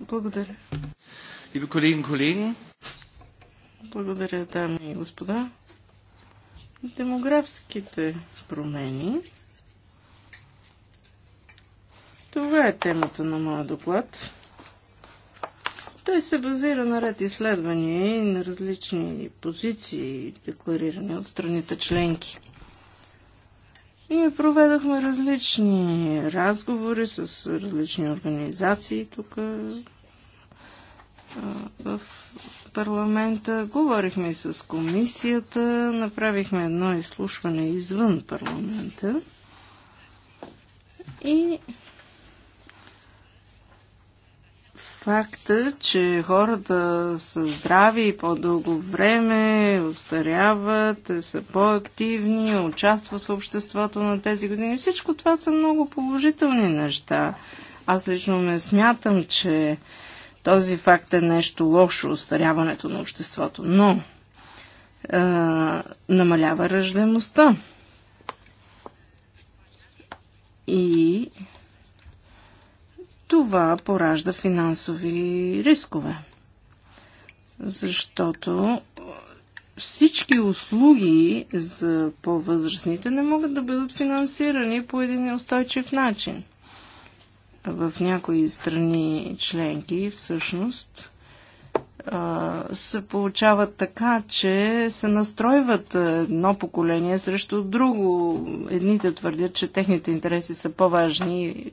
Благодаря. Либи колеги и колеги. Благодаря, дами и господа. Демографските промени. Това е темата на моя доклад. Той се базира на ред изследвания и на различни позиции, декларирани от страните членки. И проведохме различни разговори с различни организации тук в парламента. Говорихме и с комисията, направихме едно изслушване извън парламента. И факта, че хората са здрави и по-дълго време, устаряват, е, са по-активни, участват в обществото на тези години. Всичко това са много положителни неща. Аз лично не смятам, че този факт е нещо лошо, устаряването на обществото, но е, намалява ръждемостта. И това поражда финансови рискове. Защото всички услуги за по-възрастните не могат да бъдат финансирани по един устойчив начин. В някои страни членки всъщност се получават така, че се настройват едно поколение срещу друго. Едните твърдят, че техните интереси са по-важни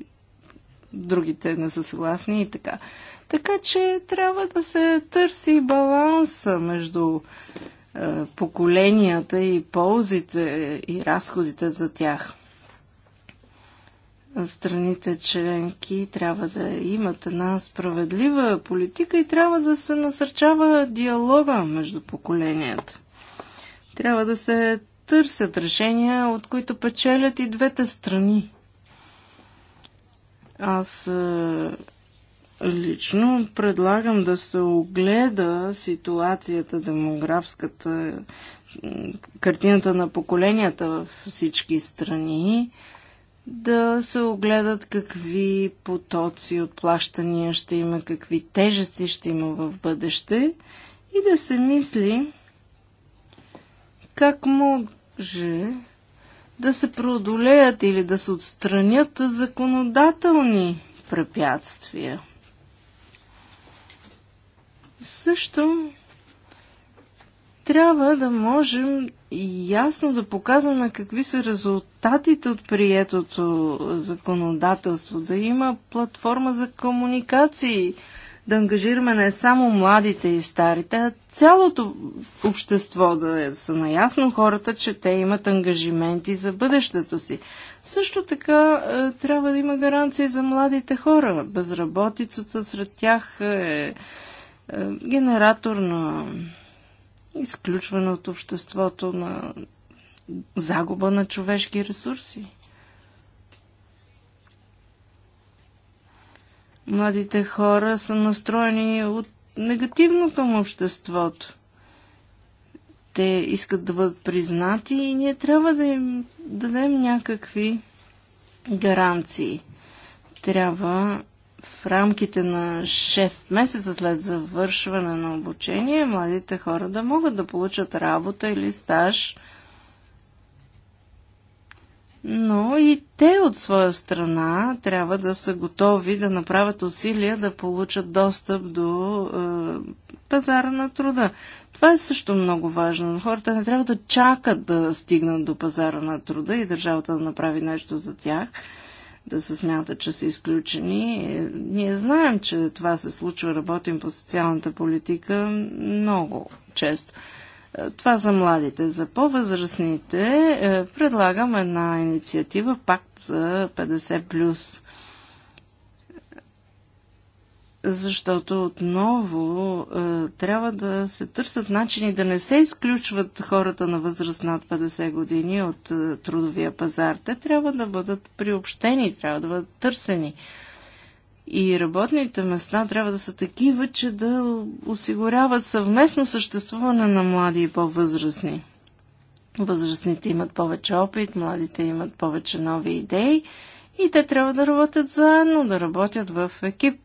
другите не са съгласни и така. Така че трябва да се търси баланса между е, поколенията и ползите и разходите за тях. Страните членки трябва да имат една справедлива политика и трябва да се насърчава диалога между поколенията. Трябва да се търсят решения, от които печелят и двете страни. Аз е, лично предлагам да се огледа ситуацията демографската, картината на поколенията във всички страни, да се огледат какви потоци от плащания ще има, какви тежести ще има в бъдеще и да се мисли как може да се преодолеят или да се отстранят законодателни препятствия. Също трябва да можем ясно да показваме какви са резултатите от приетото законодателство, да има платформа за комуникации – да ангажираме не само младите и старите, а цялото общество да е- са наясно хората, че те имат ангажименти за бъдещето си. Също така е, трябва да има гаранции за младите хора. Безработицата сред тях е, е генератор на изключване от обществото, на загуба на човешки ресурси. Младите хора са настроени от негативно към обществото. Те искат да бъдат признати и ние трябва да им дадем някакви гаранции. Трябва в рамките на 6 месеца след завършване на обучение младите хора да могат да получат работа или стаж – но и те от своя страна трябва да са готови да направят усилия да получат достъп до е, пазара на труда. Това е също много важно. Хората не трябва да чакат да стигнат до пазара на труда и държавата да направи нещо за тях, да се смятат, че са изключени. Е, ние знаем, че това се случва, работим по социалната политика много често. Е, това за младите. За по-възрастните е, предлагам една инициатива Пакт за 50+. Защото отново е, трябва да се търсят начини да не се изключват хората на възраст над 50 години от трудовия пазар. Те трябва да бъдат приобщени, трябва да бъдат търсени. И работните места трябва да са такива, че да осигуряват съвместно съществуване на млади и по-възрастни. Възрастните имат повече опит, младите имат повече нови идеи и те трябва да работят заедно, да работят в екип.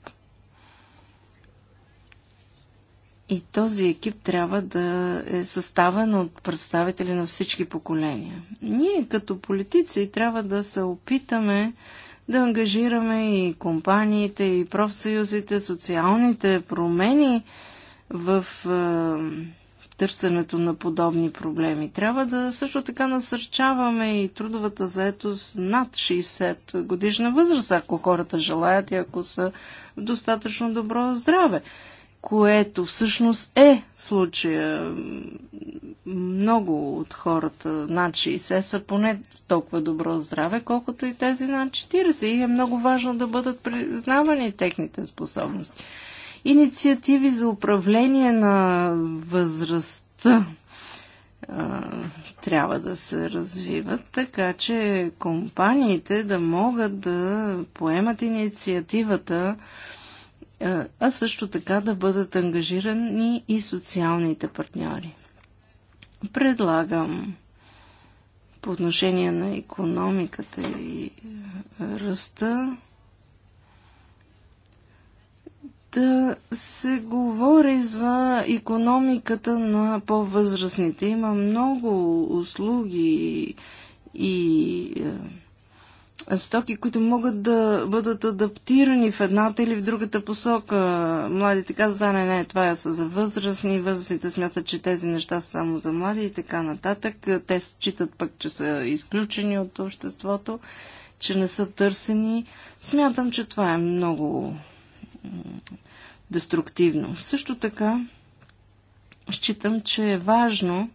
И този екип трябва да е съставен от представители на всички поколения. Ние като политици трябва да се опитаме да ангажираме и компаниите, и профсъюзите, социалните промени в е, търсенето на подобни проблеми. Трябва да също така насърчаваме и трудовата заетост над 60 годишна възраст, ако хората желаят и ако са в достатъчно добро здраве което всъщност е случая. Много от хората над 60 са поне толкова добро здраве, колкото и тези над 40. И е много важно да бъдат признавани техните способности. Инициативи за управление на възрастта трябва да се развиват, така че компаниите да могат да поемат инициативата а също така да бъдат ангажирани и социалните партньори. Предлагам по отношение на економиката и ръста да се говори за економиката на по-възрастните. Има много услуги и стоки, които могат да бъдат адаптирани в едната или в другата посока. Младите казват, да, не, не, това са за възрастни, възрастните смятат, че тези неща са само за млади и така нататък. Те считат пък, че са изключени от обществото, че не са търсени. Смятам, че това е много деструктивно. Също така, считам, че е важно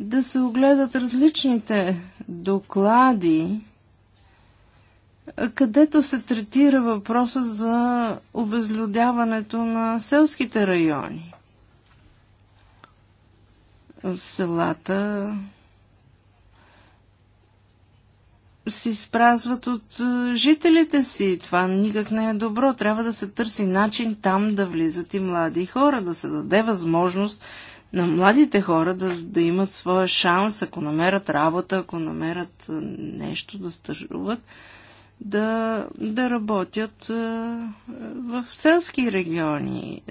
да се огледат различните доклади, където се третира въпроса за обезлюдяването на селските райони. Селата се изпразват от е, жителите си. Това никак не е добро. Трябва да се търси начин там да влизат и млади хора, да се даде възможност на младите хора да, да имат своя шанс, ако намерят работа, ако намерят нещо да стажуват, да, да работят в селски региони.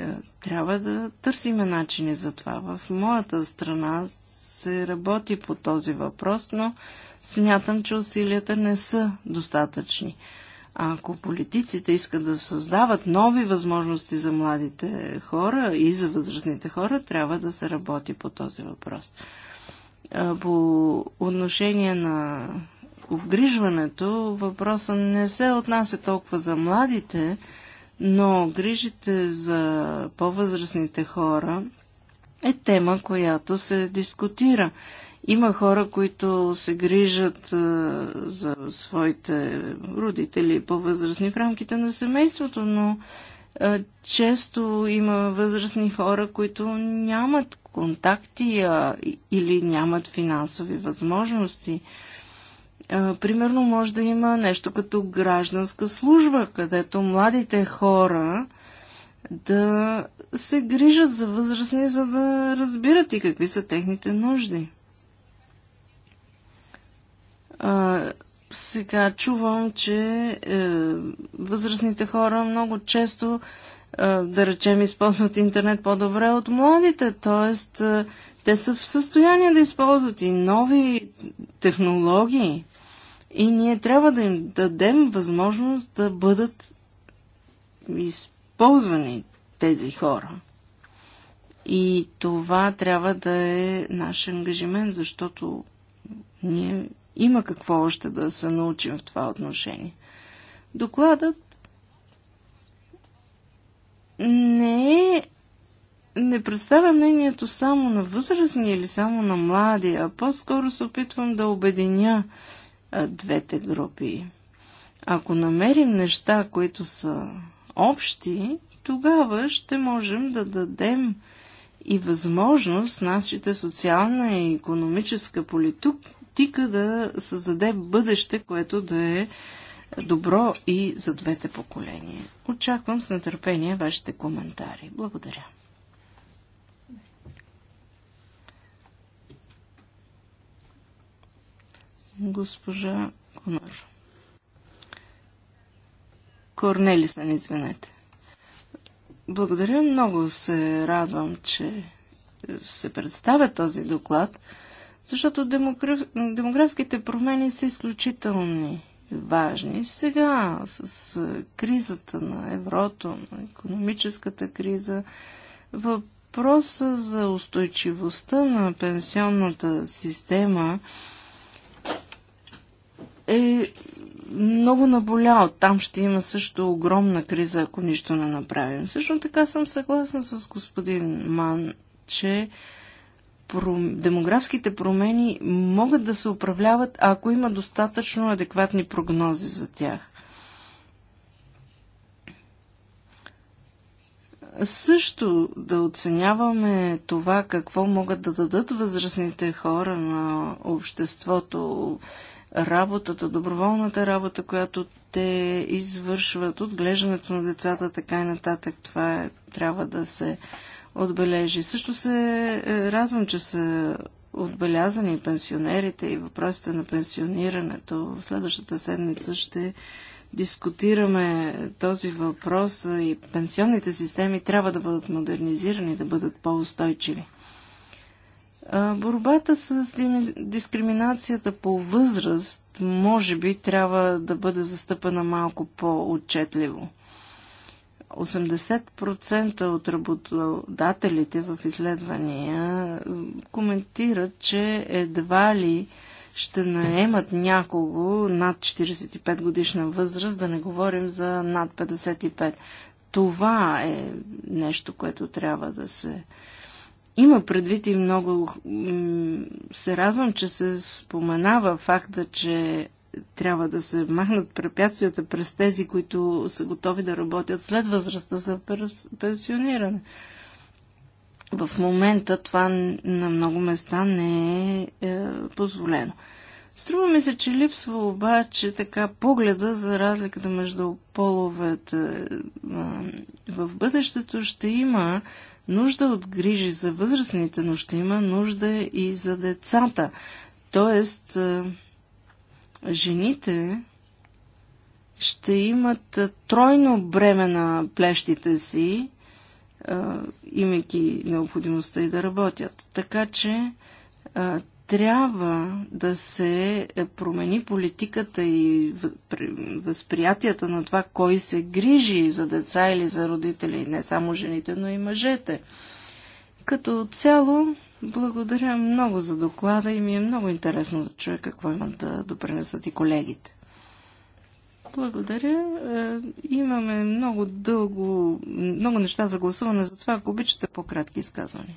Трябва да търсиме начини за това. В моята страна се работи по този въпрос, но смятам, че усилията не са достатъчни. Ако политиците искат да създават нови възможности за младите хора и за възрастните хора, трябва да се работи по този въпрос. По отношение на обгрижването, въпросът не се отнася толкова за младите, но грижите за по-възрастните хора е тема, която се дискутира. Има хора, които се грижат за своите родители по-възрастни в рамките на семейството, но често има възрастни хора, които нямат контакти а, или нямат финансови възможности. А, примерно може да има нещо като гражданска служба, където младите хора да се грижат за възрастни, за да разбират и какви са техните нужди. А, сега чувам, че е, възрастните хора много често, е, да речем, използват интернет по-добре от младите, т.е. Е, те са в състояние да използват и нови технологии. И ние трябва да им дадем възможност да бъдат използвани тези хора. И това трябва да е наш ангажимент, защото ние има какво още да се научим в това отношение. Докладът не е не представя мнението само на възрастни или само на млади, а по-скоро се опитвам да обединя двете групи. Ако намерим неща, които са общи, тогава ще можем да дадем и възможност нашите социална и економическа политика политика да създаде бъдеще, което да е добро и за двете поколения. Очаквам с нетърпение вашите коментари. Благодаря. Госпожа Конор. Корнелисън, извинете. Благодаря, много се радвам, че се представя този доклад защото демографските промени са изключителни важни. Сега с кризата на еврото, на економическата криза, въпроса за устойчивостта на пенсионната система е много наболял. Там ще има също огромна криза, ако нищо не направим. Също така съм съгласна с господин Ман, че демографските промени могат да се управляват, ако има достатъчно адекватни прогнози за тях. Също да оценяваме това какво могат да дадат възрастните хора на обществото, работата, доброволната работа, която те извършват, отглеждането на децата, така и нататък. Това е, трябва да се отбележи. Също се е, радвам, че са отбелязани пенсионерите и въпросите на пенсионирането. В следващата седмица ще дискутираме този въпрос и пенсионните системи трябва да бъдат модернизирани, да бъдат по-устойчиви. Борбата с дискриминацията по възраст може би трябва да бъде застъпена малко по-отчетливо. 80% от работодателите в изследвания коментират, че едва ли ще наемат някого над 45 годишна възраст, да не говорим за над 55. Това е нещо, което трябва да се има предвид и много... Се радвам, че се споменава факта, че трябва да се махнат препятствията през тези, които са готови да работят след възрастта за пенсиониране. В момента това на много места не е, е позволено. Струва ми се, че липсва обаче така погледа за разликата между половете. Е, в бъдещето ще има нужда от грижи за възрастните, но ще има нужда и за децата. Тоест, е, жените ще имат тройно бреме на плещите си, имайки необходимостта и да работят. Така че трябва да се е, промени политиката и възприятията на това, кой се грижи за деца или за родители, не само жените, но и мъжете. Като цяло, благодаря много за доклада и ми е много интересно да чуя какво имат да допринесат и колегите. Благодаря. Е, имаме много дълго, много неща за гласуване, затова ако обичате по-кратки изказвания.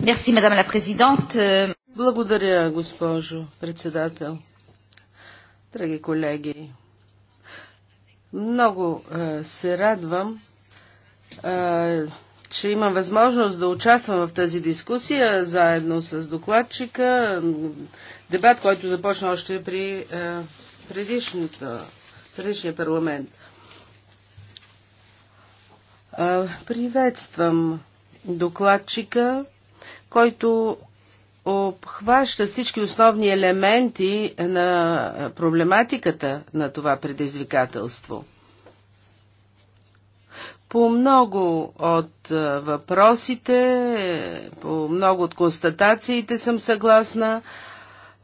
Мерси, мадам ла президент. Благодаря, госпожо председател. Драги колеги, много е, се радвам е, че имам възможност да участвам в тази дискусия заедно с докладчика. Дебат, който започна още при е, предишния парламент. Е, приветствам докладчика, който обхваща всички основни елементи на проблематиката на това предизвикателство – по много от е, въпросите, по много от констатациите съм съгласна.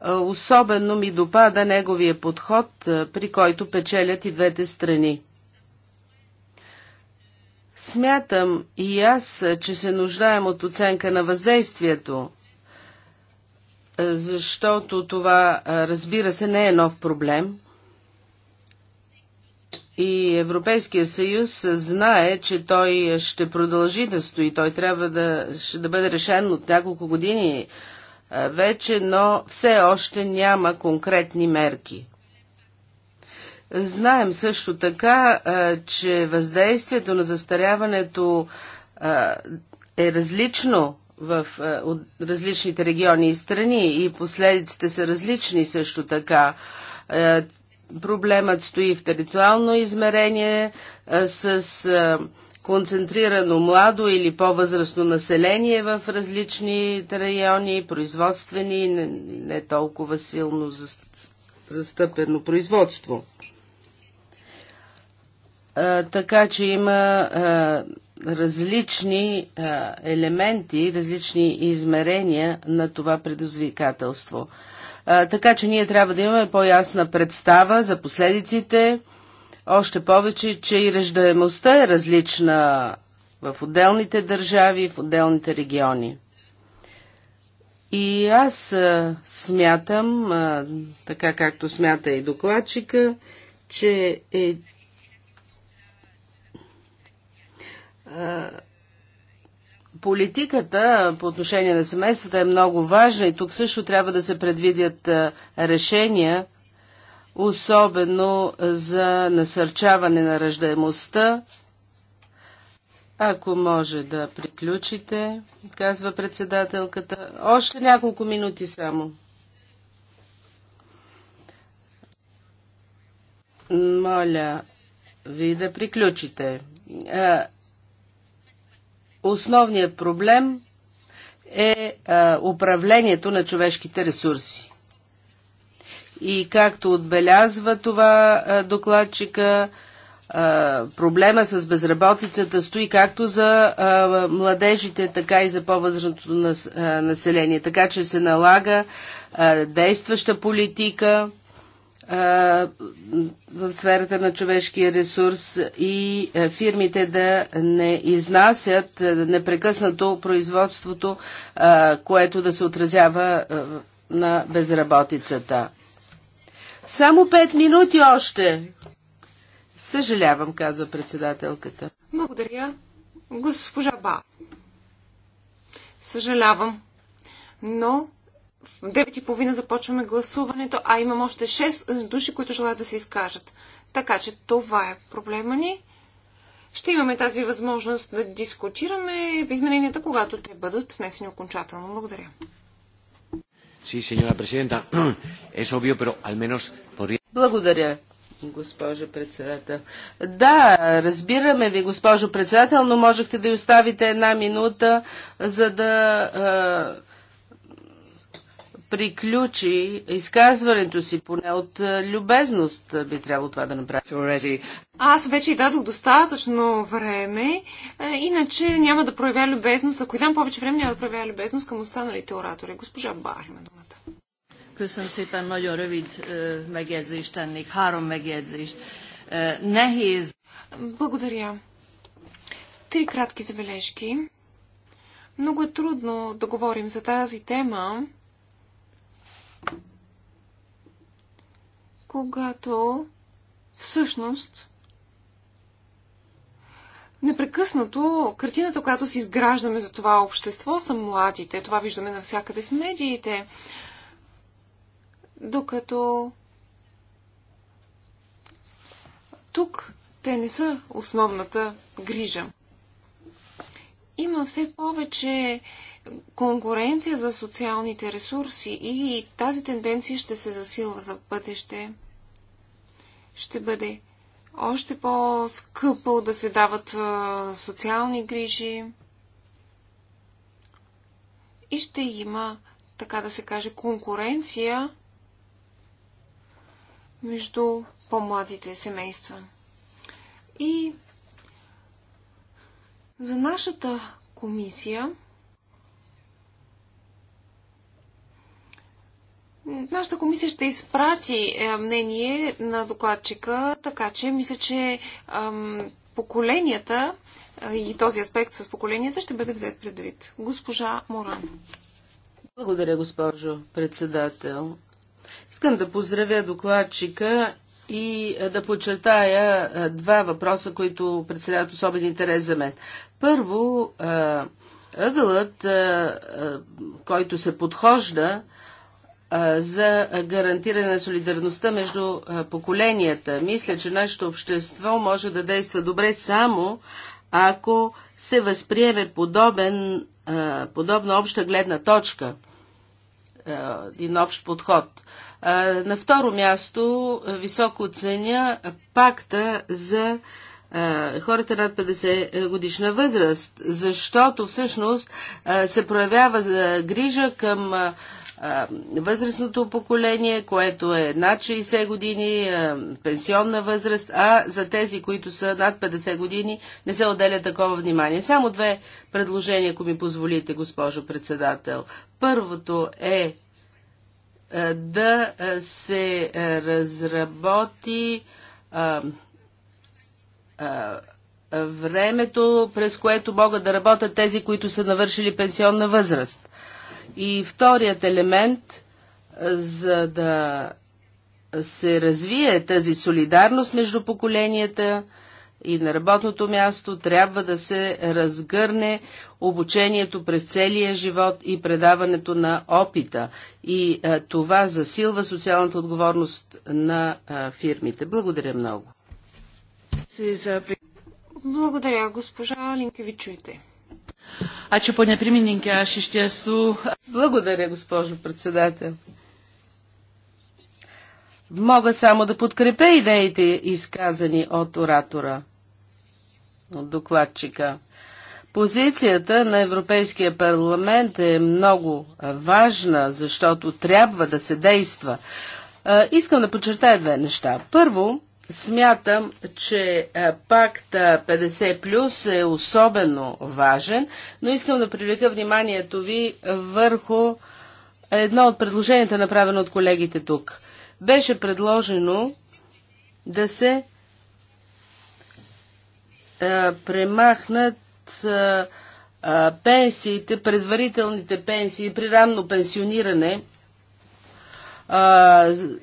Е, особено ми допада неговия подход, е, при който печелят и двете страни. Смятам и аз, че се нуждаем от оценка на въздействието, защото това, разбира се, не е нов проблем. И Европейския съюз знае, че той ще продължи да стои. Той трябва да, ще да бъде решен от няколко години е, вече, но все още няма конкретни мерки. Знаем също така, е, че въздействието на застаряването е, е различно в от различните региони и страни и последиците са различни също така. Проблемът стои в териториално измерение с концентрирано младо или по-възрастно население в различни райони, производствени, не, не толкова силно застъпено производство. А, така че има а, различни а, елементи, различни измерения на това предизвикателство така че ние трябва да имаме по-ясна представа за последиците, още повече, че и ръждаемостта е различна в отделните държави, в отделните региони. И аз а, смятам, а, така както смята и докладчика, че е Политиката по отношение на семействата е много важна и тук също трябва да се предвидят решения, особено за насърчаване на ръждаемостта. Ако може да приключите, казва председателката. Още няколко минути само. Моля ви да приключите. Основният проблем е а, управлението на човешките ресурси. И както отбелязва това а, докладчика, а, проблема с безработицата стои както за а, младежите, така и за по-възрастното нас, население. Така че се налага действаща политика в сферата на човешкия ресурс и фирмите да не изнасят непрекъснато производството, което да се отразява на безработицата. Само пет минути още. Съжалявам, казва председателката. Благодаря, госпожа Ба. Съжалявам, но в 9.30 започваме гласуването, а имам още 6 души, които желаят да се изкажат. Така че това е проблема ни. Ще имаме тази възможност да дискутираме измененията, когато те бъдат внесени окончателно. Благодаря. Благодаря, госпожо председател. Да, разбираме ви, госпожо председател, но можехте да й оставите една минута, за да приключи изказването си, поне от любезност би трябвало това да направи. Аз вече и дадох достатъчно време, иначе няма да проявя любезност. Ако и дам повече време, няма да проявя любезност към останалите оратори. Госпожа Бар има думата. Köszönöm szépen, nagyon rövid megjegyzést tennék, három megjegyzést. Nehéz. Благодаря. Три кратки забележки. Много е трудно да говорим за тази тема, когато всъщност непрекъснато картината, която си изграждаме за това общество, са младите. Това виждаме навсякъде в медиите. Докато тук те не са основната грижа. Има все повече конкуренция за социалните ресурси и тази тенденция ще се засилва за бъдеще ще бъде още по-скъпо да се дават социални грижи и ще има, така да се каже, конкуренция между по-младите семейства. И за нашата комисия Нашата комисия ще изпрати е, мнение на докладчика, така че мисля, че поколенията е, и този аспект с поколенията ще бъде взет предвид. Госпожа Моран. Благодаря, госпожо председател. Искам да поздравя докладчика и е, да подчертая два въпроса, които представляват особен интерес за мен. Първо, ъгълът, който се подхожда за гарантиране на солидарността между поколенията. Мисля, че нашето общество може да действа добре само ако се възприеме подобен, подобна обща гледна точка, един общ подход. На второ място високо оценя пакта за хората над 50 годишна възраст, защото всъщност се проявява грижа към възрастното поколение, което е над 60 години, пенсионна възраст, а за тези, които са над 50 години, не се отделя такова внимание. Само две предложения, ако ми позволите, госпожо председател. Първото е да се разработи времето, през което могат да работят тези, които са навършили пенсионна възраст и вторият елемент, за да се развие тази солидарност между поколенията и на работното място, трябва да се разгърне обучението през целия живот и предаването на опита. И а, това засилва социалната отговорност на а, фирмите. Благодаря много. Благодаря, госпожа Линкевичуйте. Ачи, поне примининке, аз ще су... Благодаря, госпожо председател. Мога само да подкрепя идеите, изказани от оратора, от докладчика. Позицията на Европейския парламент е много важна, защото трябва да се действа. Е, искам да подчертая две неща. Първо, Смятам, че е, пакта 50 плюс е особено важен, но искам да привлека вниманието ви върху едно от предложенията, направено от колегите тук. Беше предложено да се е, премахнат е, пенсиите, предварителните пенсии при ранно пенсиониране,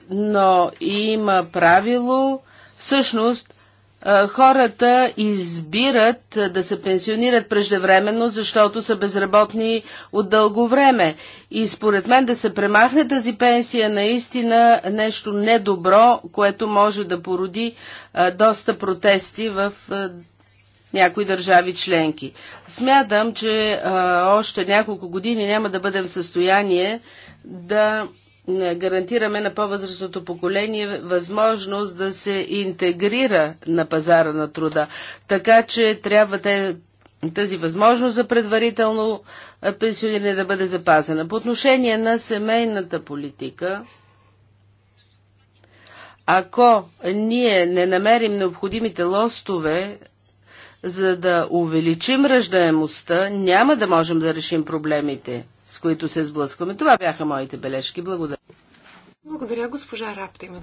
но има правило, Всъщност, хората избират да се пенсионират преждевременно, защото са безработни от дълго време. И според мен да се премахне тази пенсия наистина нещо недобро, което може да породи доста протести в някои държави членки. Смятам, че още няколко години няма да бъдем в състояние да гарантираме на по-възрастното поколение възможност да се интегрира на пазара на труда. Така че трябва те, тази възможност за предварително пенсиониране да бъде запазена. По отношение на семейната политика, ако ние не намерим необходимите лостове, за да увеличим ръждаемостта, няма да можем да решим проблемите с които се сблъскваме. Това бяха моите бележки. Благодаря. Благодаря, госпожа Рапта. Има...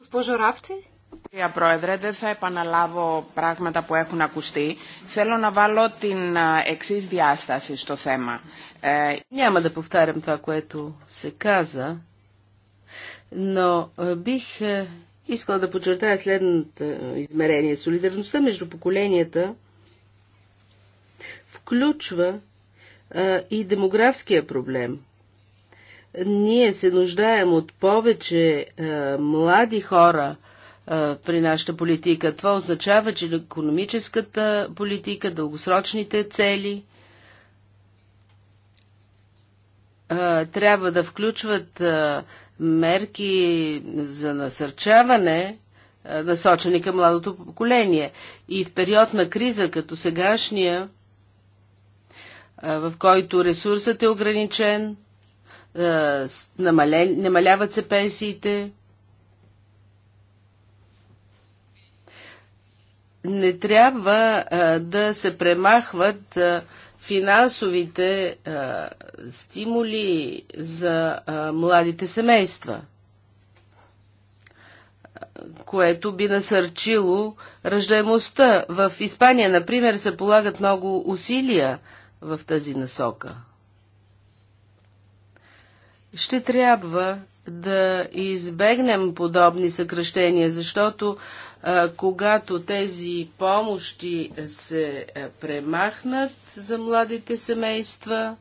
Госпожо Ράπτη. Κυρία Πρόεδρε, δεν θα επαναλάβω πράγματα που έχουν ακουστεί. Θέλω να βάλω την εξή διάσταση στο θέμα. Няма да повтарям това, което се каза, но е, бих е, искала да подчертая следното измерение. Солидарността между поколенията включва а, и демографския проблем. Ние се нуждаем от повече а, млади хора а, при нашата политика. Това означава, че економическата политика, дългосрочните цели а, трябва да включват а, мерки за насърчаване, насочени към младото поколение. И в период на криза, като сегашния, в който ресурсът е ограничен, намаляват се пенсиите, не трябва да се премахват а, финансовите а, стимули за а, младите семейства, което би насърчило ръждаемостта. В Испания, например, се полагат много усилия в тази насока. Ще трябва да избегнем подобни съкръщения, защото а, когато тези помощи се премахнат, за младите семейства.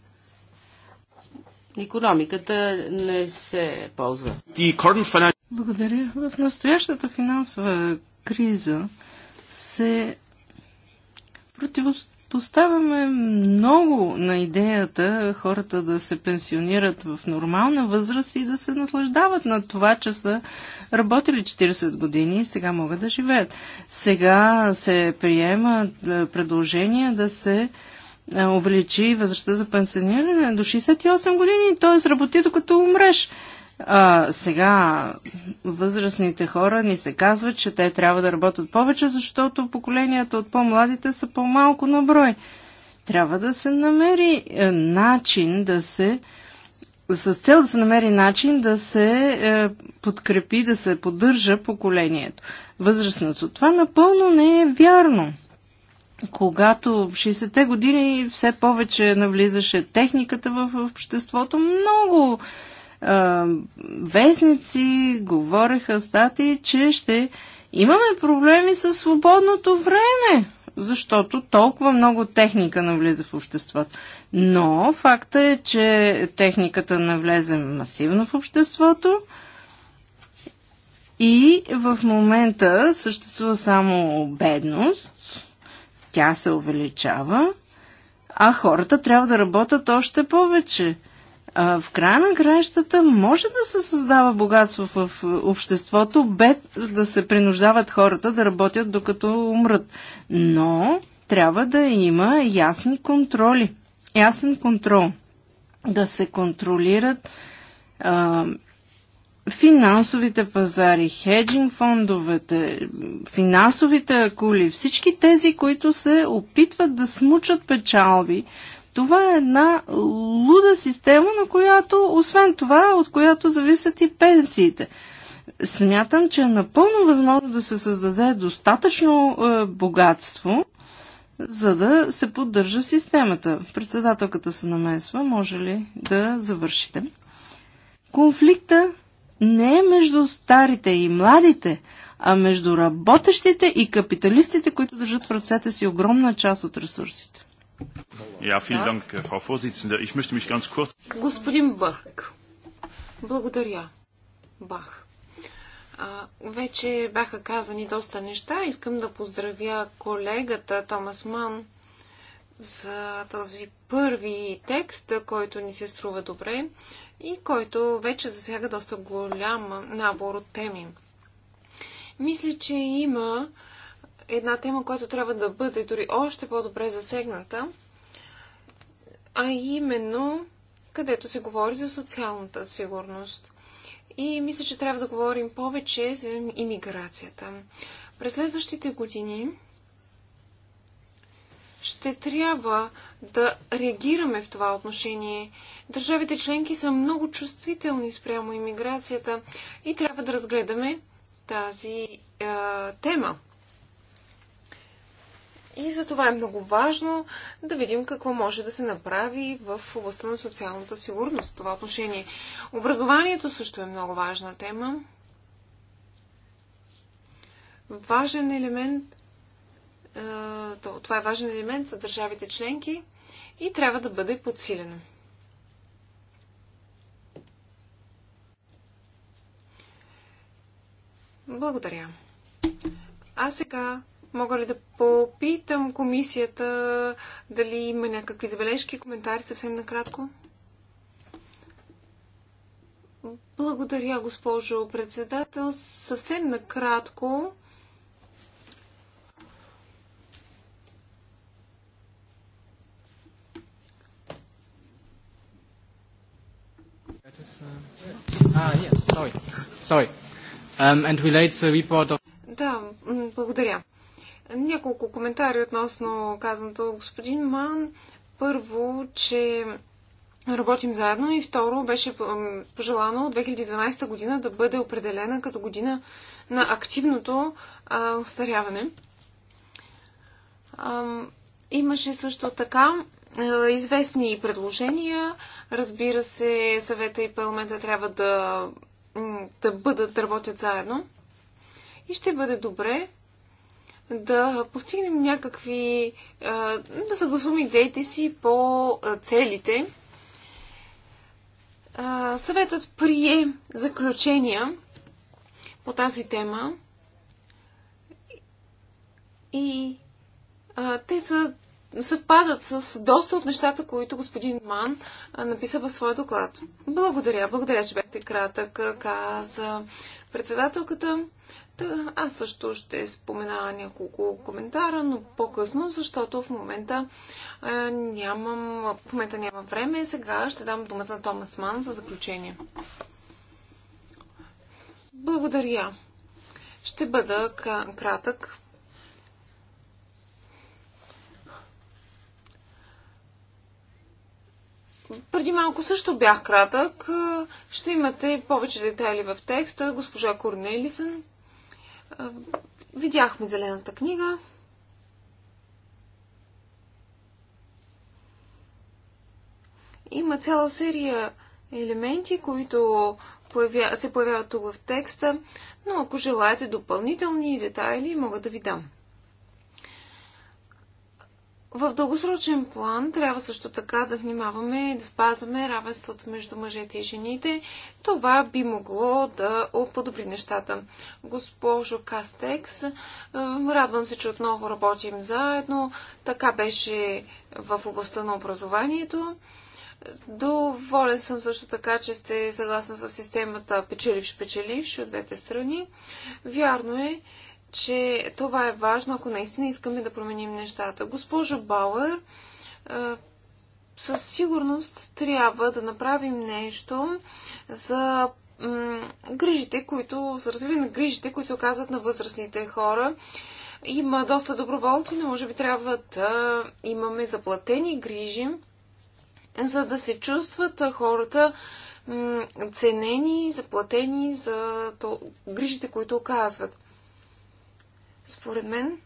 Економиката не се ползва. Благодаря. В настоящата финансова криза се противопоставяме много на идеята хората да се пенсионират в нормална възраст и да се наслаждават на това, че са работили 40 години и сега могат да живеят. Сега се приема е, предложение да се увеличи възрастта за пенсиониране до 68 години, т.е. работи докато умреш. А, сега възрастните хора ни се казват, че те трябва да работят повече, защото поколенията от по-младите са по-малко на брой. Трябва да се намери е, начин да се с цел да се намери начин да се е, подкрепи, да се поддържа поколението, възрастното. Това напълно не е вярно когато в 60-те години все повече навлизаше техниката в обществото, много а, вестници говореха статии, че ще имаме проблеми с свободното време, защото толкова много техника навлиза в обществото. Но факта е, че техниката навлезе масивно в обществото, и в момента съществува само бедност, тя се увеличава, а хората трябва да работят още повече. А, в края на краищата може да се създава богатство в обществото, без да се принуждават хората да работят докато умрат. Но трябва да има ясни контроли. Ясен контрол. Да се контролират а, финансовите пазари, хеджинг фондовете, финансовите акули, всички тези, които се опитват да смучат печалби, това е една луда система, на която, освен това, от която зависят и пенсиите. Смятам, че е напълно възможно да се създаде достатъчно е, богатство, за да се поддържа системата. Председателката се намесва, може ли да завършите? Конфликта не е между старите и младите, а между работещите и капиталистите, които държат в ръцете си огромна част от ресурсите. Ja, Dank, Ich mich ganz kurz... Господин Бърк. Благодаря. Бах. А, вече бяха казани доста неща. Искам да поздравя колегата Томас Ман за този първи текст, който ни се струва добре и който вече засяга доста голям набор от теми. Мисля, че има една тема, която трябва да бъде дори още по-добре засегната, а именно където се говори за социалната сигурност. И мисля, че трябва да говорим повече за иммиграцията. През следващите години ще трябва да реагираме в това отношение. Държавите членки са много чувствителни спрямо иммиграцията и трябва да разгледаме тази е, тема. И за това е много важно да видим какво може да се направи в областта на социалната сигурност. това отношение. Образованието също е много важна тема. Важен елемент. Е, това е важен елемент за държавите членки – и трябва да бъде подсилено. Благодаря. А сега мога ли да попитам комисията дали има някакви забележки, коментари съвсем накратко? Благодаря, госпожо председател. Съвсем накратко Um, да, благодаря. Няколко коментари относно казаното господин Ман. Първо, че работим заедно и второ, беше пожелано от 2012 година да бъде определена като година на активното а, А, имаше също така е, известни предложения. Разбира се, съвета и парламента трябва да, да бъдат, да работят заедно. И ще бъде добре да постигнем някакви, е, да съгласуваме идеите си по е, целите. Съветът прие заключения по тази тема и те са съвпадат с доста от нещата, които господин Ман написа в своя доклад. Благодаря, благодаря, че бяхте кратък, каза председателката. Да, аз също ще спомена няколко коментара, но по-късно, защото в момента, е, нямам, в момента нямам време. Сега ще дам думата на Томас Ман за заключение. Благодаря. Ще бъда кратък. Преди малко също бях кратък. Е, ще имате повече детайли в текста. Госпожа Корнелисън. Е, видяхме зелената книга. Има цяла серия елементи, които се появяват тук в текста, но ако желаете допълнителни детайли, мога да ви дам. В дългосрочен план трябва също така да внимаваме и да спазваме равенството между мъжете и жените. Това би могло да подобри нещата. Госпожо Кастекс, е, радвам се, че отново работим заедно. Така беше в областта на образованието. Доволен съм също така, че сте съгласна с системата печеливш-печеливш от двете страни. Вярно е, че това е важно, ако наистина искаме да променим нещата. Госпожо Бауер, със сигурност трябва да направим нещо за грижите, които, за развиване на грижите, които се оказват на възрастните хора. Има доста доброволци, но може би трябва да имаме заплатени грижи, за да се чувстват хората ценени, заплатени за грижите, които оказват. Според мен,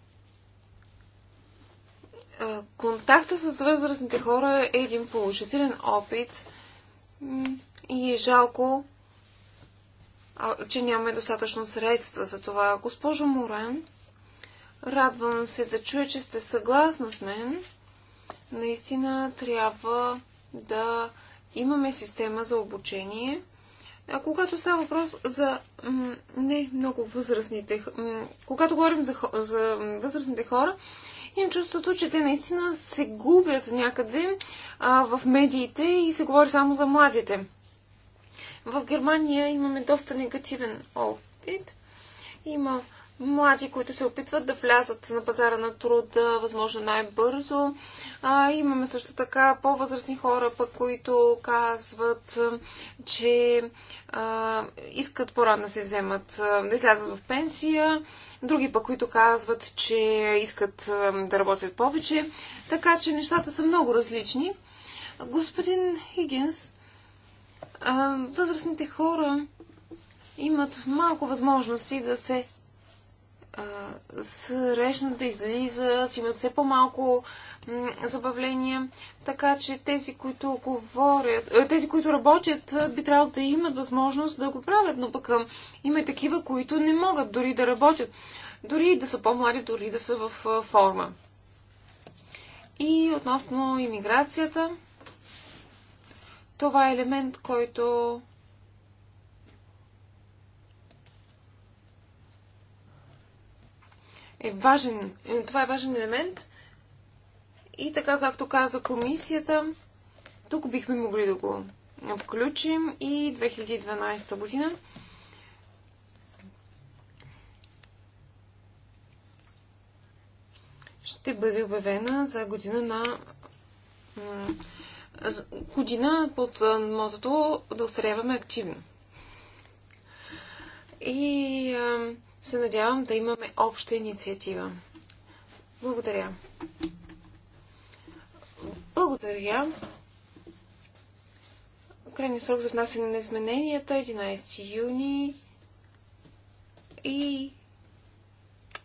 контакта с възрастните хора е един положителен опит и е жалко, че нямаме достатъчно средства за това. Госпожо Морен, радвам се да чуя, че сте съгласна с мен. Наистина трябва да имаме система за обучение, а когато става въпрос за не много възрастните, когато говорим за, за възрастните хора, имам чувството, че те наистина се губят някъде а, в медиите и се говори само за младите. В Германия имаме доста негативен опит. Има млади, които се опитват да влязат на пазара на труда, възможно най-бързо. А, имаме също така по-възрастни хора, пък, които казват, че а, искат по-рано да се вземат, да излязат в пенсия. Други пък, които казват, че искат да работят повече. Така че нещата са много различни. Господин Хигинс, възрастните хора имат малко възможности да се срещната излизат, имат все по-малко забавления, така че тези, които говорят, тези, които работят, би трябвало да имат възможност да го правят, но пък има и такива, които не могат дори да работят, дори да са по-млади, дори да са в форма. И относно иммиграцията, това е елемент, който е важен. Е, това е важен елемент. И така, както каза комисията, тук бихме могли да го включим и 2012 година. Ще бъде обявена за година на година под мотото да устаряваме активно. И се надявам да имаме обща инициатива. Благодаря. Благодаря. Крайният срок за внасяне на измененията 11 е юни и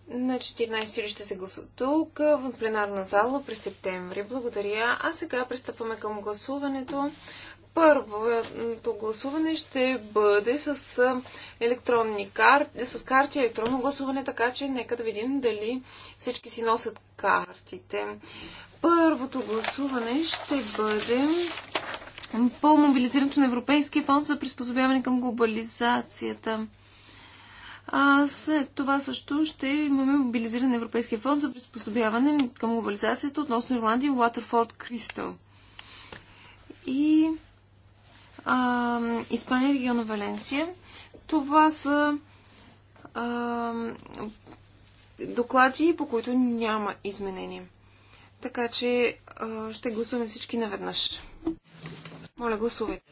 на 14 юли ще се гласува тук, в пленарна зала през септември. Благодаря. А сега пристъпваме към гласуването. Първото гласуване ще бъде с електронни карти, с карти електронно гласуване, така че нека да видим дали всички си носят картите. Първото гласуване ще бъде по мобилизирането на Европейския фонд за приспособяване към глобализацията. А след това също ще имаме мобилизиран Европейския фонд за приспособяване към глобализацията относно Ирландия и Уатерфорд Кристал. И а, Испания, региона Валенсия. Това са а, доклади, по които няма изменения. Така че а, ще гласуваме всички наведнъж. Моля, гласувайте.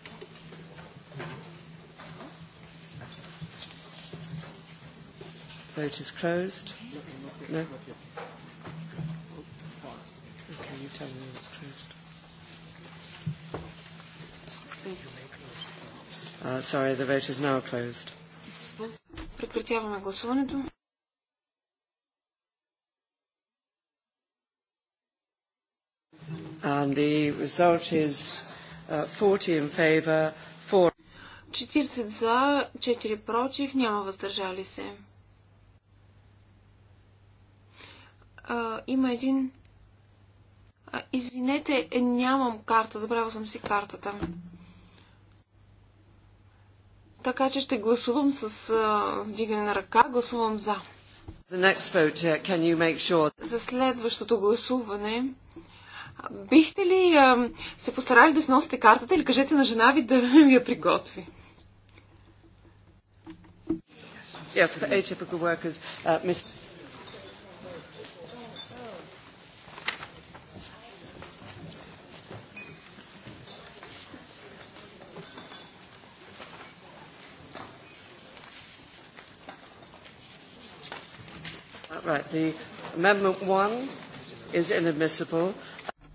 Vote is closed. No? Okay, you tell me. Uh, sorry, the vote is now closed. Прекратяваме гласуването. And the result is uh, 40 in favor, 4... 40 за, 4 против, няма въздържали се. А, има един... извинете, е, нямам карта, забравил съм си картата. Така че ще гласувам с вдигане на ръка. Гласувам за. Vote, uh, sure... За следващото гласуване. Бихте ли uh, се постарали да сносите картата или кажете на жена ви да ви я приготви? Yes, for atypical workers, uh, Ms. Right, the amendment one is inadmissible.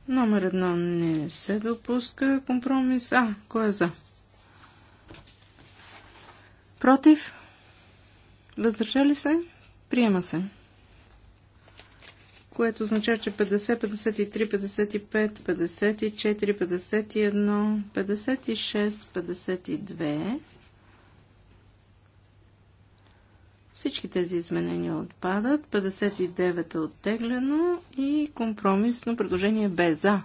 Номер едно не се допуска компромис. А, кой е за? Против? Въздържали се? Приема се. Което означава, че 50, 53, 55, 54, 51, 56, 52 Всички тези изменения отпадат. 59 е оттеглено и компромисно предложение бе за.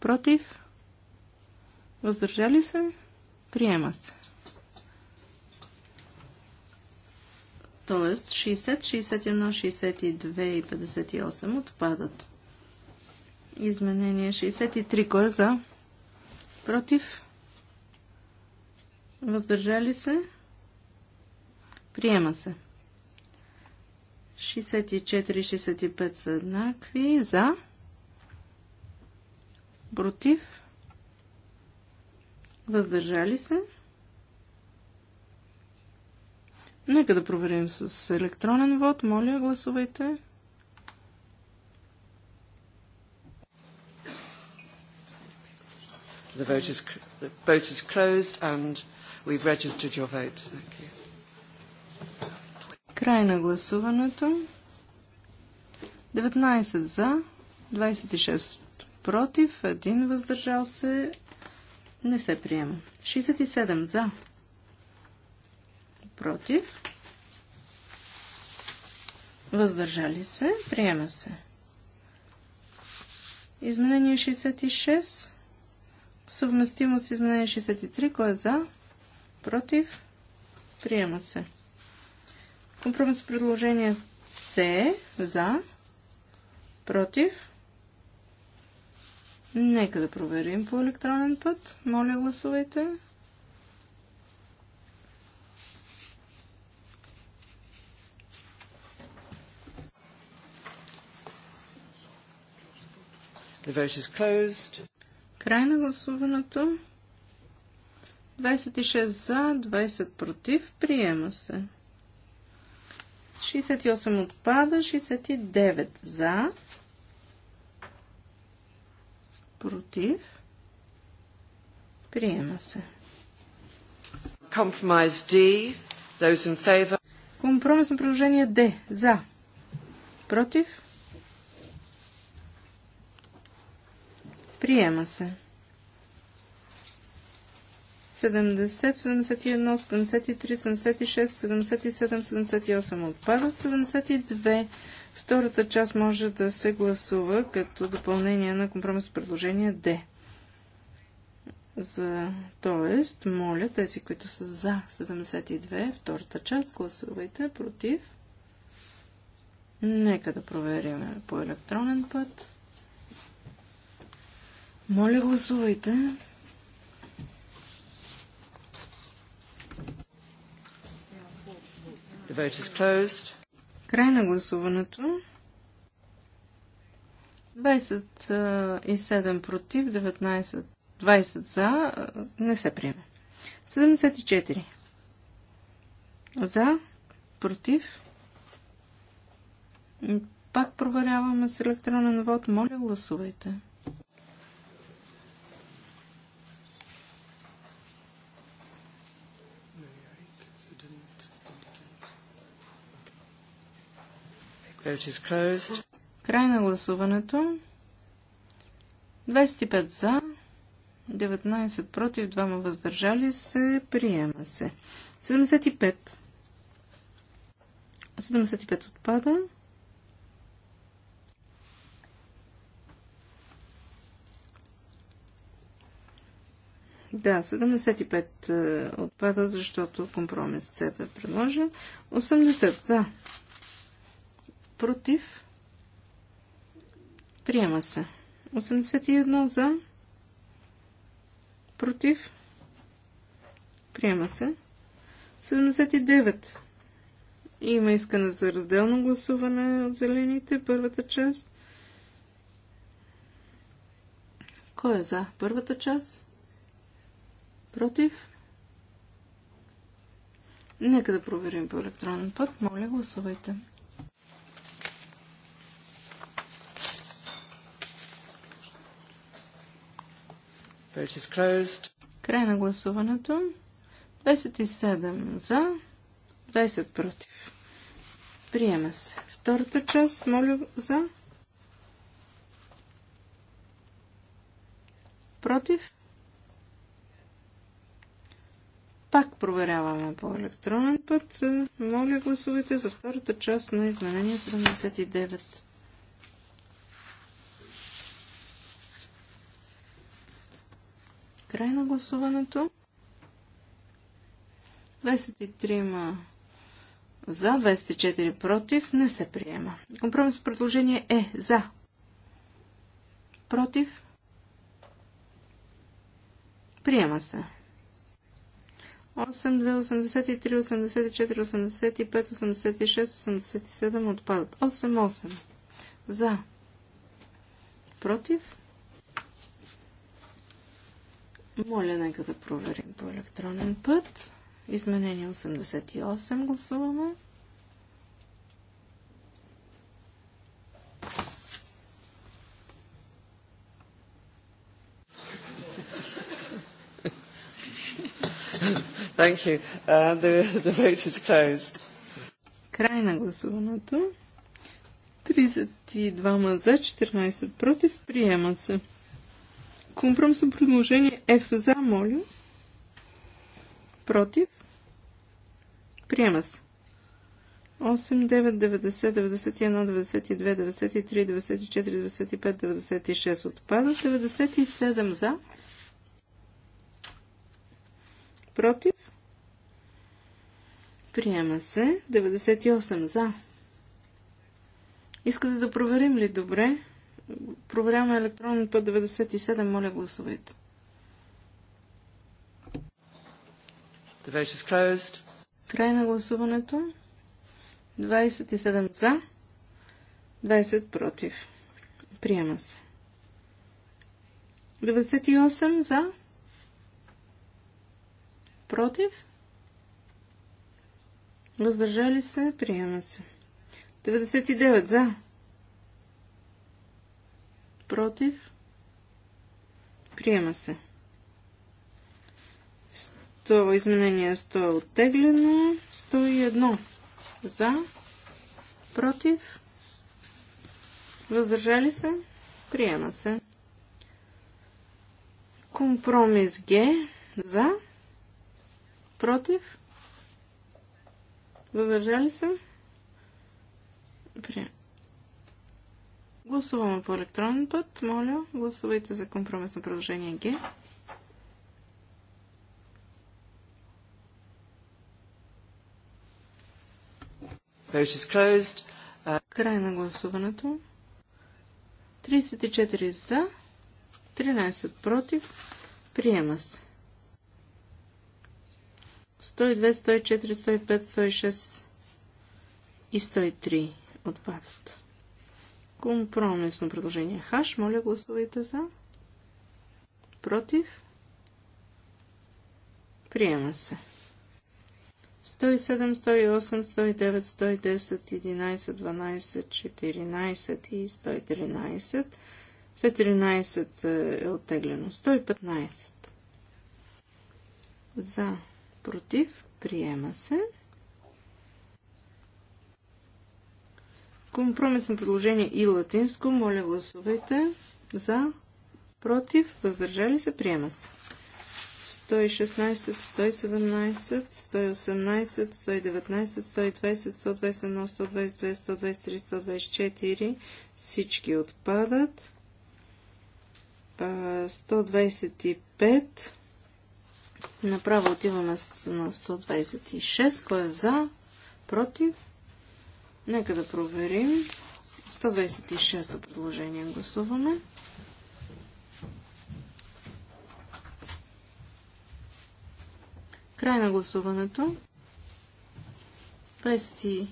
Против? Въздържали се? Приема се. Тоест 60, 61, 62 и 58 отпадат. Изменение 63. Кой е за? Против? Въздържали се? Приема се. 64-65 са еднакви. За. Против. Въздържали се. Нека да проверим с електронен вод. Моля, гласувайте. The vote is, the vote is closed and we've registered your vote. Thank you. Край на гласуването. 19 за, 26 против, 1 въздържал се. Не се приема. 67 за. Против. Въздържали се. Приема се. Изменение 66. Съвместимо с изменение 63. Кой е за? Против. Приема се. Компромис предложение С за, против. Нека да проверим по електронен път. Моля, гласувайте. The vote is closed. Край на гласуването. 26 за, 20 против. Приема се. 68 отпада, 69 за, против, приема се. Compromise D, those in favor. на предложение Д, за, против, приема се. 70, 71, 73, 76, 77, 78 отпадат. 72. Втората част може да се гласува като допълнение на компромисно предложение Д. За, тоест, моля тези, които са за 72, втората част, гласувайте против. Нека да проверим по електронен път. Моля, гласувайте. Край на гласуването. 27 против, 19, 20 за. Не се приеме. 74. За, против. Пак проверяваме с електронен вод. Моля, гласувайте. Край на гласуването. 25 за, 19 против, 2 въздържали се. Приема се. 75. 75 отпада. Да, 75 е, отпада, защото компромис С е предложен. 80 за против, приема се. 81 за, против, приема се. 79. Има искане за разделно гласуване от зелените, първата част. Кой е за първата част? Против? Нека да проверим по електронен път. Моля, гласувайте. Край на гласуването. 27 за, 20 против. Приема се. Втората част, моля за. Против. Пак проверяваме по електронен път. Моля гласувайте за втората част на изменение 79. Край на гласуването. 23 ма за, 24 против. Не се приема. Компромисно предложение е за. Против. Приема се. 8, 2, 83, 84, 85, 86, 87 отпадат. 8, 8. За. Против. Моля, нека да проверим по електронен път. Изменение 88 гласуваме. Thank you. Uh, the, the vote is closed. Край на гласуването. 32 за, 14 против. Приема се. Компромисно предложение F е за, моля. Против. Приема се. 8, 9, 90, 91, 92, 93, 94, 95, 96 отпадат. 97 за. Против. Приема се. 98 за. Искате да проверим ли добре? Проверяваме електронен път 97. Моля, гласувайте. The vote is closed. Край на гласуването. 27 за, 20 против. Приема се. 98 за, против. Въздържали се. Приема се. 99 за против, приема се. 100, изменение 100 е оттеглено, 101 за, против, въздържали се, приема се. Компромис Г за, против, въздържали се, приема Гласуваме по електронен път. Моля, гласувайте за компромисно предложение Г. Край на гласуването. 34 за, 13 против. Приема се. 102, 104, 105, 106 и 103 отпадат. Компромисно предложение Хаш. Моля, гласувайте за. Против. Приема се. 107, 108, 109, 110, 11, 12, 14 и 113. 113 е, е оттеглено. 115. За. Против. Приема се. Компромисно предложение и латинско. Моля гласувайте за, против, въздържали се, приема се. 116, 117, 118, 119, 120, 121, 122, 123, 124. Всички отпадат. 125. Направо отиваме на 126. Кой е за? Против? Нека да проверим. 126-то предложение гласуваме. Край на гласуването. 29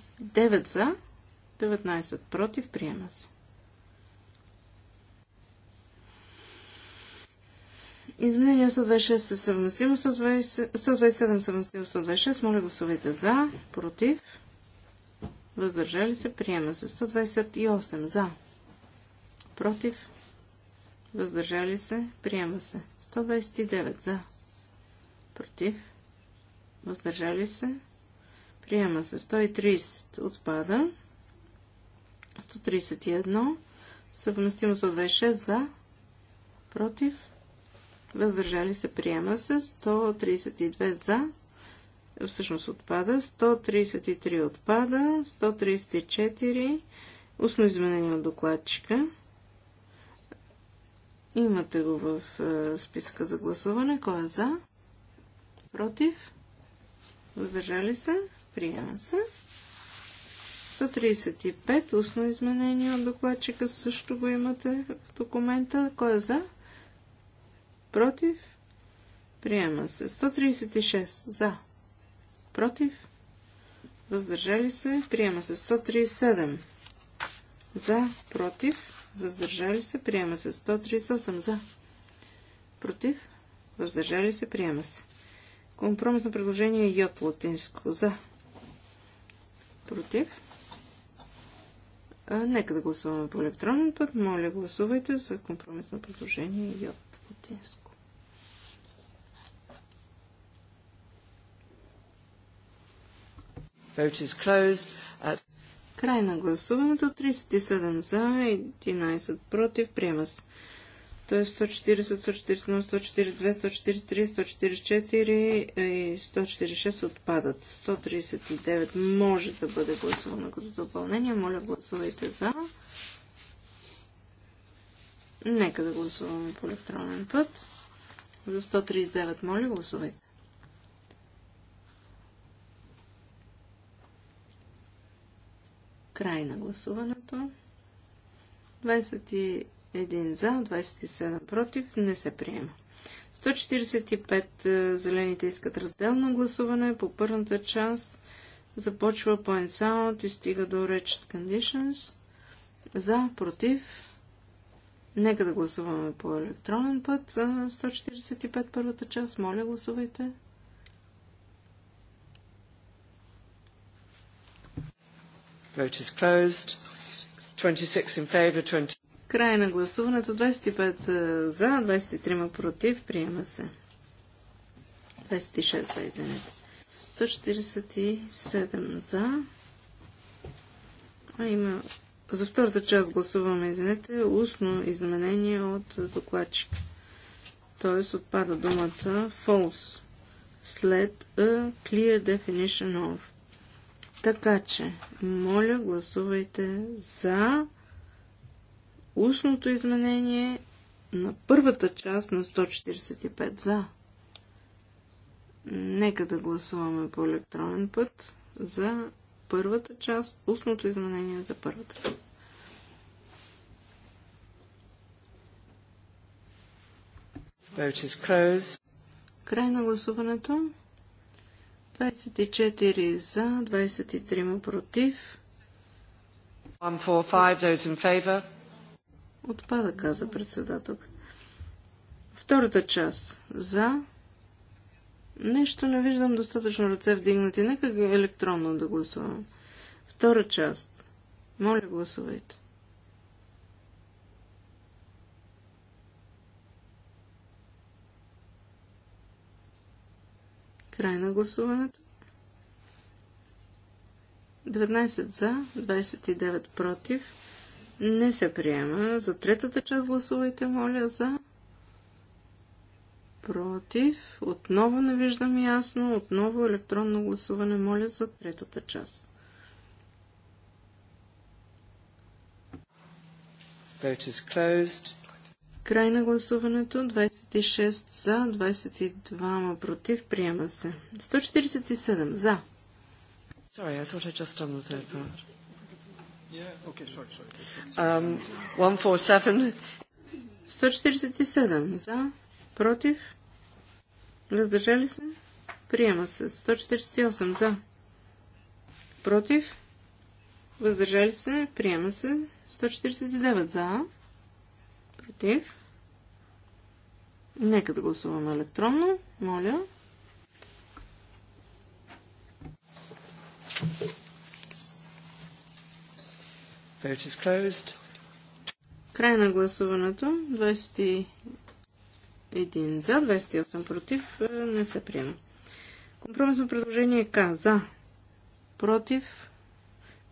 за, 19 против, приема се. Изменение 126 съвместимо, 127 съвместимо, 126. Моля гласувайте за, против въздържали се, приема се. 128 за, против, въздържали се, приема се. 129 за, против, въздържали се, приема се. 130 отпада. 131 съвместимо 126 за, против, въздържали се, приема се. 132 за, всъщност отпада, 133 отпада, 134, устно изменение от докладчика. Имате го в е, списъка за гласуване. Кой е за? Против? Въздържали се? Приема се. 135, устно изменение от докладчика също го имате в документа. Кой е за? Против? Приема се. 136 за против, въздържали се, приема се 137 за, против, въздържали се, приема се 138 за, против, въздържали се, приема се. Компромисно предложение йод латинско за, против. А, нека да гласуваме по електронен път. Моля, гласувайте за компромисно предложение йод латинско. Uh, Край на гласуването. 37 за, 11 против. Приема се. То е 140, 141, 142, 143, 144 и 146 отпадат. 139 може да бъде гласувано като допълнение. Моля, гласувайте за. Нека да гласуваме по електронен път. За 139, моля, гласувайте. Край на гласуването. 21 за, 27 против. Не се приема. 145 е, зелените искат разделно гласуване. По първата част започва по и стига до Wretched Conditions. За, против. Нека да гласуваме по електронен път. 145 е, първата част. Моля, гласувайте. Vote is closed. 26 in favor, 20... Край на гласуването. 25 е, за, 23 против. Приема се. 26 са, извинете. 147 за. А има... За втората част гласуваме, извинете, устно изменение от докладчик. Тоест отпада думата false след a е, clear definition of. Така че, моля, гласувайте за устното изменение на първата част на 145 за. Нека да гласуваме по електронен път за първата част, устното изменение за първата част. Край на гласуването. 24 за, 23 му против. 145, those in favor. Отпада, каза председател. Втората част. За. Нещо не виждам достатъчно ръце вдигнати. Нека електронно да гласувам. Втора част. Моля, гласувайте. Край на гласуването. 19 за, 29 против. Не се приема. За третата част гласувайте, моля, за. Против. Отново не виждам ясно. Отново електронно гласуване, моля, за третата част. Vote is closed. Край на гласуването. 26 за, 22 против. Приема се. 147 за. Sorry, I thought I just done the third part. Yeah, okay, sorry, sorry. Um, 147. 147 за, против. Въздържали се? Приема се. 148 за. Против. Въздържали се? Приема се. 149 за против. Нека да гласуваме електронно. Моля. Край на гласуването. 21 за, 28 против. Е, не се приема. Компромисно предложение К. За. Против.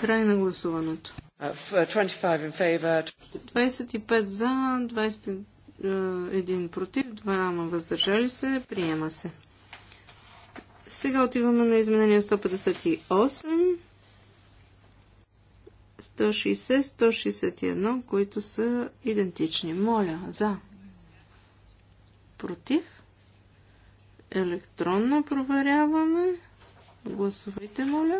Край на гласуването. 25 uh, uh, за, 21 uh, против, 2 въздържали се, приема се. Сега отиваме на изменение 158, 160, 161, които са идентични. Моля, за. Против. Електронно проверяваме. Гласувайте, моля.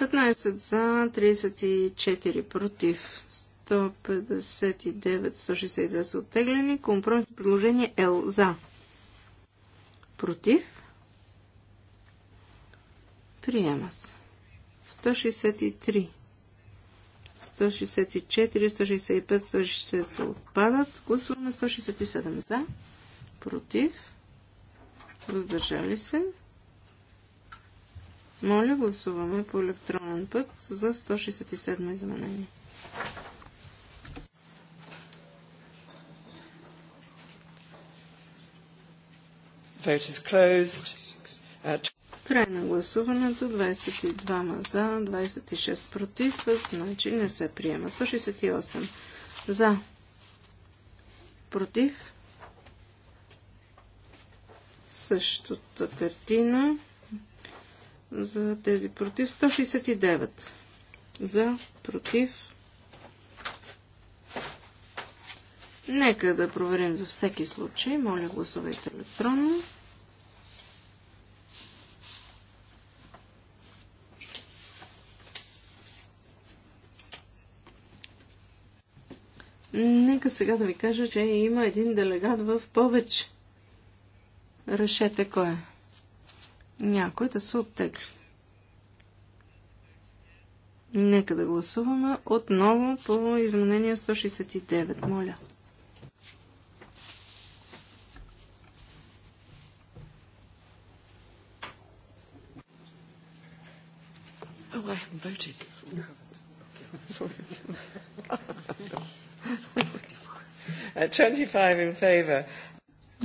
15 за, 34 против, 159, 162 са оттеглени. Компромисно предложение L е за. Против. Приема се. 163. 164, 165, 160 се отпадат. Гласуваме 167 за. Против. Въздържали се. Моля, гласуваме по електронен път за 167 изменение. Vote is closed. At... Край на гласуването 22 за, 26 против, значи не се приема. 168 за, против, същата картина за тези против. 169 за против. Нека да проверим за всеки случай. Моля, гласувайте електронно. Нека сега да ви кажа, че има един делегат в повече. Решете кой е някой да се оттегли. Нека да гласуваме отново по изменение 169, моля. Oh, I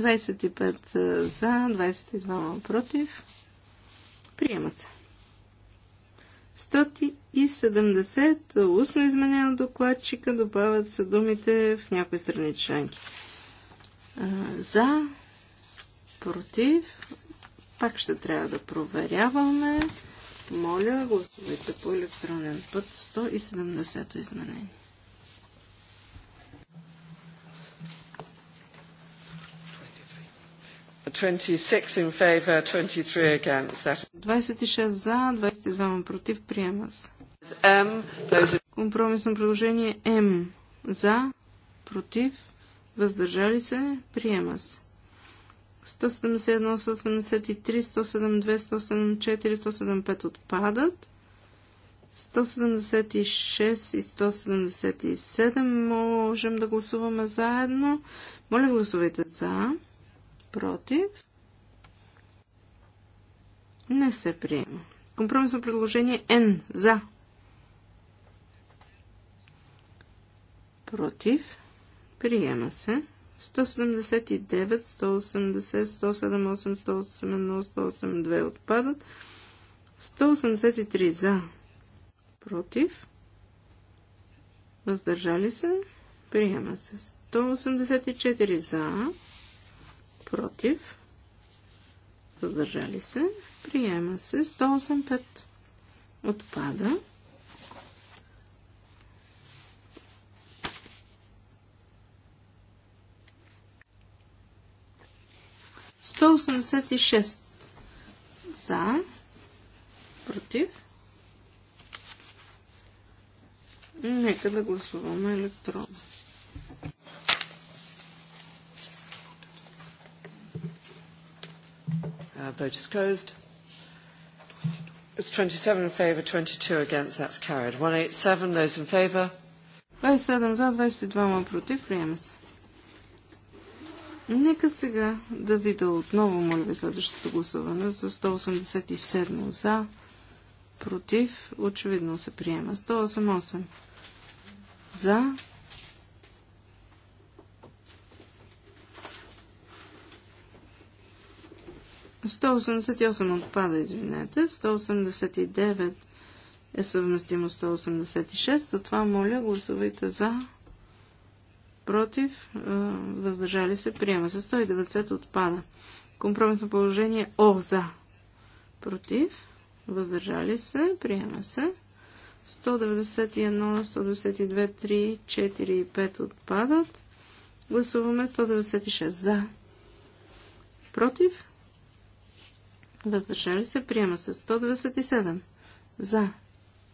25 uh, uh, за, 22 против. Приема се. 170 устно изменено докладчика добавят се думите в някои страни членки. За, против, пак ще трябва да проверяваме. Моля, гласувайте по електронен път 170 изменение. 26 за, 22 против. Приема се. Компромисно предложение М. За, против, въздържали се, приема се. 171, 173, 172, 174, 175 отпадат. 176 и 177 можем да гласуваме заедно. Моля, гласувайте за. Против. Не се приема. Компромисно предложение Н. За. Против. Приема се. 179, 180, 178, 181, 182 отпадат. 183 за. Против. Въздържали се. Приема се. 184 за против, въздържали се, приема се 185, отпада. Сто и шест за, против. Нека да гласуваме електронно. Uh, vote is closed. It's 27 in favour, 22 against. That's carried. 187, those in favour. 27 за, 22 против. Приема се. Нека сега да видя отново, моля ви, следващото гласуване за 187 за, против, очевидно се приема. 188 за, 188 отпада, извинете. 189 е съвместимо 186. Затова моля, гласувайте за, против, въздържали се, приема се. 190 отпада. Компромисно положение О за, против, въздържали се, приема се. 191, 192, 3, 4 и 5 отпадат. Гласуваме 196 за. Против? Въздържали се. Приема се. 127. За.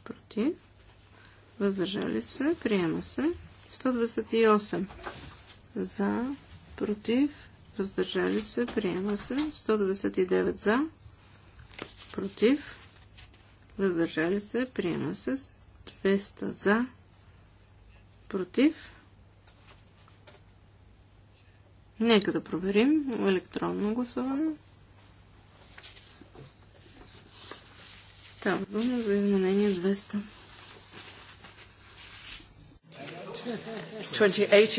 Против. Въздържали се. Приема се. 128. За. Против. Въздържали се. Приема се. 129 за. Против. Въздържали се. Приема се. 200 за. Против. Нека да проверим електронно гласуване. Става дума за изменение 200. 28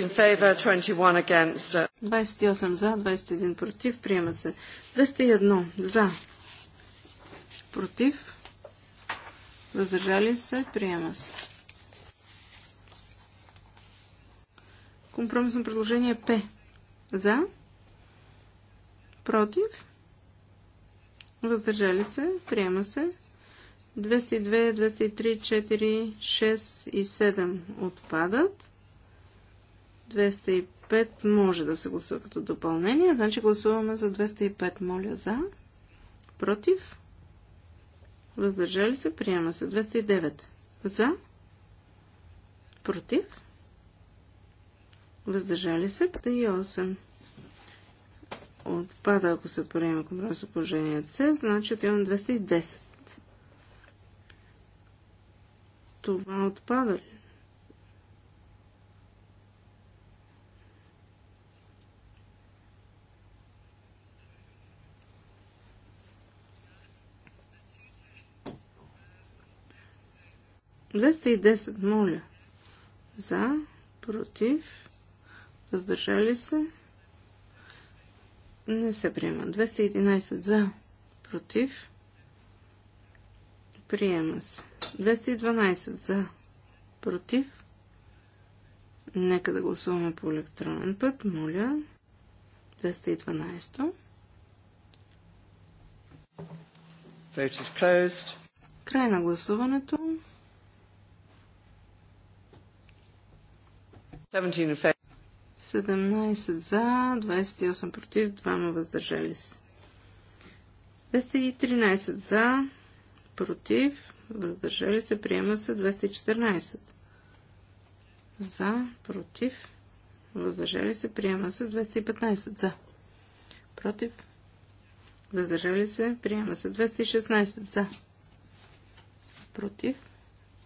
in favor, 21 against. 28 за, 21 против. Приема се. 201 за. Против. Въздържали се. Приема се. Компромисно предложение П. За. Против. Въздържали се. Приема се. 202, 203, 4, 6 и 7 отпадат. 205 може да се гласува като допълнение. Значи гласуваме за 205. Моля за. Против. Въздържали се. Приема се. 209. За. Против. Въздържали се. 8. Отпада, ако се приема компромисно положение С, значи отиваме 210. Това отпада ли? Двеста и десет, моля. За, против, въздържали се. Не се приема. 211 за, против. Приема се. 212 за. Против. Нека да гласуваме по електронен път. Моля. 212. Vote is closed. Край на гласуването. 17 за, 28 против, 2 въздържали се. 213 за, против, въздържали се, приема се 214. За, против, въздържали се, приема се 215. За, против, въздържали се, приема се 216. За, против,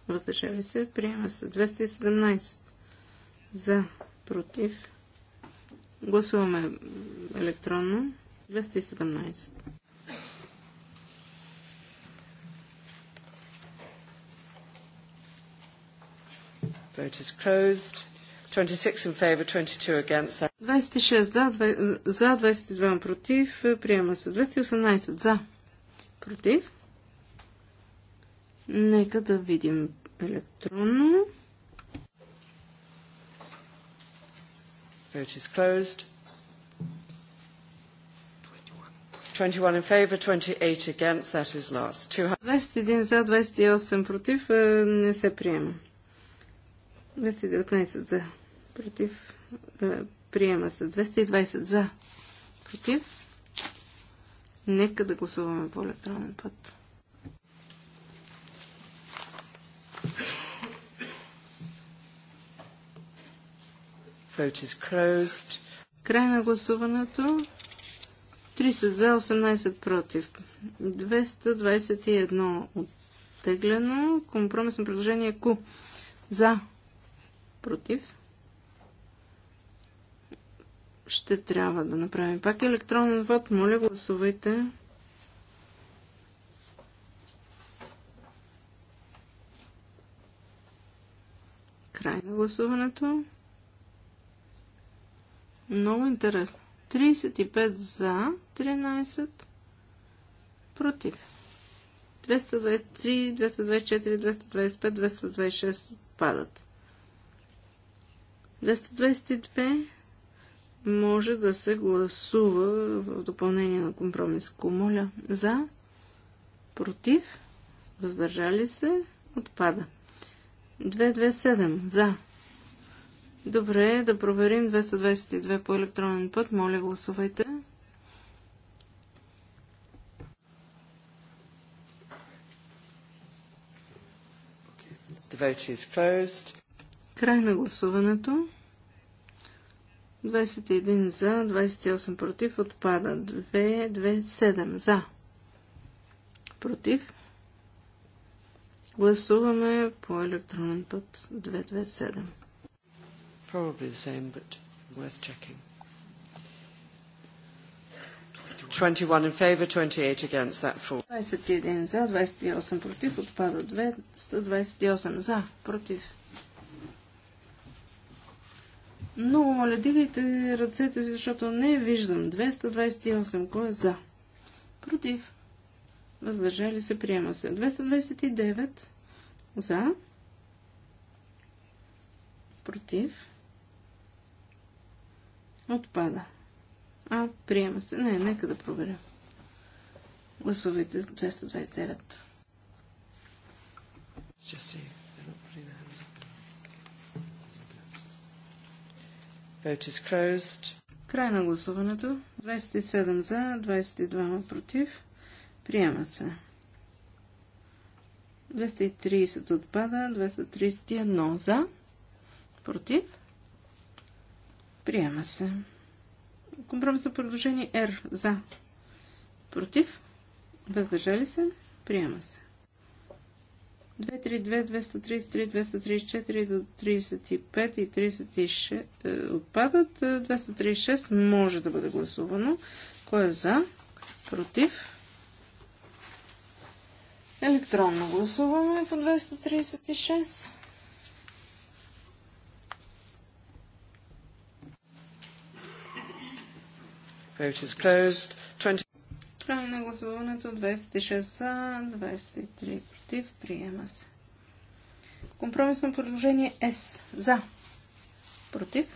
въздържали се, приема се 217. За, против, гласуваме електронно 217. Vote is closed. 26 in favor, 22 against. 26 да, 2, за, 22 против. Приема се 218 за. Против. Нека да видим електронно. Vote is closed. 21 in favor, 28 against. That is last. 21 за, 28 против. Е, не се приема. 219 за. Против. Е, приема се. 220 за. Против. Нека да гласуваме по електронен път. Край на гласуването. 30 за, 18 против. 221 оттеглено. Компромисно предложение Q. За, против. Ще трябва да направим пак електронен вод. Моля, гласувайте. Край на гласуването. Много интересно. 35 за, 13 против. 223, 224, 225, 226 падат. 222 може да се гласува в допълнение на компромис. Комоля за, против, въздържали се, отпада. 227 за. Добре, да проверим 222 по електронен път. Моля, гласувайте. The vote is closed. Край на гласуването. 21 за, 28 против, отпада 2, 2, 7 за. Против. Гласуваме по електронен път 227. Probably the same, but worth checking. 21 in favor, 28 against that fall. 21 за, 28 против, отпада 2, 128 за, против. Много моля, дигайте ръцете си, защото не виждам. 228. Кой е за? Против. Въздържали се, приема се. 229. За. Против. Отпада. А, приема се. Не, нека да проверя. Гласувайте 229. Ще се. Край на гласуването. 27 за, 22 против. Приема се. 230 отпада, 231 за, против. Приема се. Компромисно предложение R за, против. Въздържали се. Приема се. 232, 233, 234 до 35 и 36 е, отпадат. 236 е, може да бъде гласувано. Кой е за? Против? Електронно гласуваме по 236. Vote is closed. 20 на гласуването. 26 са, 23 против. Приема се. Компромисно предложение С. За. Против.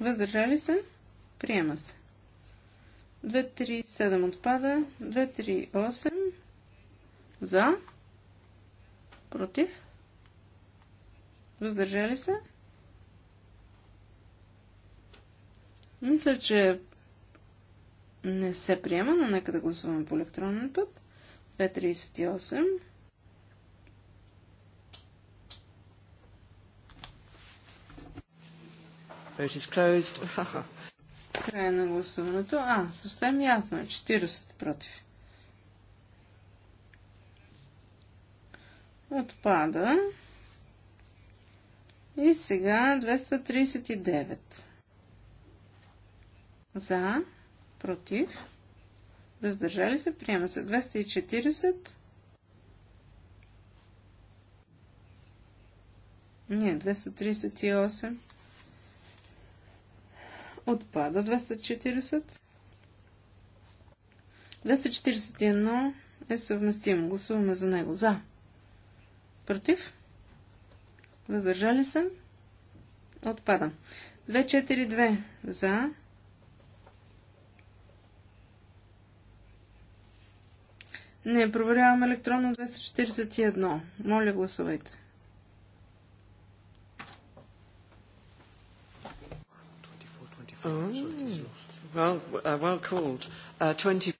Въздържали се. Приема се. 237 отпада. 238 за. Против. Въздържали се. Мисля, че е не се приема, но нека да гласуваме по електронен път. 238. Край на гласуването. А, съвсем ясно е. 40 против. Отпада. И сега 239. За против, въздържали се, приема се 240. Не, 238. Отпада 240. 241 е съвместимо. Гласуваме за него. За. Против. Въздържали се. Отпада. 242 за. Не, проверявам електронно 241. Моля, гласувайте. Oh, well, well called. Uh, 20...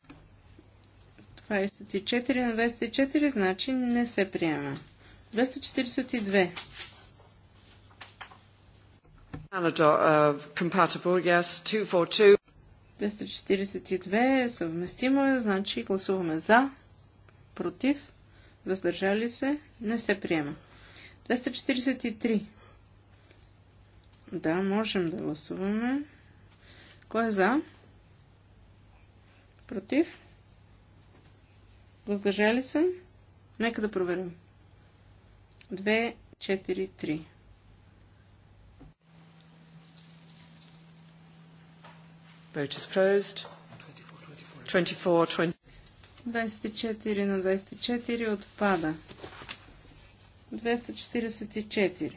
24 на 24, значи не се приема. 242. Canada, uh, compatible, yes, 242. 242 е съвместимо е, значи гласуваме за против, въздържали се, не се приема. 243. Да, можем да гласуваме. Кой е за? Против? Въздържали се? Нека да проверим. 2, 4, 3. Vote is closed. 24, 24. 24, 20. 24 на 24 отпада. 244.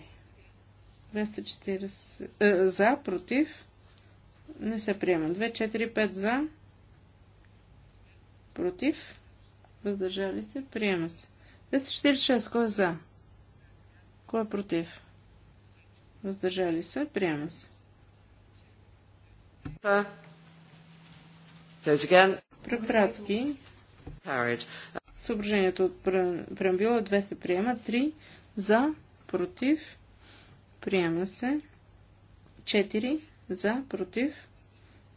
240 э, за, против. Не се приема. 245 за. Против. Въздържали се. Приема се. 246. Кой е за? Кой е против? Въздържали се. Приема се. Препратки. Съображението от преамбила 2 се приема. 3 за, против, приема се. 4 за, против,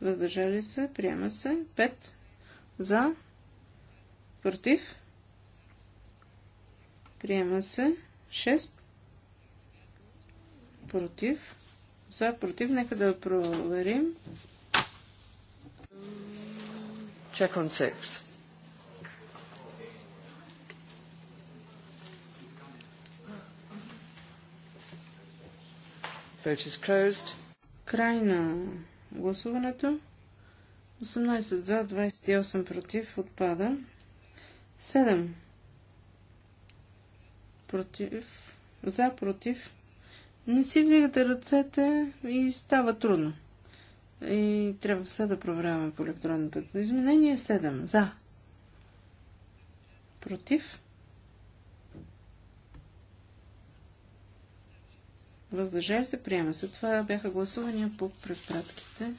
въздържали се, приема се. 5 за, против, приема се. 6 против, за, против, нека да проверим. Check on 6. Vote is closed. Край на гласуването. 18 за, 28 против, отпада. 7 против, за, против. Не си вдигате ръцете и става трудно. И трябва все да проверяваме по електронно път. Изменение 7. За. Против. Въздържали се, приема се. Това бяха гласувания по препратките.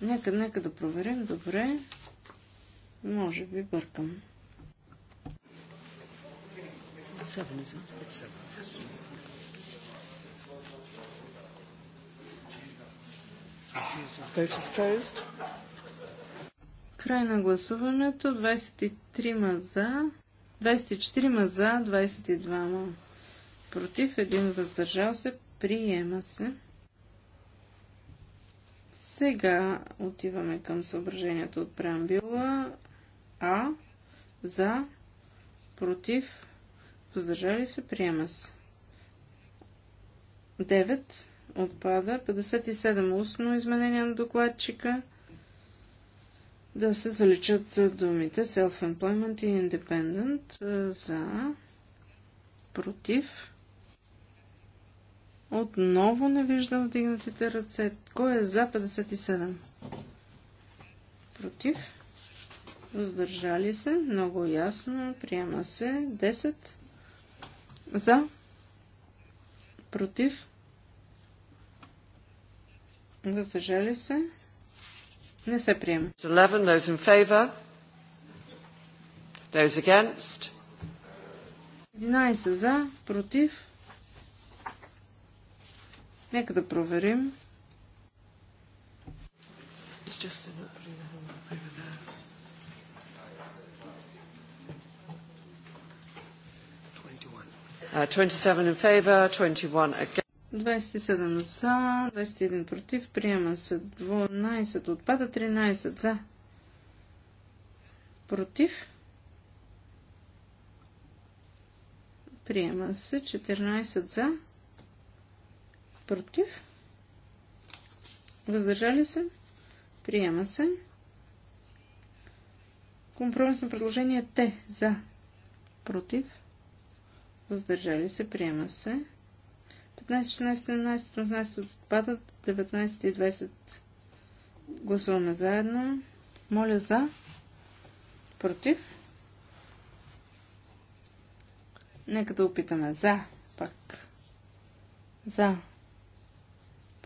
Нека, нека да проверим. Добре. Може би бъркам. Край на гласуването. 23 за, 24 за, 22 ма против, един въздържал се, приема се. Сега отиваме към съображението от преамбюла А за, против, въздържали се, приема се. 9 отпада, 57 устно изменение на докладчика, да се заличат думите self-employment и independent за, против, отново не виждам вдигнатите ръце. Кой е за 57? Против? Въздържали се. Много ясно. Приема се. 10. За. Против. Въздържали се. Не се приема. 11. Those in favor. Those against. 11 за. Против. Нека да проверим. Uh, 27 in 21 against. 27 за, 21 против, приема се 12, отпада 13 за. Против. Приема се 14 за против, въздържали се, приема се. Компромисно предложение Т за, против, въздържали се, приема се. 15, 16, 17, 18 отпадат, 19 и 20 гласуваме заедно. Моля за, против. Нека да опитаме за, пак. За,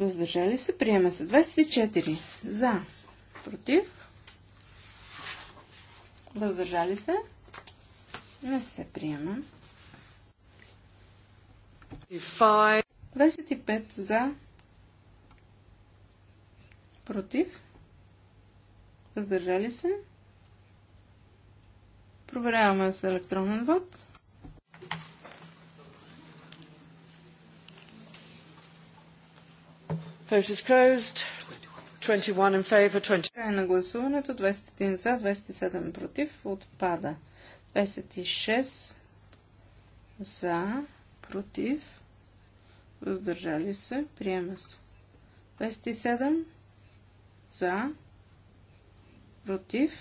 Въздържали се. Приема се. 24. За. Против. Въздържали се. Не се приема. 25 за. Против. Въздържали се. Проверяваме с електронен вод. 25. Vote is closed. 21 in favor, 20... Край на гласуването. 21 за, 27 против. Отпада. 26 за, против. Въздържали се. Приема се. 27 за, против.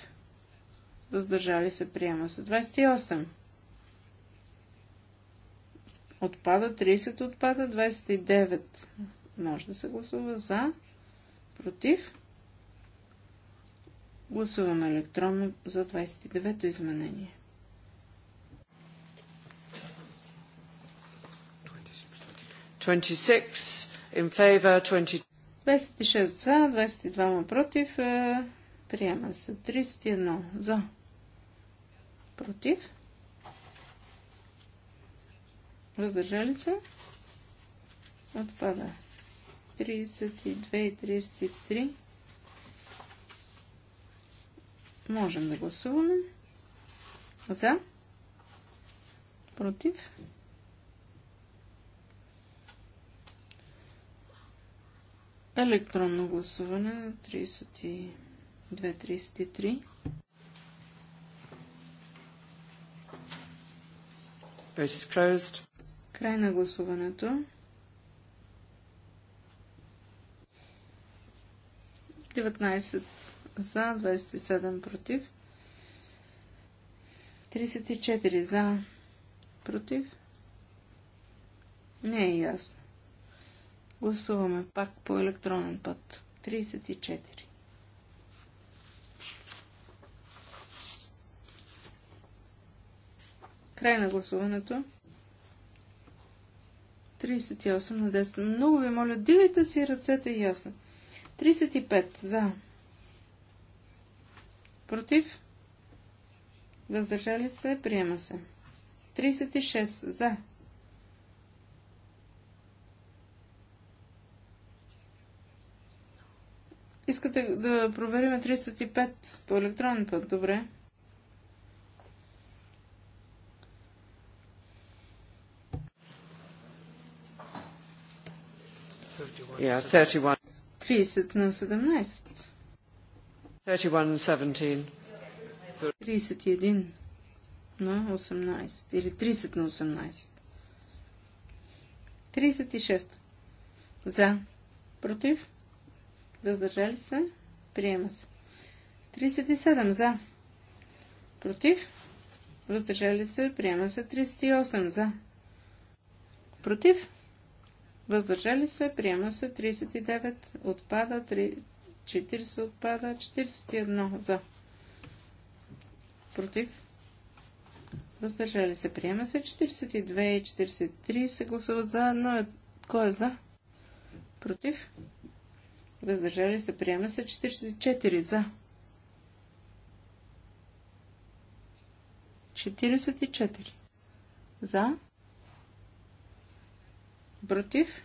Въздържали се. Приема се. 28 отпада, 30 отпада, 29 може да се гласува за, против. Гласуваме електронно за 29-то изменение. In favor, 20... 26 за, 22 против. Е, приема се 31 за. Против. Въздържали се? Отпада. 32 и 33. Можем да гласуваме. За. Против. Електронно гласуване на 32-33. Край на гласуването. 19 за, 27 против. 34 за, против. Не е ясно. Гласуваме пак по електронен път. 34. Край на гласуването. 38 на 10. Много ви моля, дивайте си ръцете ясно. 35 за. Против. Въздържали се. Приема се. 36 за. Искате да проверим 35 по електронен път, добре? Yeah, 31. 30 на 17. 31, на 18. Или 30 на 18. 36. За. Против. Въздържали се. Приема се. 37. За. Против. Въздържали се. Приема се. 38. За. Против въздържали се, приема се 39, отпада 3, 40 отпада, 41 за, против, въздържали се, приема се 42 и 43 се гласуват за. е... кой е за, против, въздържали се, приема се 44 за. 44 за, Против.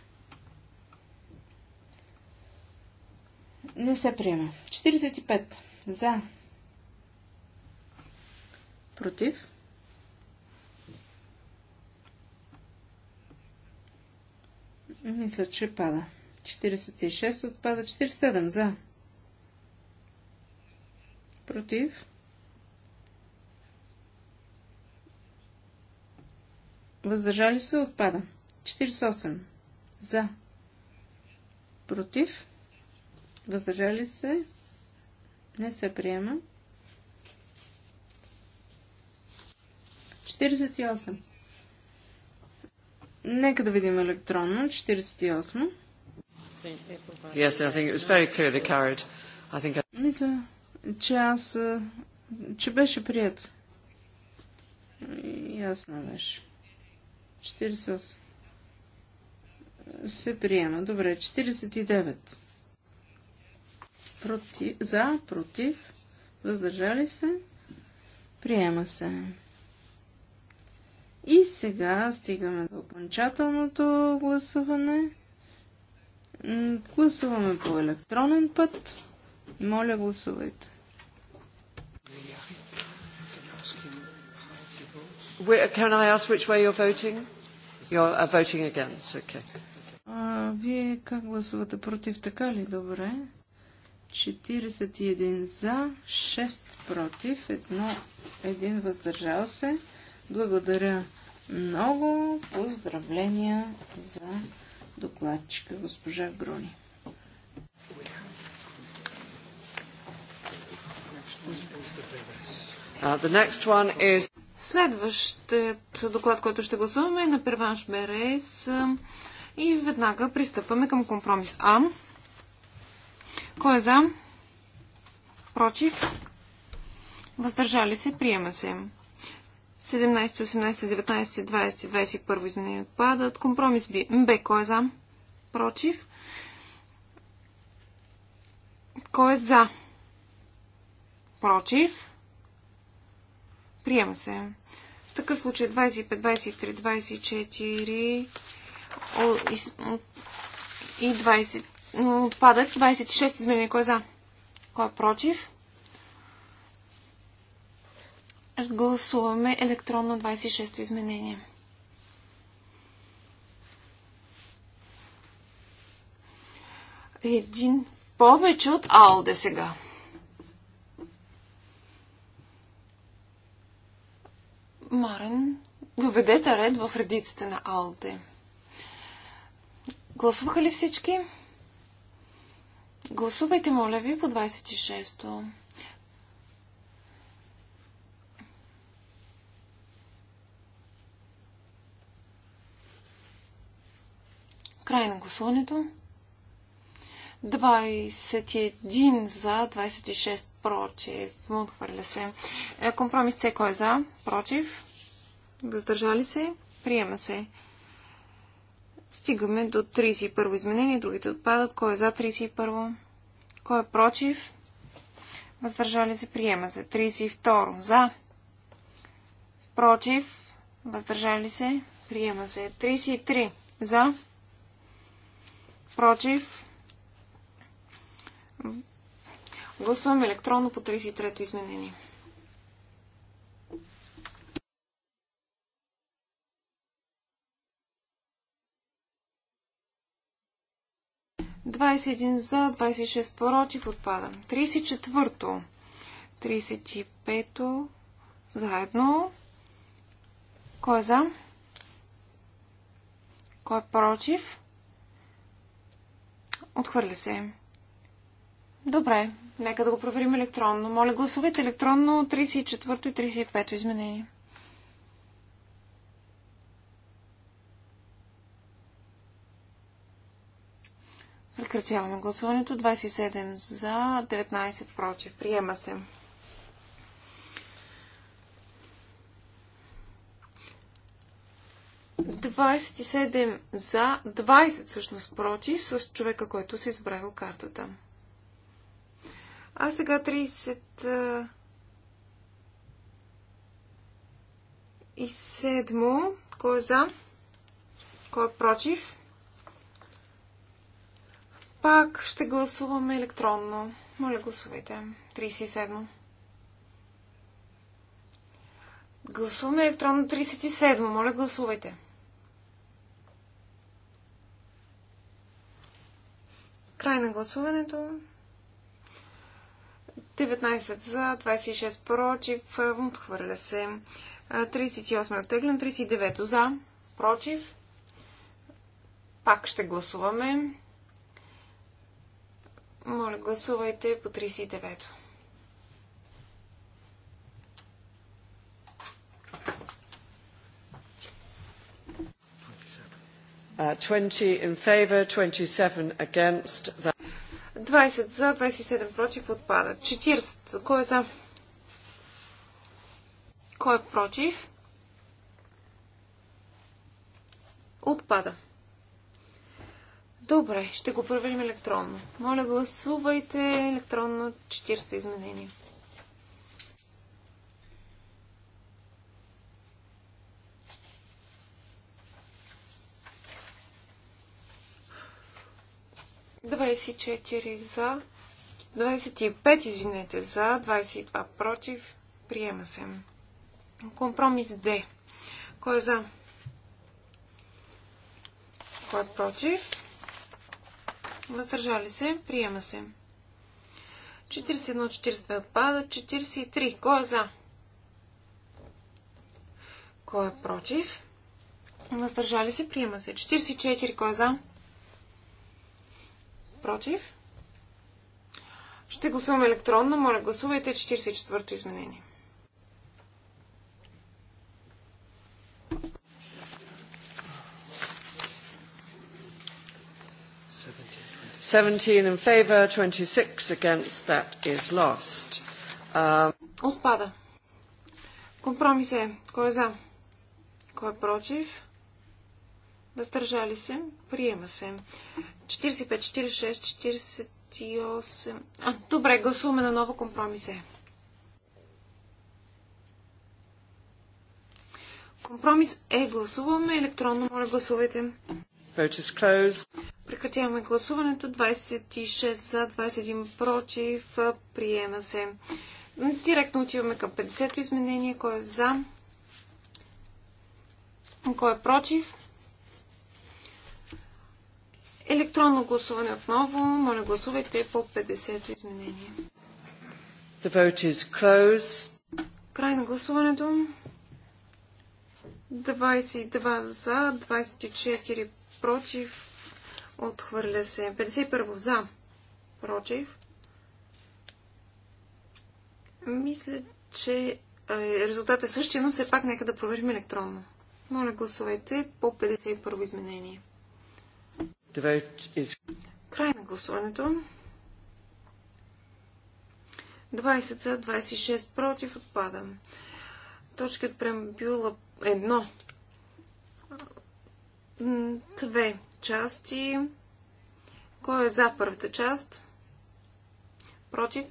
Не се приема. 45. За. Против. Мисля, че пада. 46 отпада. 47 за. Против. Въздържали се отпада. 48. 48. За. Против. Въздържали се. Не се приема. 48. Нека да видим електронно. 48. Yes, I think it was very I think I... Мисля, че аз... че беше прият. Ясно беше. 48 се приема. Добре, 49. Против, за, против, въздържали се, приема се. И сега стигаме до окончателното гласуване. Гласуваме по електронен път. Моля, гласувайте. Can I ask which way you're voting? You're uh, voting against, okay. А, вие как гласувате против, така ли? Добре. 41 за, 6 против, 1, 1 въздържал се. Благодаря много. Поздравления за докладчика госпожа Груни. Uh, Следващият доклад, който ще гласуваме е на Перванш Берес. И веднага пристъпваме към компромис А. Кой е за? Против? Въздържали се? Приема се. 17, 18, 19, 20, 21 изменения отпадат. Компромис Б. Б. Кой е за? Против? Кой е за? Против? Приема се. В такъв случай 25, 23, 24 и 20. Отпадат 26 изменения. Кой е за? Кой е против? Гласуваме електронно 26-то изменение. Един повече от Алде сега. Марен, въведете ред в редиците на Алде. Гласуваха ли всички? Гласувайте, моля ви, по 26-то. Край на гласуването. 21 за, 26 против. Отхвърля се. Е, компромис С кой е за? Против. Въздържали се? Приема се. Стигаме до 31 изменение, другите отпадат. Кой е за 31? Кой е против? Въздържали се, приема се. 32. За. Против. Въздържали се, приема се. 33. За. Против. Гласуваме електронно по 33-то изменение. 21 за, 26 против, отпада. 34-то, 35-то, заедно. Кой е за? Кой е против? Отхвърля се. Добре, нека да го проверим електронно. Моля, гласувайте електронно 34-то и 35-то изменение. Прекратяваме гласуването. 27 за, 19 против. Приема се. Двадесет и седем за, 20 всъщност против, с човека, който си избравил е картата. А сега 30 и седмо. Кой е за? Кой е против? Пак ще гласуваме електронно. Моля, гласувайте. 37. Гласуваме електронно 37. Моля, гласувайте. Край на гласуването. 19 за, 26 против, отхвърля се. 38 оттеглен, 39 за, против. Пак ще гласуваме. Моля, гласувайте по 39-то. Uh, 20 за, 27 против отпада. 40. Кой е за? Кой е против? Отпада. Добре, ще го проверим електронно. Моля, гласувайте електронно 40 изменения. за, 25, извинете, за, 22 против. Приема се. Компромис Д. Кой е за? Кой е против? Въздържали се. Приема се. 41-42 отпада. 43. Кой е за? Кой е против? Въздържали се. Приема се. 44. Кой е за? Против? Ще гласуваме електронно. Моля, гласувайте 44-то изменение. 17 in 26 against, that is lost. Um... Отпада. Компромис е. Кой е за? Кой е против? Въздържали се? Приема се. 45, 46, 48... А, добре, гласуваме на ново компромис е. Компромис е. Гласуваме електронно. Моля, гласувайте. Прекратяваме гласуването. 26 за, 21 против. Приема се. Директно отиваме към 50-то изменение. Кой е за? Кой е против? Електронно гласуване отново. Моля, гласувайте по 50-то изменение. The vote is closed. Край на гласуването. 22 за, 24 против, отхвърля се. 51 за, против. Мисля, че е, резултатът е същия, но все пак нека да проверим електронно. Моля, гласувайте по 51 изменение. Край на гласуването. 20 за, 26 против, отпадам. Точка от преамбюла 1 две части. Кой е за първата част? Против?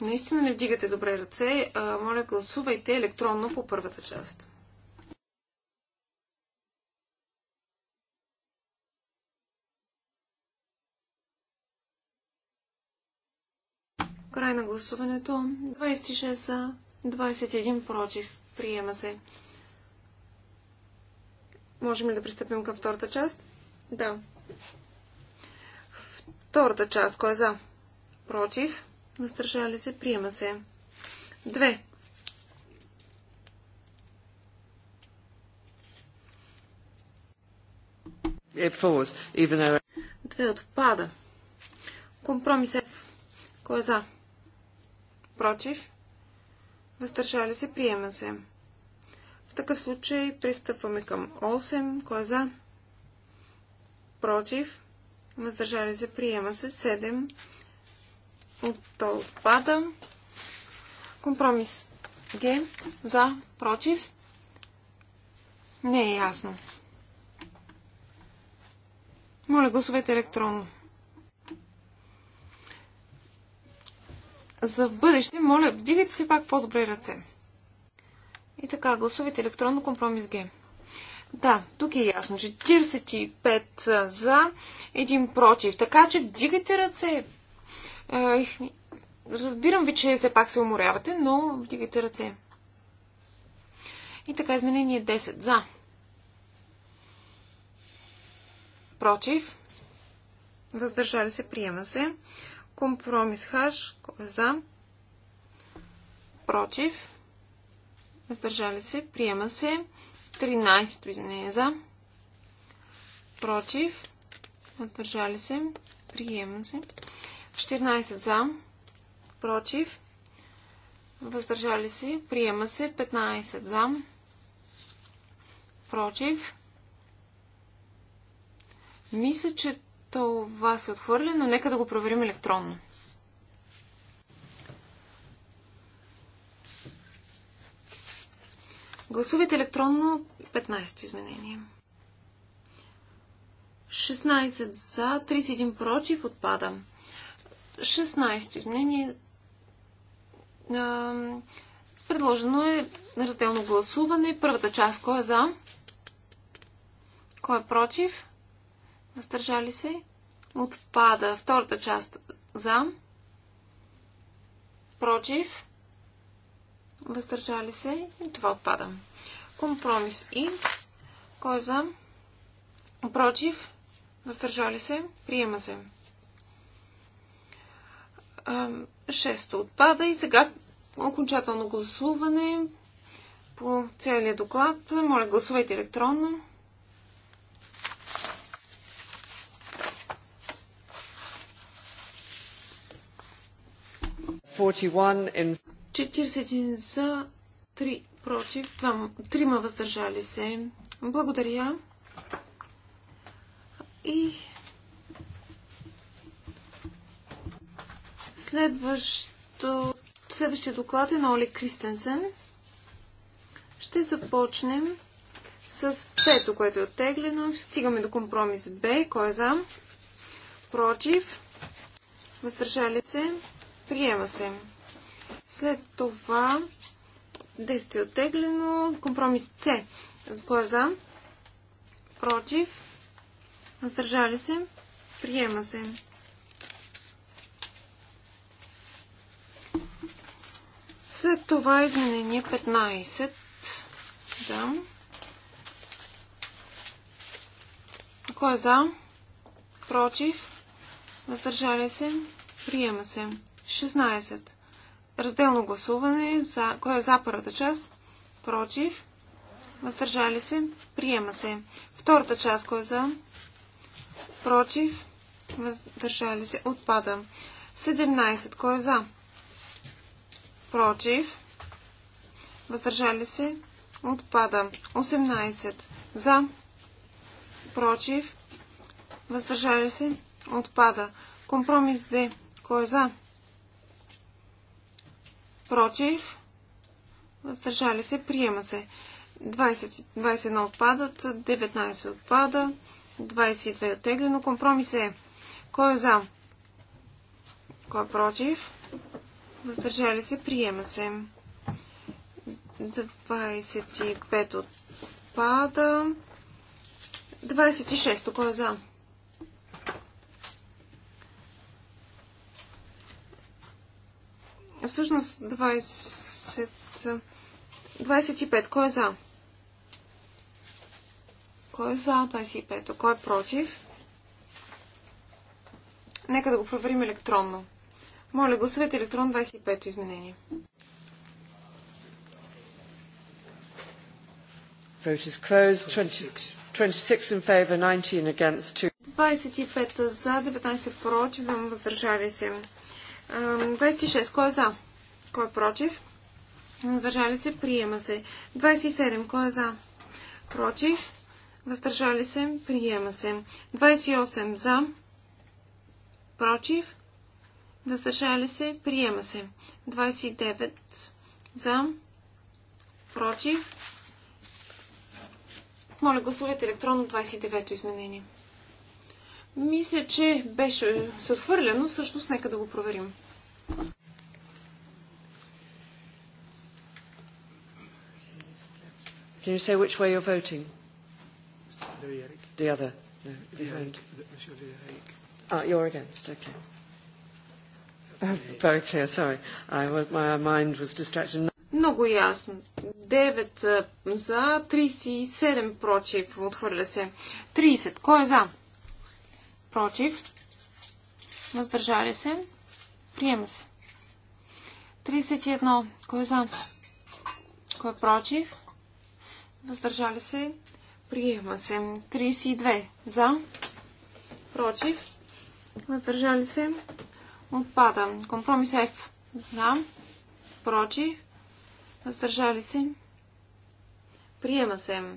Наистина не вдигате добре ръце. Моля, гласувайте електронно по първата част. Край на гласуването. 26 за, 21 против. Приема се. Можем ли да пристъпим към втората част? Да. Втората част. Кой е за? Против. Настрашали се. Приема се. Две. Две отпада. Компромис е. Кой е за? Против. Въздържали се, приема се. В такъв случай пристъпваме към 8. Кой е за? Против. Въздържали се, приема се. 7. От отпада. Компромис Г. За. Против. Не е ясно. Моля, гласовете електронно. за в бъдеще, моля, вдигайте си пак по-добре ръце. И така, гласувайте електронно компромис Г. Да, тук е ясно. 45 за, 1 против. Така че вдигайте ръце. Разбирам ви, че все пак се уморявате, но вдигайте ръце. И така, изменение 10 за. Против. Въздържали се, приема се. Компромис хаш. е за? Против. Въздържали се. Приема се. 13-то изменение за. Против. Въздържали се. Приема се. 14 за. Против. Въздържали се. Приема се. 15 за. Против. Мисля, че това се отхвърля, но нека да го проверим електронно. Гласувайте електронно 15-то изменение. 16 за, 31 против, отпада. 16-то изменение. Предложено е разделно гласуване. Първата част, кой е за? Кой е против? Въздържали се? Отпада. Втората част за. Против. Въздържали се? И това отпада. Компромис и. Кой е за? Против. Въздържали се? Приема се. Шесто отпада и сега окончателно гласуване по целия доклад. Моля, гласувайте електронно. 41 за, 3 против, 3 въздържали се. Благодаря. И следващо, следващия доклад е на Оли Кристенсен. Ще започнем с пето, което е оттеглено. Стигаме до компромис Б. Кой е за? Против. Въздържали се. Приема се. След това действие оттеглено. Компромис С. Глаза. Е Против. Въздържали се. Приема се. След това изменение 15. Да. Кой е за? Против? Въздържали се? Приема се. 16. Разделно гласуване. За, кой е за първата част? Против. Въздържали се. Приема се. Втората част. Кой е за? Против. Въздържали се. Отпада. 17. Кой е за? Против. Въздържали се. Отпада. 18. За. Против. Въздържали се. Отпада. Компромис Д. Кой е за? против, въздържали се, приема се. 20, 21 отпадат, 19 отпада, 22 оттеглено. Компромис е. Кой е за? Кой е против? Въздържали се, приема се. 25 отпада. 26. Кой е за? Всъщност 20... 25. Кой е за? Кой е за 25-то? Кой е против? Нека да го проверим електронно. Моля, гласувайте електронно 25-то изменение. Vote is closed. 26. 26 in favor, 19 against 2. 25 за, 19 против, въздържали се. 26. Кой е за? Кой е против? Въздържали се? Приема се. 27. Кой е за? Против? Въздържали се? Приема се. 28. За? Против? Въздържали се? Приема се. 29. За? Против? Моля, гласувайте електронно 29-то изменение. Мисля, че беше съхвърлено. отхвърлено. Всъщност, нека да го проверим. Can you say which way you're voting? The other. No, behind. Ah, you're against. Okay. Oh, very clear, sorry. I was, my mind was distracted. Много ясно. 9 за, 37 против. Отхвърля се. 30. Кой е за? против, въздържали се, приема се. 31. Кой е за? Кой е против? Въздържали се, приема се. 32. За, против, въздържали се, отпада. Компромис F. За, против, въздържали се, приема се.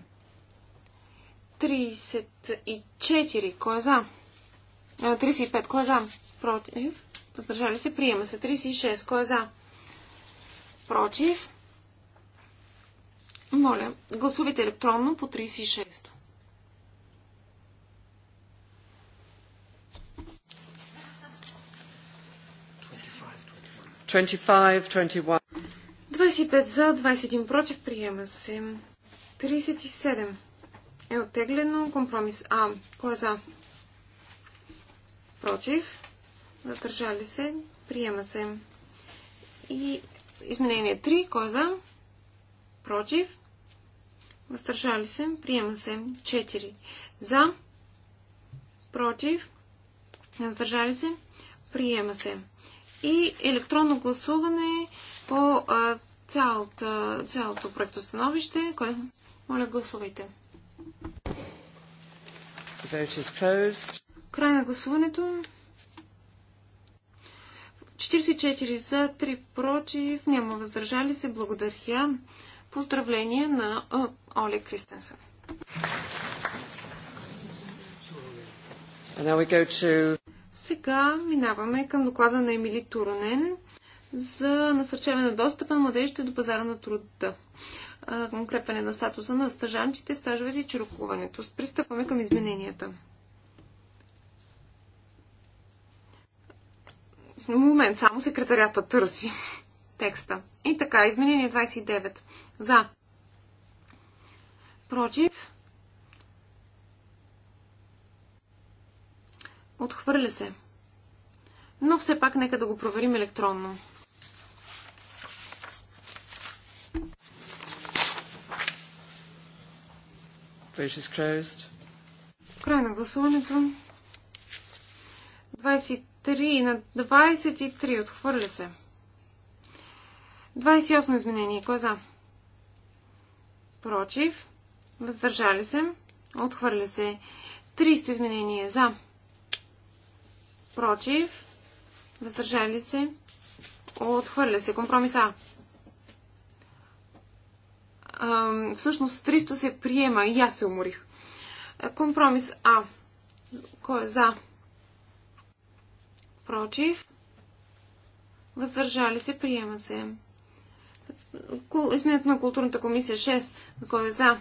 34. Кой е за? 35. Кой е за? Против. Въздържали се. Приема се. 36. Кой е за? Против. Моля, гласувайте електронно по 36. -то. 25 за, 21 против, приема се. 37 е оттеглено. Компромис А. Кой е за? против, въздържали се, приема се. И изменение 3, кой е за, против, въздържали се, приема се. 4, за, против, въздържали се, приема се. И електронно гласуване по а, цялата, цялото проектостановище. Кой? Е? Моля, гласувайте. The vote is closed. Край на гласуването. 44 за, 3 против, няма въздържали се. Благодаря. Поздравление на Оле Кристенсен. To... Сега минаваме към доклада на Емили Туронен за насърчаване на достъпа на младежите до пазара на труда. Укрепване на статуса на стъжанчите, стажовете и чирокуването. Пристъпваме към измененията. Момент, само секретарята търси текста. И така, изменение 29. За. Против. Отхвърля се. Но все пак нека да го проверим електронно. Край на гласуването. 3 на 23. Отхвърля се. 28 изменение. Кой е за? Против. Въздържали се. Отхвърля се. 300 изменение. За. Против. Въздържали се. Отхвърля се. Компромис А, всъщност 300 се приема и аз се уморих. Компромис А. Кой е за? против, въздържали се, приема се. Изменят на културната комисия 6, кой е за,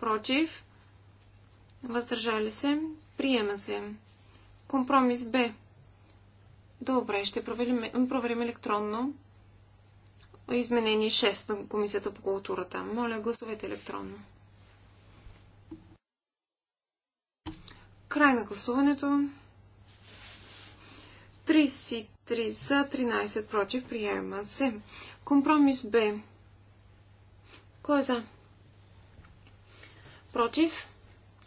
против, въздържали се, приема се. Компромис Б. Добре, ще проверим, проверим електронно. Изменение 6 на Комисията по културата. Моля, гласувайте електронно. Край на гласуването. 33 за, 13 против. Приема се. Компромис Б. Кой е за? Против.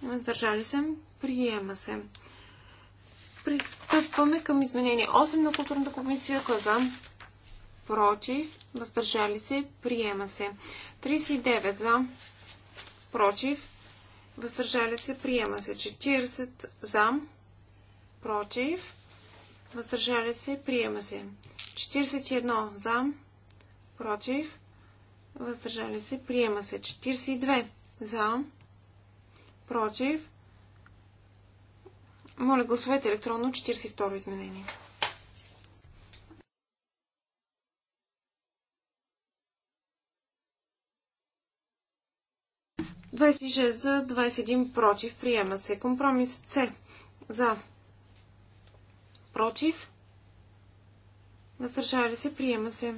Въздържали се. Приема се. Пристъпваме към изменение 8 на културната комисия. Кой е за? Против. Въздържали се. Приема се. 39 за. Против. Въздържали се. Приема се. 40 за. Против въздържали се, приема се. 41 за, против, въздържали се, приема се. 42 за, против. Моля, гласовете електронно 42 изменение. Двадесет за, 21 против, приема се. Компромис С за, против, въздържали се, приема се.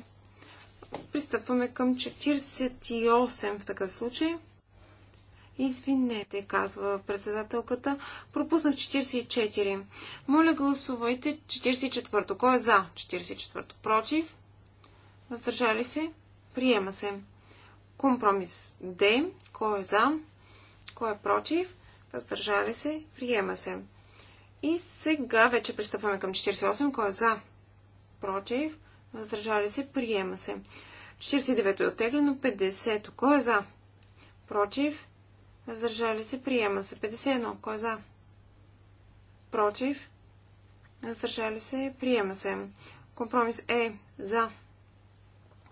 Пристъпваме към 48 в такъв случай. Извинете, казва председателката. Пропуснах 44. Моля, гласувайте 44 Кой е за 44 Против? Въздържали се? Приема се. Компромис Д. Кой е за? Кой е против? Въздържали се? Приема се. И сега вече пристъпваме към 48. Кой е за? Против? Въздържали се? Приема се. 49 е оттеглено. 50. Кой е за? Против? Въздържали се? Приема се. 51. Кой е за? Против? Въздържали се? Приема се. Компромис е за.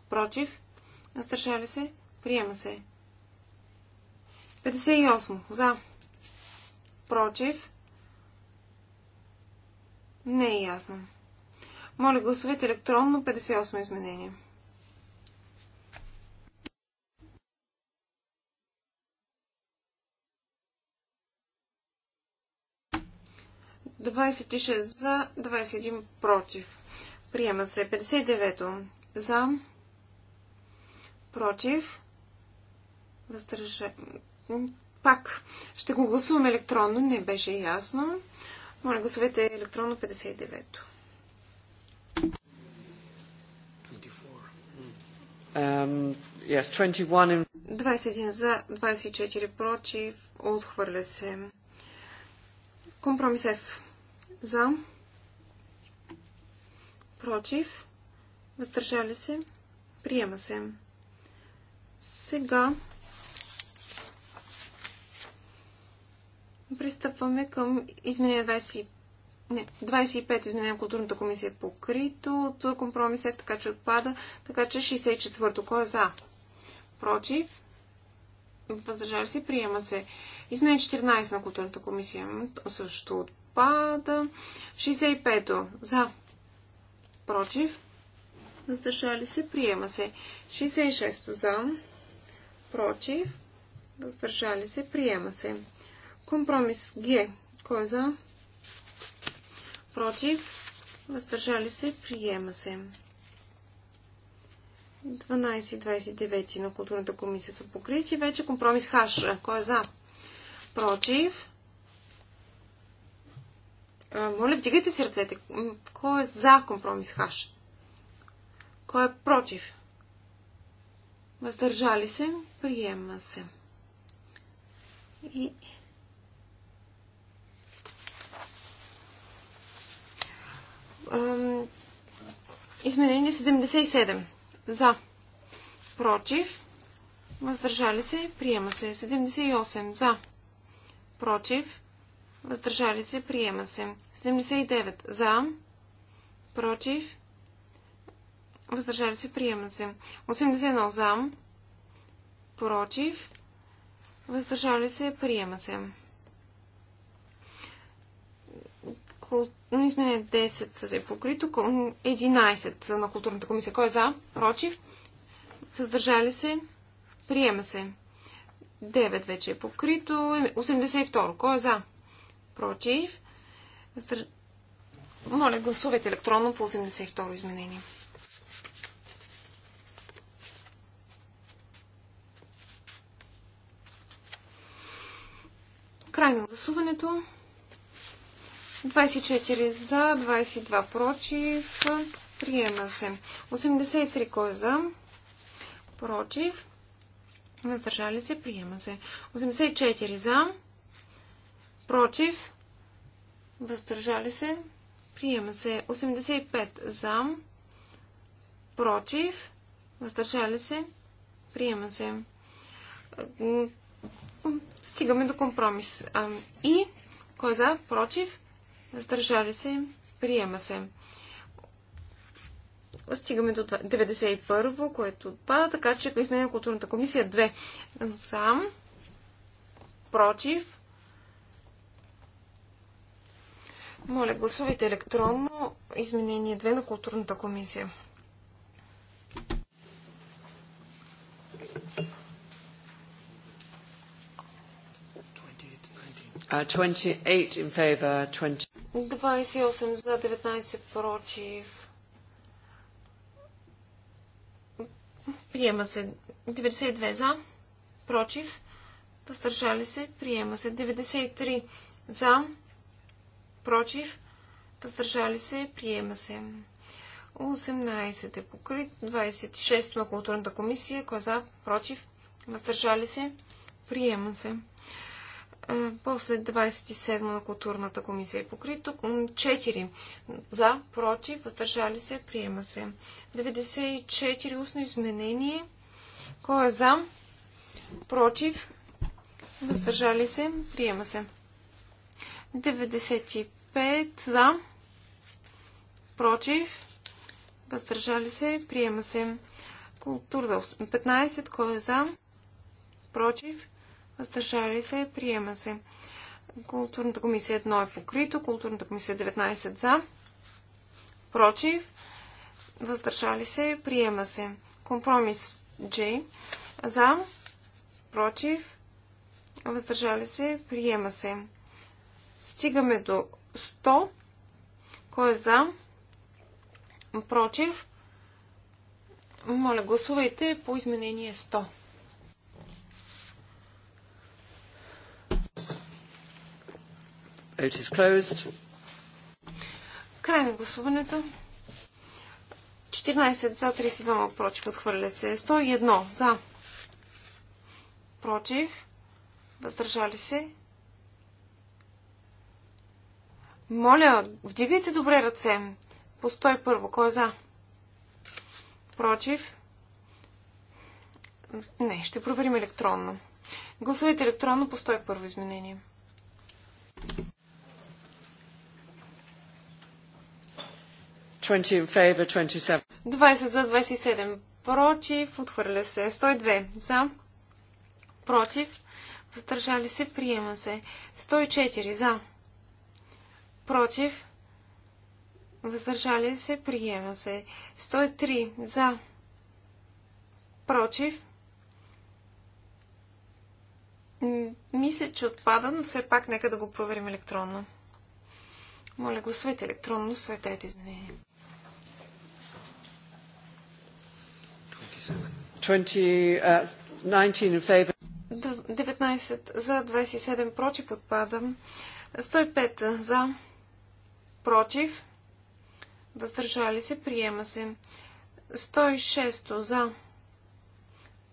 Против? Въздържали се? Приема се. 58. За. Против? Не е ясно. Моля, гласувайте електронно 58 изменение. Двадесет за, 21 против. Приема се 59 девето За, против, въздържа... Пак ще го гласуваме електронно, не беше ясно. Моля, гласовете електронно 59 Um, yes, 21, in... 21 за, 24 против, отхвърля се. Компромис F. За. Против. Въздържали се. Приема се. Сега Пристъпваме към изменение 20... Не, 25 изменение на културната комисия е покрито от компромис F, така че отпада, така че 64-то. Кой е за? Против? Въздържали се? Приема се. Изменение 14 на културната комисия също отпада. 65-то. За? Против? Въздържали се? Приема се. 66-то. За? Против? Въздържали се? Приема се. Компромис Г. Кой е за? Против. Въздържали се. Приема се. 12 и 29 на културната комисия са покрити. Вече компромис Х. Кой е за? Против. Моля, вдигайте си ръцете. Кой е за компромис Х? Кой е против? Въздържали се? Приема се. И Изменение 77. За. Против. Въздържали се. Приема се. 78. За. Против. Въздържали се. Приема се. 79. За. Против. Въздържали се. Приема се. 81. За. Против. Въздържали се. Приема се. кул... изменение 10 е покрито, 11 на културната комисия. Кой е за? Против? Въздържали се? Приема се. 9 вече е покрито. 82. Кой е за? Против? Въздърж... Моля, гласувайте електронно по 82 изменение. Край на гласуването. 24 за, 22 против. Приема се. 83 кой е за? Против. Въздържали се. Приема се. 84 за. Против. Въздържали се. Приема се. 85 за. Против. Въздържали се. Приема се. Стигаме до компромис. И кой е за? Против. Въздържали се. Приема се. Стигаме до 91-во, което отпада, така че на културната комисия 2. Сам. Против. Моля, гласувайте електронно изменение 2 на културната комисия. Uh, 28 in favor, 20. 28 за 19 против. Приема се 92 за, против, въздържали се, приема се 93 за, против, въздържали се, приема се. 18 е покрит, 26 на културната комисия, коза е против, въздържали се, приема се после 27 на културната комисия е покрито. 4 за, против, въздържали се, приема се. 94 устно изменение. Кой е за? Против, въздържали се, приема се. 95 за, против, въздържали се, приема се. Култура 15, кой е за? Против, въздържали се, приема се. Културната комисия 1 е покрито, културната комисия 19 за, против, въздържали се, приема се. Компромис J за, против, въздържали се, приема се. Стигаме до 100. Кой е за? Против. Моля, гласувайте по изменение 100. Vote is closed. Край на гласуването. 14 за, 32 против, отхвърля се. 101 за, против, въздържали се. Моля, вдигайте добре ръце. По 101, кой е за? Против. Не, ще проверим електронно. Гласувайте електронно по 101 изменение. 20 27. за 27 против, отхвърля се. 102 за, против, въздържали се, приема се. 104 за, против, въздържали се, приема се. 103 за, против, мисля, че отпада, но все пак нека да го проверим електронно. Моля, гласувайте електронно, своите изменение. 19 19 uh, за, 27 против отпадам. 105 за, против, въздържали се, приема се. 106 за,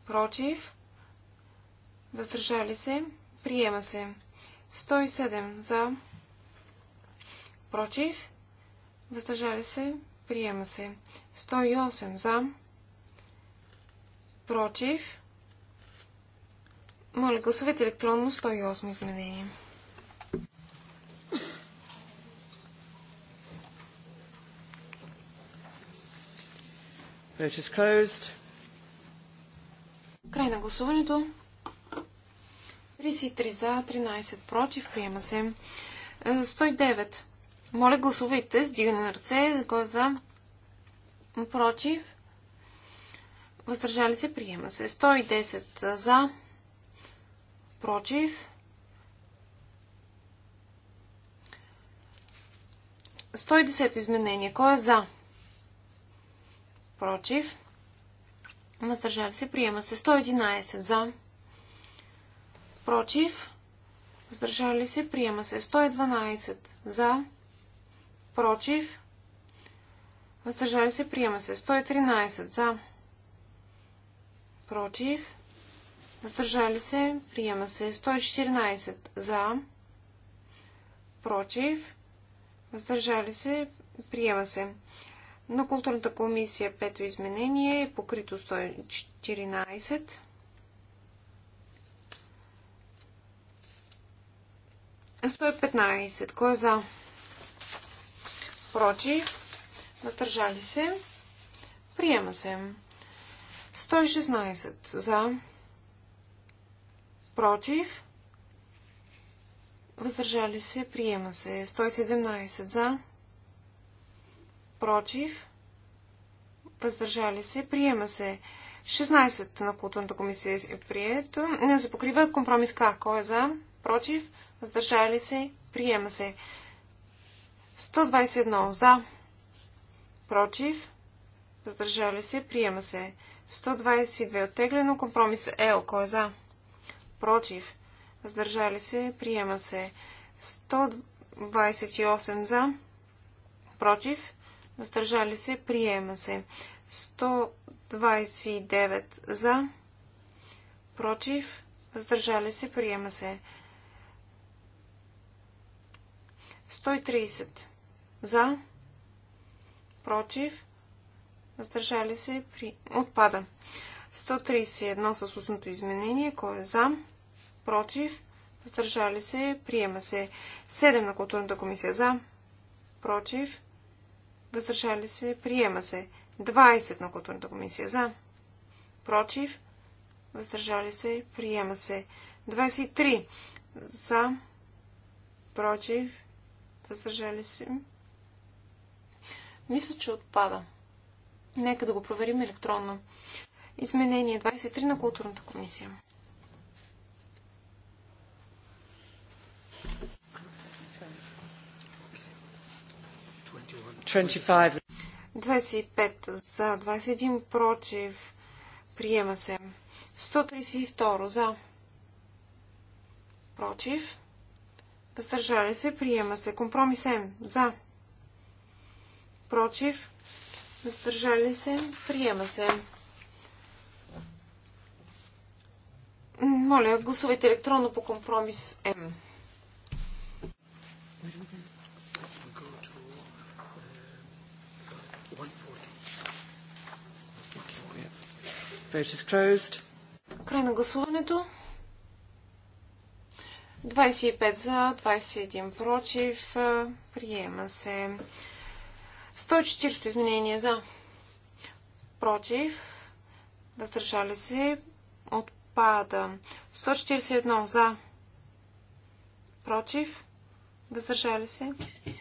против, въздържали се, приема се. 107 за, против, въздържали се, приема се. 108 за, против, против. Моля, гласувайте електронно 108 изменение. Vote is closed. Край на гласуването. 33 за, 13 против. Приема се. 109. Е, Моля, гласувайте с дигане на ръце. Кой е за? Против въздържали се, приема се. 110 за, против. 110 изменение. Кой е за? Против. Въздържали се, приема се. 111 за, против. Въздържали се, приема се. 112 за, против. Въздържали се, приема се. 113 за, против, въздържали се, приема се 114 за, против, въздържали се, приема се. На културната комисия пето изменение е покрито 114. 115. Кой е за? Против. Въздържали се. Приема се. 116 за, против, въздържали се, приема се. 117 за, против, въздържали се, приема се. 16 на културната комисия е прието. Не се покрива компромис К. Кой е за? Против? Въздържали се? Приема се. 121 за. Против? Въздържали се? Приема се. 122 оттеглено. Компромис Л. Е. Кой е за? Против. Въздържали се. Приема се. 128 за. Против. Въздържали се. Приема се. 129 за. Против. Въздържали се. Приема се. 130 за. Против въздържали се, при... отпада. 131 с устното изменение, кой е за, против, въздържали се, приема се. 7 на културната комисия за, против, въздържали се, приема се. 20 на културната комисия за, против, въздържали се, приема се. 23 за, против, въздържали се. Мисля, че отпада. Нека да го проверим електронно. Изменение 23 на културната комисия. 25 за, 21 против. Приема се. 132 за. Против. Въздържали се. Приема се. Компромис М. За. Против. Въздържали се. Приема се. Моля, гласувайте електронно по компромис М. Край на гласуването. 25 за, 21 против. Приема се. 140 изменение за. Против. Въздържали се. Отпада. 141 за. Против. Въздържали се.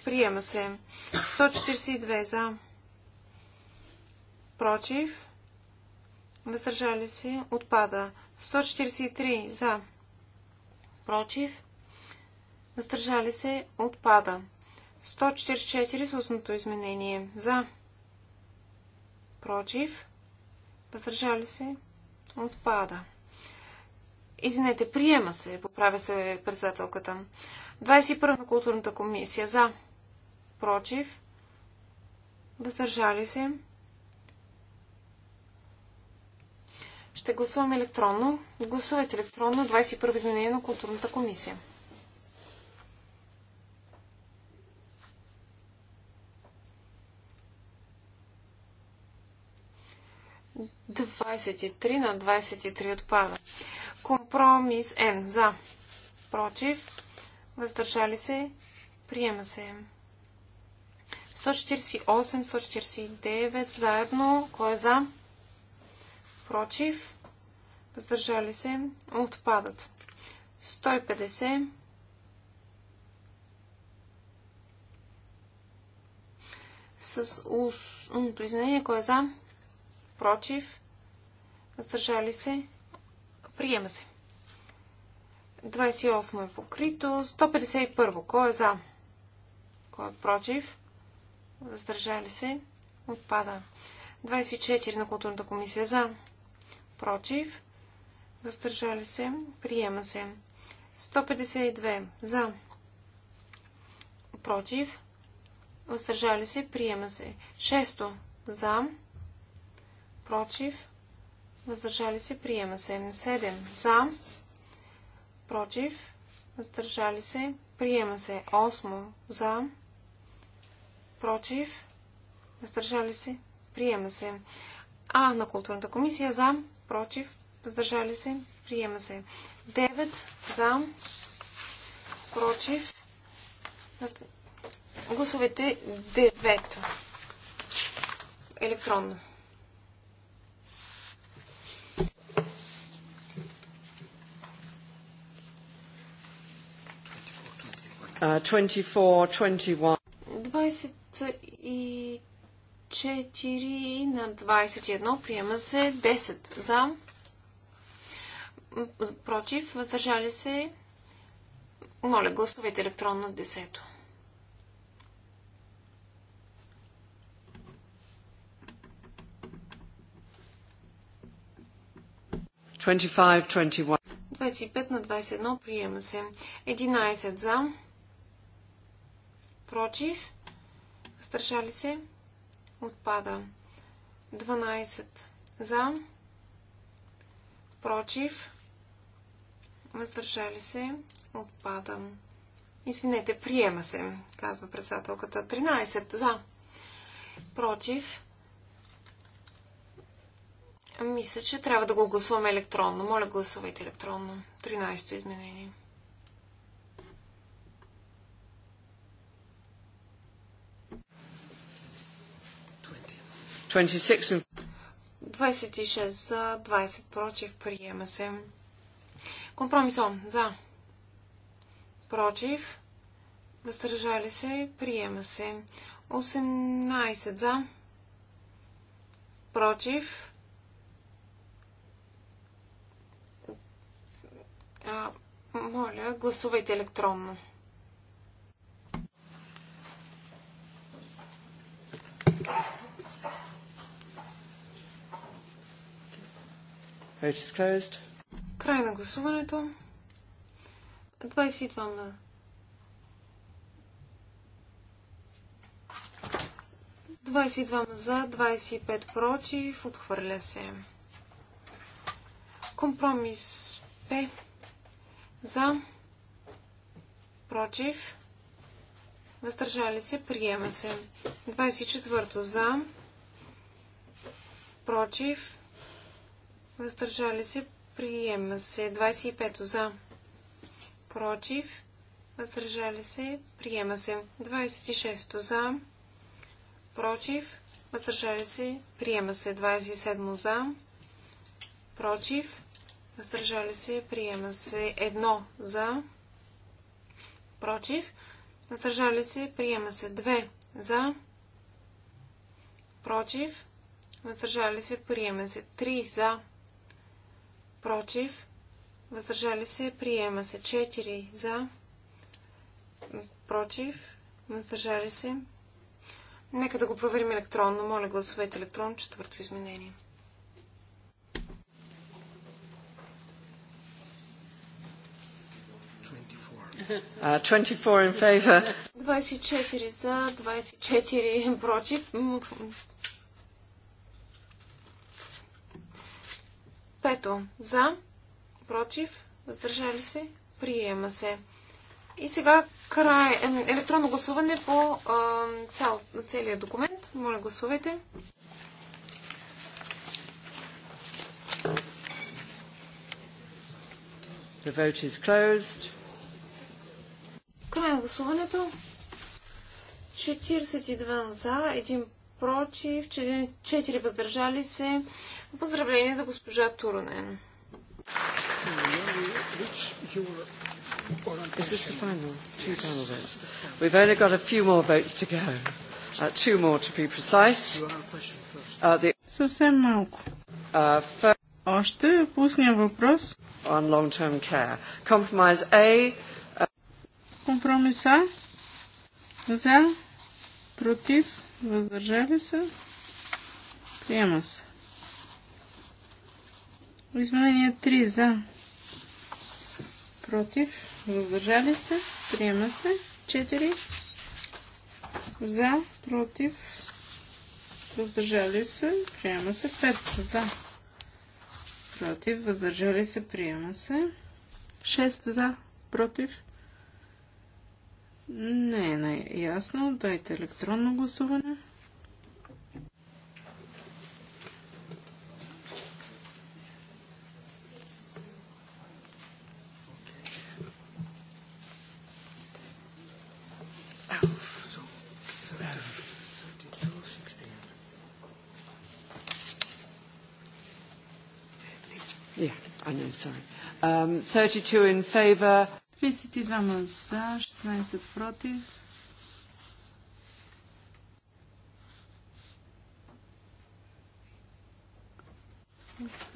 Приема се. 142 за. Против. Въздържали се. Отпада. 143 за. Против. Въздържали се. Отпада. 144 с устното изменение. За. Против. Въздържали се. Отпада. Извинете, приема се. Поправя се председателката. 21 на културната комисия. За. Против. Въздържали се. Ще гласуваме електронно. Гласувайте електронно 21 изменение на културната комисия. 23 на 23 отпада. Компромис Н. За. Против. Въздържали се. Приема се. 148, 149 заедно. Кой е за? Против. Въздържали се. Отпадат. 150. С извинение, изменение. е за? Против въздържали се, приема се. 28 е покрито. 151. Кой е за? Кой е против? Въздържали се? Отпада. 24 на културната комисия за. Против. Въздържали се? Приема се. 152 за. Против. Въздържали се? Приема се. 6 за. Против въздържали се, приема се. 7 за, против, въздържали се, приема се. 8 за, против, въздържали се, приема се. А на културната комисия за, против, въздържали се, приема се. 9 за, против, гласовете 9 електронно. 24, 21. 24 на 21 приема се 10 за. Против, въздържали се. Моля, гласувайте електронно 10. Twenty-five, 25 на 21 приема се. 11 за против, въздържали се, отпада. 12 за, против, въздържали се, отпада. Извинете, приема се, казва председателката. 13 за, против. Мисля, че трябва да го гласуваме електронно. Моля, гласувайте електронно. 13-то изменение. 26 за, 20 против, приема се. Компромисо за, против, въздържали се, приема се. 18 за, против, а, моля, гласувайте електронно. Край на гласуването. 22 на. 22 за, 25 против, отхвърля се. Компромис П за, против, въздържали се, приема се. 24 за, против, въздържали се, приема се. 25 за, против, въздържали се, приема се. 26 за, против, въздържали се, приема се. 27 за, против, въздържали се, приема се. 1 за, против, въздържали се, приема се. 2 за, против, въздържали се, приема се. 3 за, против, против, въздържали се, приема се. 4 за, против, въздържали се. Нека да го проверим електронно. Моля, гласовете електронно, четвърто изменение. Uh, 24 за, 24 против. Пето. За. Против. Въздържали се. Приема се. И сега край, е, електронно гласуване по цял, целият документ. Моля, гласувайте. The vote is closed. Край на гласуването. 42 за, 1 против, 4 въздържали се. Поздравление за госпожа Турунен. Is this the final? Two final votes. We've only got a few more votes to go. Uh, two more to be precise. Uh, the... Съвсем малко. Uh, first... Още пусния въпрос. On long-term care. Compromise A. Uh... Компромиса. За. Против. Въздържали се. Приема се. Измерение 3 за. Против. Въздържали се. Приема се. 4 за. Против. Въздържали се. Приема се. 5 за. Против. Въздържали се. Приема се. 6 за. Против. Не е най-ясно. Дайте електронно гласуване. sorry. Um, 32 in favor. 32 за, 16 против.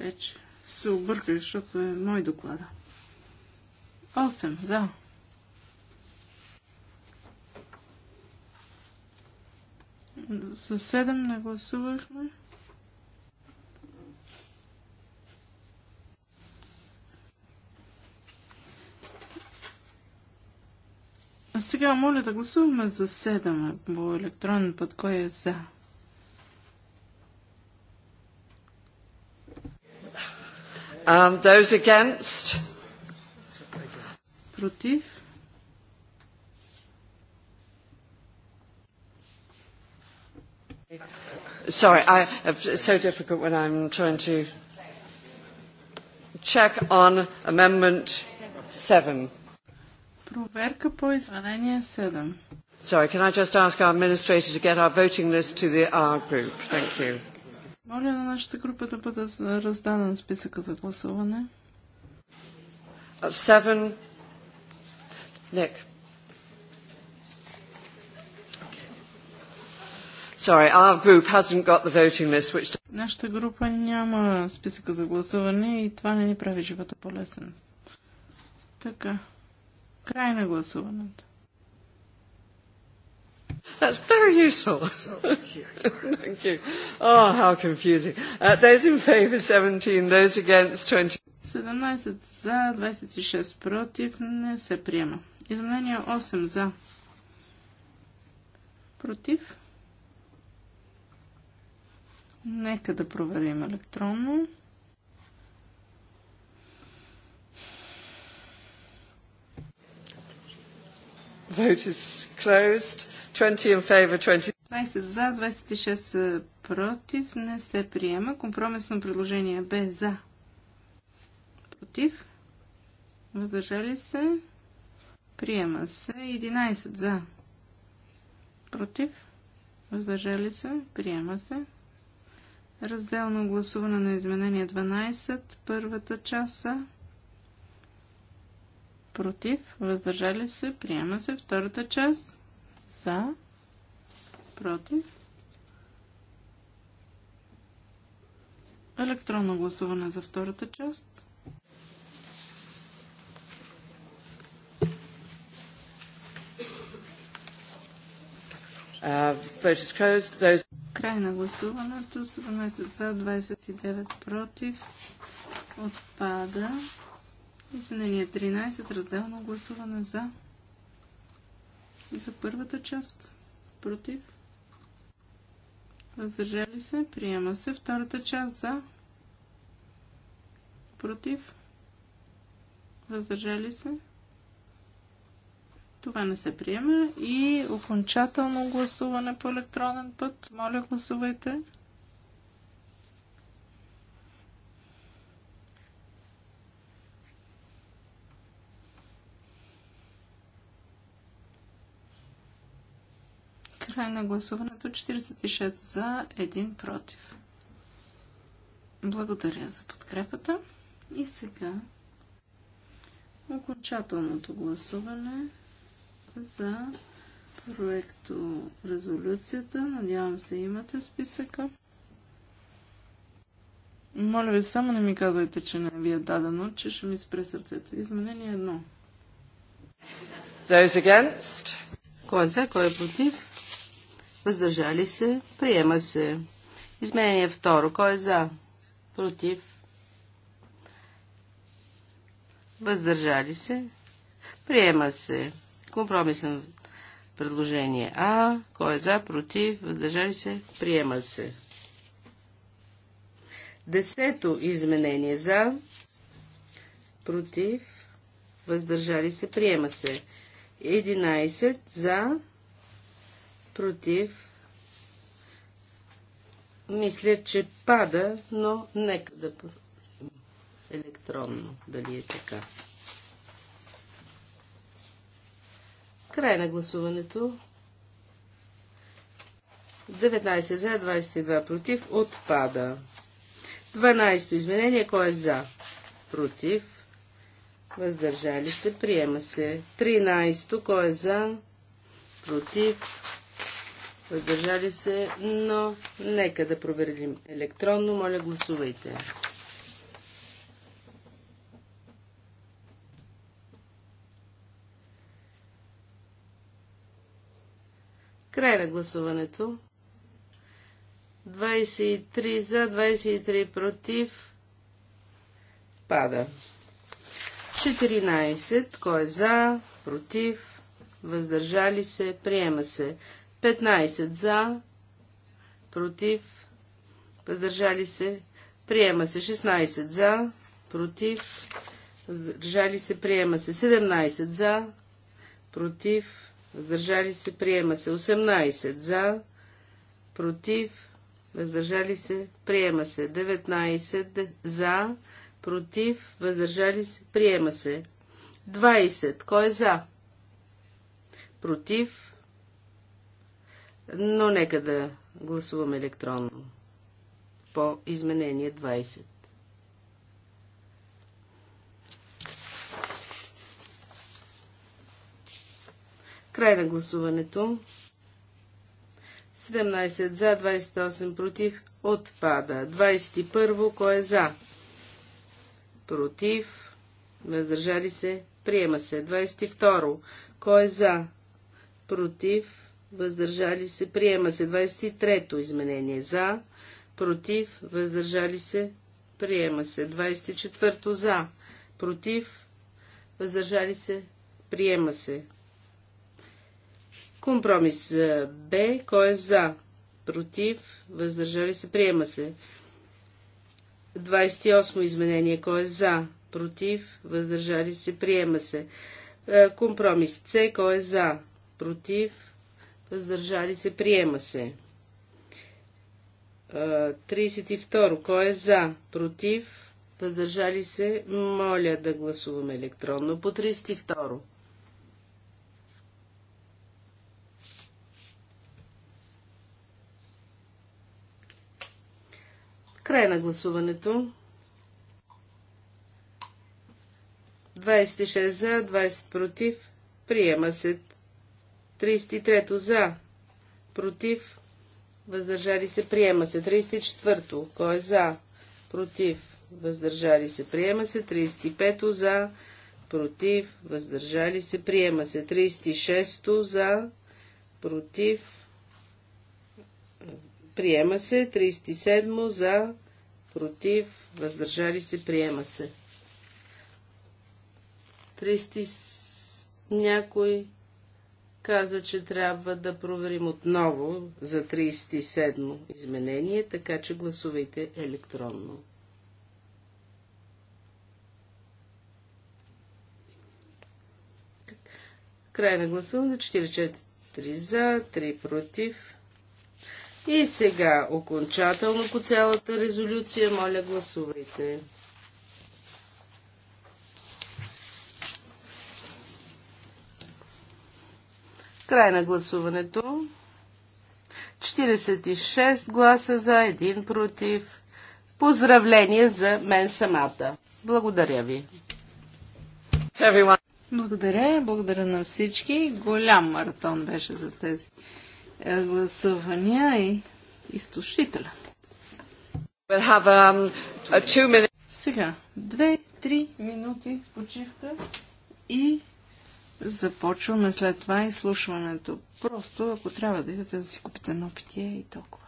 Вече се обърках, защото е мой доклада. 8 за. За 7 не гласувахме. Сега моля да гласуваме за 7 по електронен път. Кой е за? Um, those against? Против? Sorry, I, have so difficult when I'm trying to check on Amendment 7. Проверка по извънение 7. Sorry, can I just ask our administrator to get our voting list to the R group? Thank you. Моля на нашата група да бъде раздаден списъка за гласуване. Seven. Nick. Sorry, our group hasn't got the voting list, which... Нашата група няма списъка за гласуване и това не ни прави живота по-лесен. Така. Край на гласуването. That's very useful. Thank you. Oh, how confusing. Uh, those in favor 17, those against 20. 17 за, 26 против, не се приема. Изменение 8 за. Против. Нека да проверим електронно. Vote is closed. 20 in favor, 20... за, 26 против. Не се приема. Компромисно предложение бе за. Против. Въздържали се. Приема се. 11 за. Против. Въздържали се. Приема се. Разделно гласуване на изменение 12. Първата част са против, въздържали се, приема се. Втората част за, против. Електронно гласуване за втората част. Uh, Край на гласуването. 17 за, 29 против. Отпада. Изменение 13, разделно гласуване за. За първата част. Против. Въздържали се. Приема се. Втората част за. Против. Въздържали се. Това не се приема. И окончателно гласуване по електронен път. Моля, гласувайте. край на гласуването 46 за, 1 против. Благодаря за подкрепата. И сега окончателното гласуване за проекто резолюцията. Надявам се имате списъка. Моля ви, само не ми казвайте, че не ви е дадено, че ще ми спре сърцето. Изменение едно. Those against? Кой е за, кой е против? Въздържали се. Приема се. Изменение второ. Кой е за? Против. Въздържали се. Приема се. Компромисно предложение А. Кой е за? Против. Въздържали се. Приема се. Десето изменение за. Против. Въздържали се. Приема се. 11 за против. Мисля, че пада, но нека да електронно, дали е така. Край на гласуването. 19 за, 22 против, отпада. 12 изменение, кой е за? Против. Въздържали се, приема се. 13 кой е за? Против въздържали се, но нека да проверим електронно. Моля, гласувайте. Край на гласуването. 23 за, 23 против. Пада. 14. Кой е за? Против? Въздържали се? Приема се. 15 за, против, въздържали се, приема се 16 за, против, въздържали се, приема се 17 за, против, въздържали се, приема се 18 за, против, въздържали се, приема се 19 за, против, въздържали се, приема се 20. Кой е за? Против, но нека да гласувам електронно по изменение 20. Край на гласуването. 17 за, 28 против, отпада. 21, кой е за? Против, въздържали се, приема се. 22, кой е за? Против, въздържали се, приема се. 23-то изменение за, против, въздържали се, приема се. 24-то за, против, въздържали се, приема се. Компромис е, Б, кой е за, против, въздържали се, приема се. 28 изменение, кой е за, против, въздържали се, приема се. Е, компромис С, кой е за, против, въздържали се, приема се. 32. Кой е за? Против? Въздържали се? Моля да гласуваме електронно по 32. Край на гласуването. 26 за, 20 против. Приема се 33 за, против, въздържали се, приема се. 34 кой е за, против, въздържали се, приема се. 35 за, против, въздържали се, приема се. 36 за, против, приема се. 37 за, против, въздържали се, приема се. 30 някой каза, че трябва да проверим отново за 37-мо изменение, така че гласувайте електронно. Край на гласуване 44 за, 3 против. И сега окончателно по цялата резолюция, моля гласувайте. Край на гласуването. 46 гласа за, 1 против. Поздравление за мен самата. Благодаря ви. Благодаря, благодаря на всички. Голям маратон беше за тези е, гласувания и изтощителя. We'll um, Сега, две-три минути почивка и започваме след това изслушването. Просто, ако трябва да идете да си купите едно питие и толкова.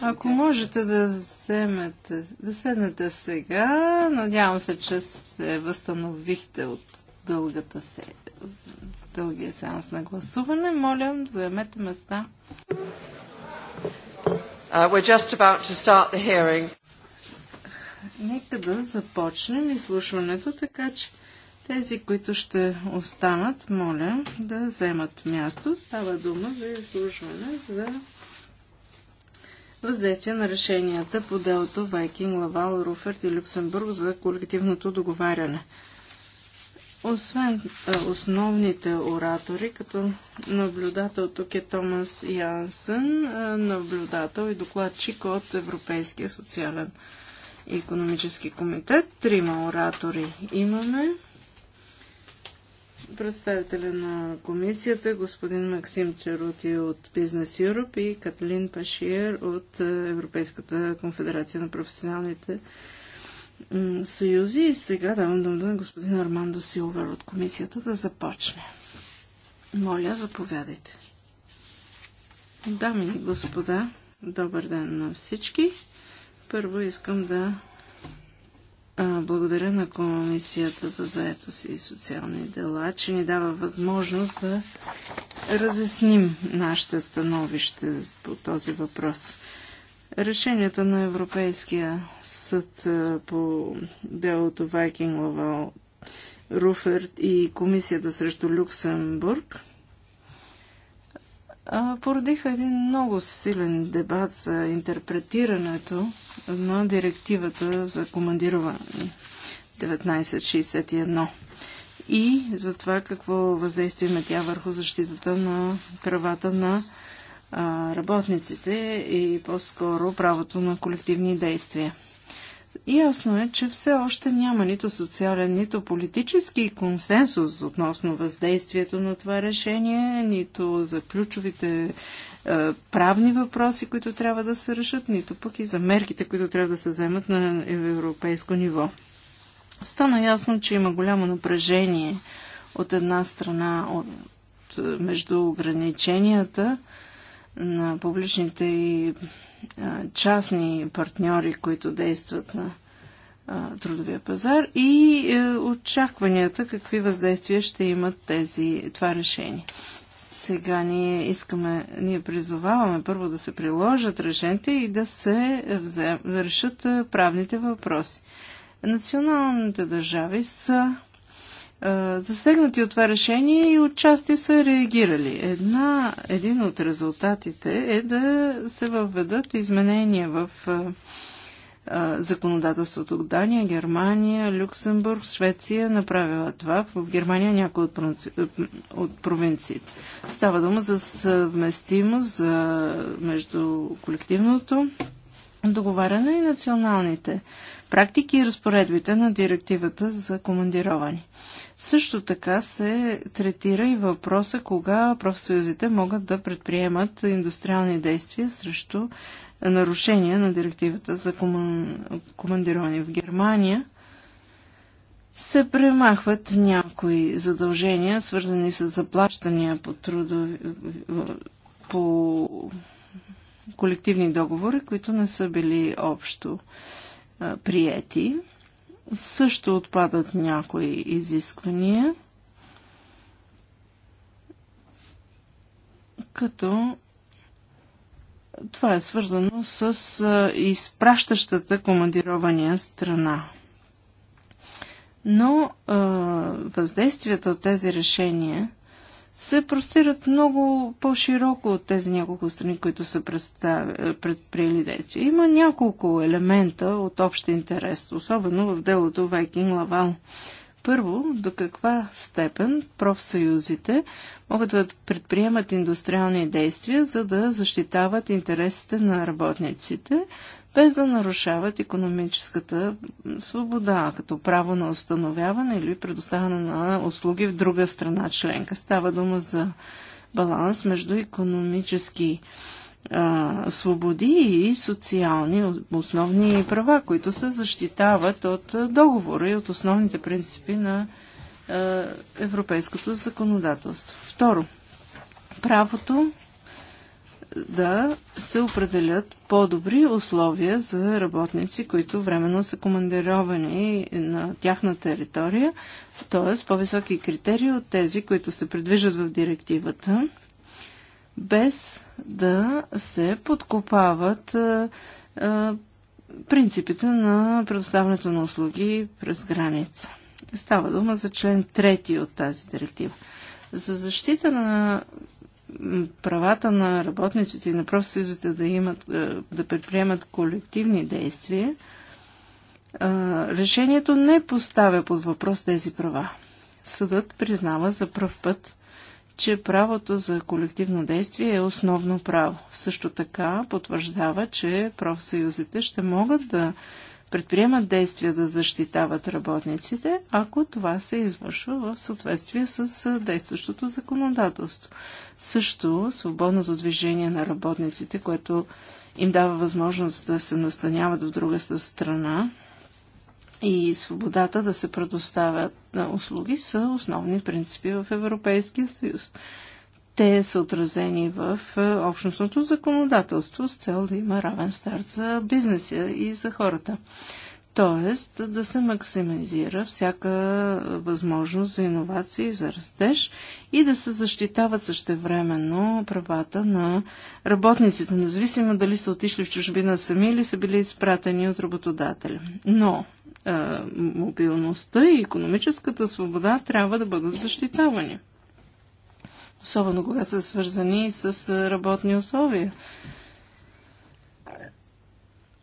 Ако можете да вземете, да седнете сега, надявам се, че се възстановихте от дългата се, дългия сеанс на гласуване. Моля, вземете места. Uh, Нека да започнем изслушването, така че тези, които ще останат, моля да вземат място. Става дума за изслушване за въздействие на решенията по делото Вайкинг, Лавал, Руферт и Люксембург за колективното договаряне. Освен а, основните оратори, като наблюдател тук е Томас Янсен, а, наблюдател и докладчик от Европейския социален и економически комитет. Трима оратори имаме представителя на комисията, господин Максим Черути от Business Europe и Катлин Пашиер от е, Европейската конфедерация на професионалните съюзи. И сега давам думата на господин Армандо Силвер от комисията да започне. Моля, заповядайте. Дами и господа, добър ден на всички. Първо искам да благодаря на Комисията за заето си и социални дела, че ни дава възможност да разясним нашите становище по този въпрос. Решенията на Европейския съд по делото Вайкинг Лавал Руферт и Комисията срещу Люксембург – породиха един много силен дебат за интерпретирането на директивата за командироване 1961 и за това какво въздействие има тя върху защитата на правата на работниците и по-скоро правото на колективни действия. Ясно е, че все още няма нито социален, нито политически консенсус относно въздействието на това решение, нито за ключовите е, правни въпроси, които трябва да се решат, нито пък и за мерките, които трябва да се вземат на европейско ниво. Стана ясно, че има голямо напрежение от една страна от, е, между ограниченията, на публичните и частни партньори, които действат на трудовия пазар и е, очакванията, какви въздействия ще имат тези, това решение. Сега ние искаме, ние призоваваме първо да се приложат решените и да се взем, да решат правните въпроси. Националните държави са засегнати от това решение и отчасти са реагирали. Една, един от резултатите е да се въведат изменения в законодателството. Дания, Германия, Люксембург, Швеция направила това. В Германия някои от, от провинциите. Става дума за съвместимост за, между колективното договаряне и националните практики и разпоредбите на директивата за командировани. Също така се третира и въпроса кога профсъюзите могат да предприемат индустриални действия срещу нарушения на директивата за командировани в Германия се премахват някои задължения, свързани с заплащания по трудови, по колективни договори, които не са били общо приети. Също отпадат някои изисквания, като това е свързано с изпращащата командирования страна. Но а, въздействията от тези решения – се простират много по-широко от тези няколко страни, които са предприели действия. Има няколко елемента от общ интерес, особено в делото Вайкинг Лавал. Първо, до каква степен профсъюзите могат да предприемат индустриални действия, за да защитават интересите на работниците, без да нарушават економическата свобода, като право на установяване или предоставяне на услуги в друга страна членка. Става дума за баланс между економически а, свободи и социални основни права, които се защитават от договора и от основните принципи на а, европейското законодателство. Второ, правото да се определят по-добри условия за работници, които временно са командировани на тяхна територия, т.е. по-високи критерии от тези, които се предвиждат в директивата, без да се подкопават а, а, принципите на предоставянето на услуги през граница. Става дума за член 3 от тази директива. За защита на правата на работниците и на профсъюзите да, имат, е, да предприемат колективни действия, е, решението не поставя под въпрос тези права. Съдът признава за пръв път, че правото за колективно действие е основно право. Също така потвърждава, че профсъюзите ще могат да предприемат действия да защитават работниците, ако това се извършва в съответствие с действащото законодателство. Също свободното движение на работниците, което им дава възможност да се настаняват в друга страна и свободата да се предоставят на услуги са основни принципи в Европейския съюз. Те са отразени в е, общностното законодателство с цел да има равен старт за бизнеса и за хората. Тоест да се максимизира всяка е, възможност за иновации, за растеж и да се защитават същевременно правата на работниците, независимо дали са отишли в чужбина сами или са били изпратени от работодателя. Но е, мобилността и економическата свобода трябва да бъдат защитавани особено когато са свързани с работни условия.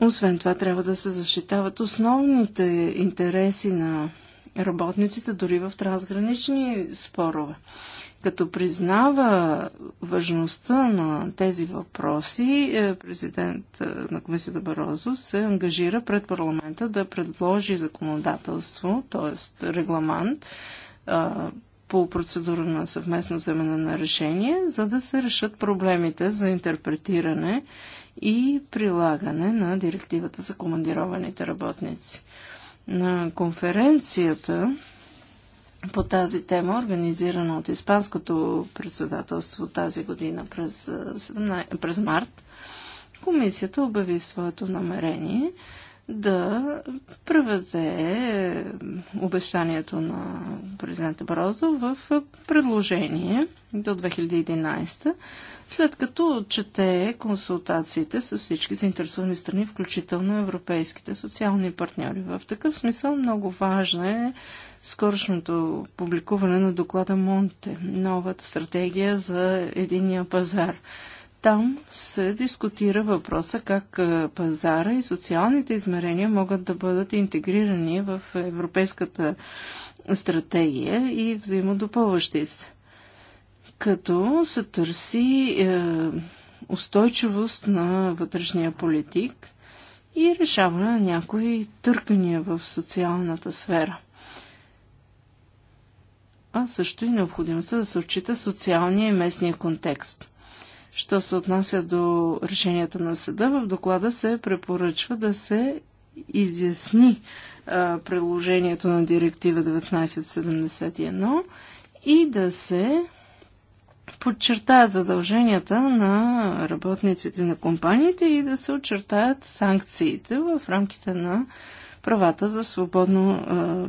Освен това, трябва да се защитават основните интереси на работниците, дори в трансгранични спорове. Като признава важността на тези въпроси, е, президент е, на комисията Барозо се ангажира пред парламента да предложи законодателство, т.е. регламент, е, по процедура на съвместно вземане на решение, за да се решат проблемите за интерпретиране и прилагане на директивата за командированите работници. На конференцията по тази тема, организирана от Испанското председателство тази година през, 17, през март, комисията обяви своето намерение – да преведе обещанието на президента Барозо в предложение до 2011, след като отчете консултациите с всички заинтересовани страни, включително европейските социални партньори. В такъв смисъл много важно е скорошното публикуване на доклада Монте, новата стратегия за единия пазар – там се дискутира въпроса как пазара и социалните измерения могат да бъдат интегрирани в европейската стратегия и взаимодопълващи се. Като се търси е, устойчивост на вътрешния политик и решаване на някои търкания в социалната сфера. А също и необходимостта да се отчита социалния и местния контекст. Що се отнася до решенията на съда, в доклада се препоръчва да се изясни а, на директива 1971 и да се подчертаят задълженията на работниците на компаниите и да се очертаят санкциите в рамките на правата за свободно а,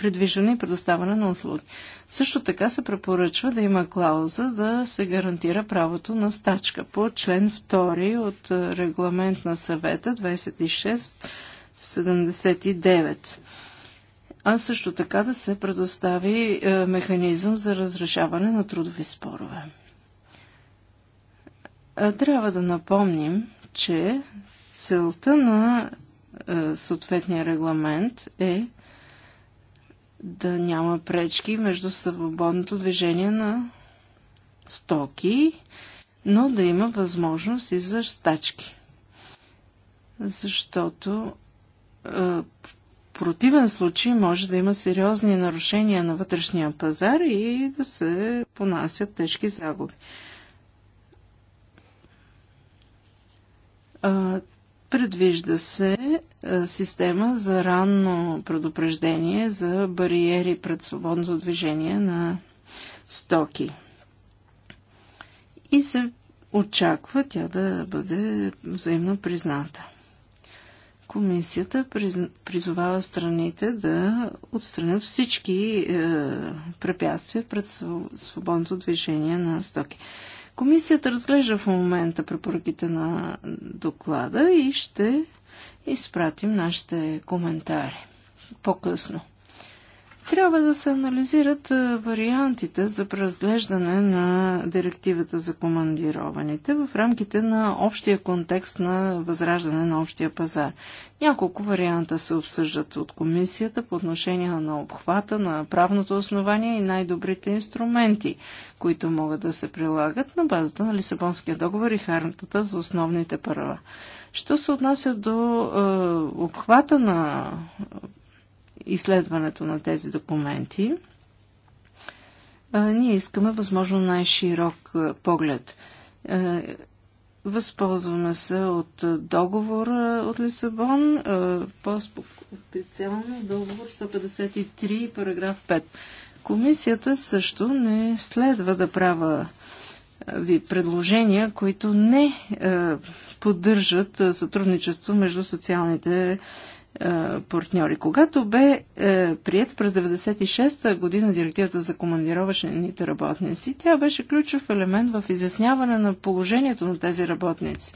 придвижване и предоставяне на услуги. Също така се препоръчва да има клауза да се гарантира правото на стачка по член 2 от е, регламент на съвета 2679 а също така да се предостави е, механизъм за разрешаване на трудови спорове. Е, трябва да напомним, че целта на е, съответния регламент е да няма пречки между свободното движение на стоки, но да има възможност и за стачки. Защото е, в противен случай може да има сериозни нарушения на вътрешния пазар и да се понасят тежки загуби. Предвижда се е, система за ранно предупреждение за бариери пред свободното движение на стоки. И се очаква тя да бъде взаимно призната. Комисията призовава страните да отстранят всички е, препятствия пред свободното движение на стоки. Комисията разглежда в момента препоръките на доклада и ще изпратим нашите коментари по-късно. Трябва да се анализират вариантите за преразглеждане на директивата за командированите в рамките на общия контекст на възраждане на общия пазар. Няколко варианта се обсъждат от комисията по отношение на обхвата, на правното основание и най-добрите инструменти, които могат да се прилагат на базата на Лисабонския договор и хартата за основните права. Що се отнася до е, обхвата на изследването на тези документи, ние искаме възможно най-широк поглед. Възползваме се от договора от Лисабон, по-специално договор 153, параграф 5. Комисията също не следва да права ви предложения, които не поддържат сътрудничество между социалните е, партньори. Когато бе е, прият през 1996 година директивата за командировъчните работници, тя беше ключов елемент в изясняване на положението на тези работници.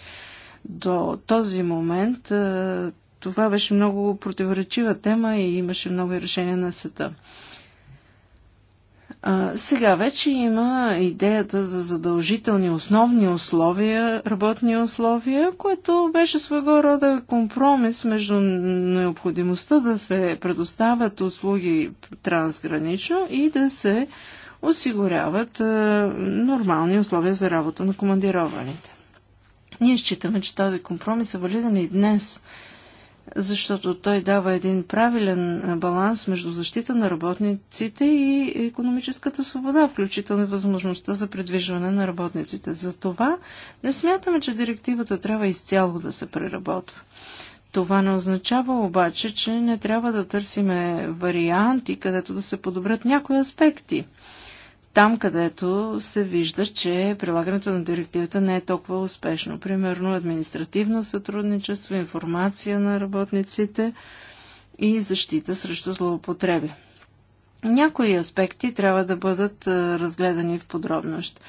До този момент е, това беше много противоречива тема и имаше много решения на света сега вече има идеята за задължителни основни условия, работни условия, което беше своего рода компромис между необходимостта да се предоставят услуги трансгранично и да се осигуряват нормални условия за работа на командированите. Ние считаме, че този компромис е валиден и днес – защото той дава един правилен баланс между защита на работниците и економическата свобода, включително възможността за придвижване на работниците. За това не смятаме, че директивата трябва изцяло да се преработва. Това не означава обаче, че не трябва да търсиме варианти, където да се подобрят някои аспекти там, където се вижда, че прилагането на директивата не е толкова успешно. Примерно административно сътрудничество, информация на работниците и защита срещу злоупотреби. Някои аспекти трябва да бъдат разгледани в подробност.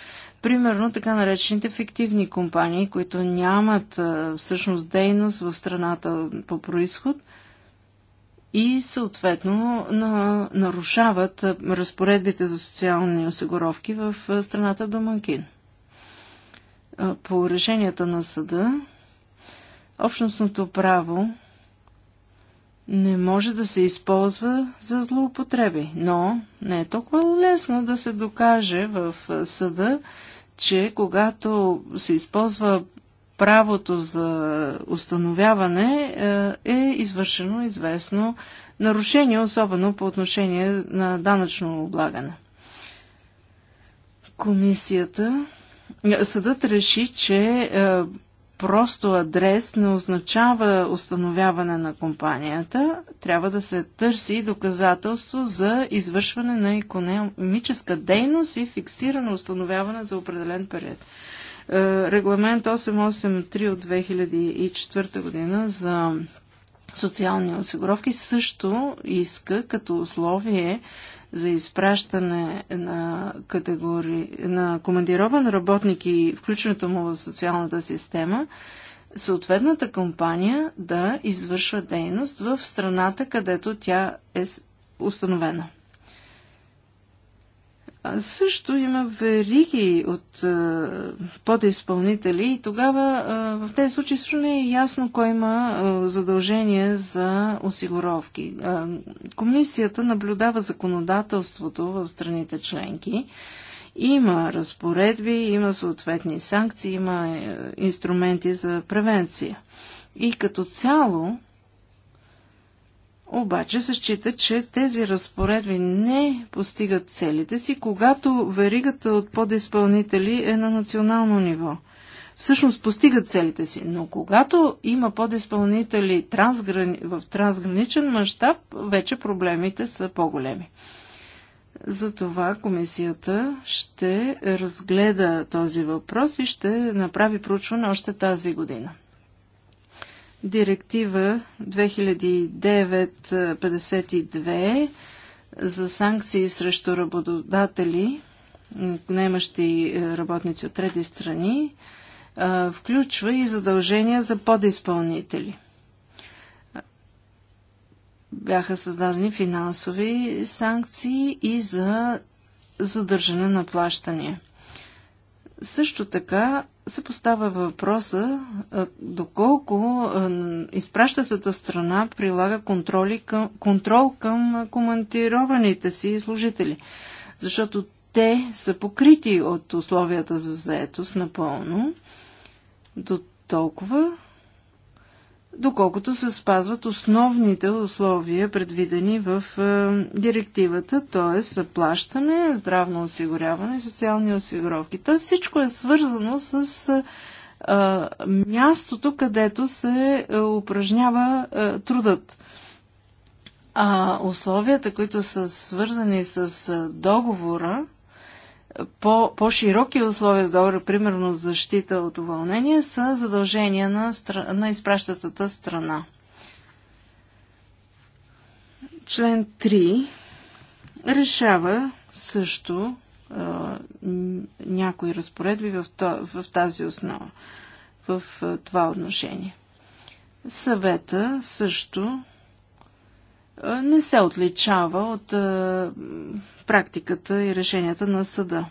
Примерно така наречените фиктивни компании, които нямат всъщност дейност в страната по происход, и съответно на, нарушават разпоредбите за социални осигуровки в страната Доманкин. По решенията на съда, общностното право не може да се използва за злоупотреби, но не е толкова лесно да се докаже в съда, че когато се използва правото за установяване е, е извършено известно нарушение, особено по отношение на данъчно облагане. Комисията, е, съдът реши, че е, просто адрес не означава установяване на компанията. Трябва да се търси доказателство за извършване на економическа дейност и фиксирано установяване за определен период. Е, регламент 883 от 2004 година за социални осигуровки също иска като условие за изпращане на, категори... на командирован работник и включването му в социалната система, съответната компания да извършва дейност в страната, където тя е установена също има вериги от а, подизпълнители и тогава а, в тези случаи също не е ясно кой има а, задължение за осигуровки. А, комисията наблюдава законодателството в страните членки. Има разпоредби, има съответни санкции, има е, инструменти за превенция. И като цяло обаче се счита, че тези разпоредби не постигат целите си, когато веригата от подиспълнители е на национално ниво. Всъщност постигат целите си, но когато има подиспълнители трансграни... в трансграничен мащаб, вече проблемите са по-големи. Затова комисията ще разгледа този въпрос и ще направи проучване още тази година. Директива 2009-52 за санкции срещу работодатели, наемащи е, работници от трети страни, е, включва и задължения за подизпълнители. Бяха създадени финансови санкции и за задържане на плащания. Също така се поставя въпроса доколко изпращащата страна прилага контроли към, контрол към командированите си служители, защото те са покрити от условията за заетост напълно до толкова, доколкото се спазват основните условия, предвидени в е, директивата, т.е. заплащане, здравно осигуряване, социални осигуровки. Т.е. всичко е свързано с е, е, мястото, където се упражнява трудът. А условията, които са свързани с договора, по, по-широки условия с договор, примерно защита от уволнение, са задължения на, стра... на изпращатата страна. Член 3 решава също е, някои разпоредби в, то, в тази основа, в е, това отношение. Съвета също е, не се отличава от е, практиката и решенията на съда.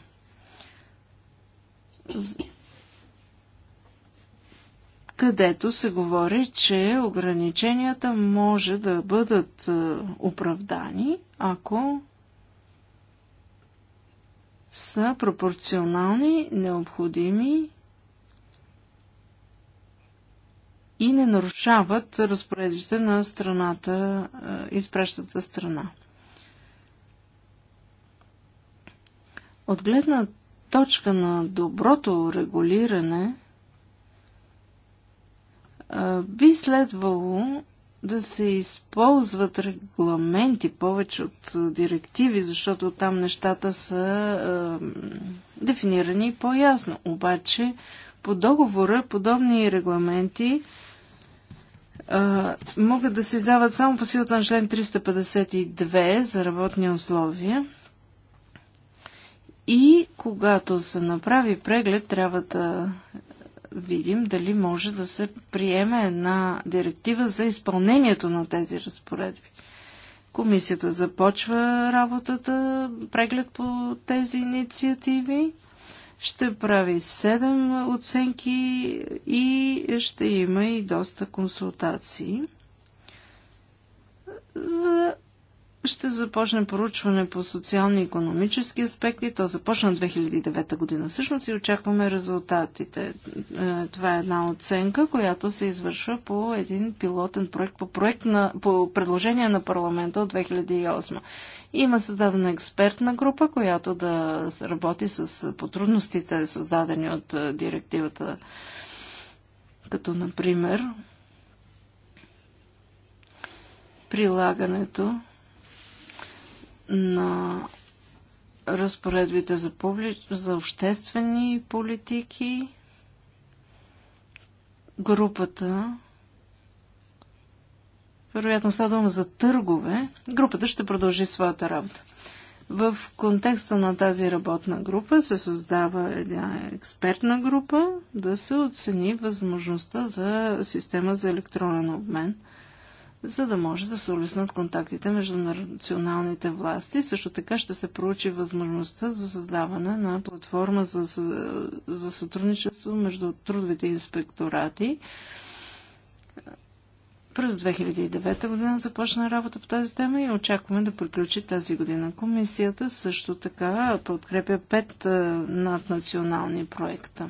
Където се говори, че ограниченията може да бъдат е, оправдани, ако са пропорционални, необходими и не нарушават разпоредбите на страната, е, изпращата страна. От гледна точка на доброто регулиране, би следвало да се използват регламенти повече от директиви, защото там нещата са е, дефинирани по-ясно. Обаче по договора подобни регламенти е, могат да се издават само по силата на член 352 за работни условия и когато се направи преглед, трябва да видим дали може да се приеме една директива за изпълнението на тези разпоредби. Комисията започва работата, преглед по тези инициативи, ще прави 7 оценки и ще има и доста консултации за ще започне поручване по социални и економически аспекти. То започна 2009 година. Всъщност и очакваме резултатите. Е, това е една оценка, която се извършва по един пилотен проект, по, проект на, по предложение на парламента от 2008. Има създадена експертна група, която да работи с потрудностите, създадени от е, директивата, като например прилагането на разпоредбите за, публи... за обществени политики, групата, вероятно става дума за търгове, групата ще продължи своята работа. В контекста на тази работна група се създава една експертна група да се оцени възможността за система за електронен обмен – за да може да се улеснат контактите между националните власти. Също така ще се проучи възможността за създаване на платформа за, за, сътрудничество между трудовите инспекторати. През 2009 година започна работа по тази тема и очакваме да приключи тази година. Комисията също така подкрепя пет наднационални проекта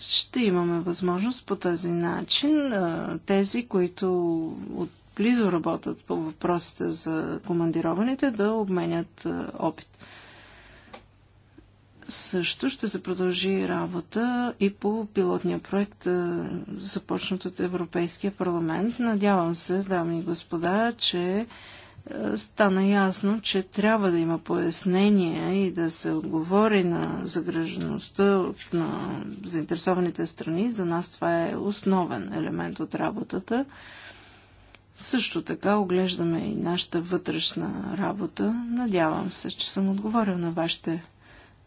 ще имаме възможност по този начин тези, които отблизо работят по въпросите за командированите, да обменят опит. Също ще се продължи работа и по пилотния проект, започнат от Европейския парламент. Надявам се, дами и господа, че е, стана ясно, че трябва да има пояснения и да се отговори на загрежеността на заинтересованите страни. За нас това е основен елемент от работата. Също така оглеждаме и нашата вътрешна работа. Надявам се, че съм отговорил на вашите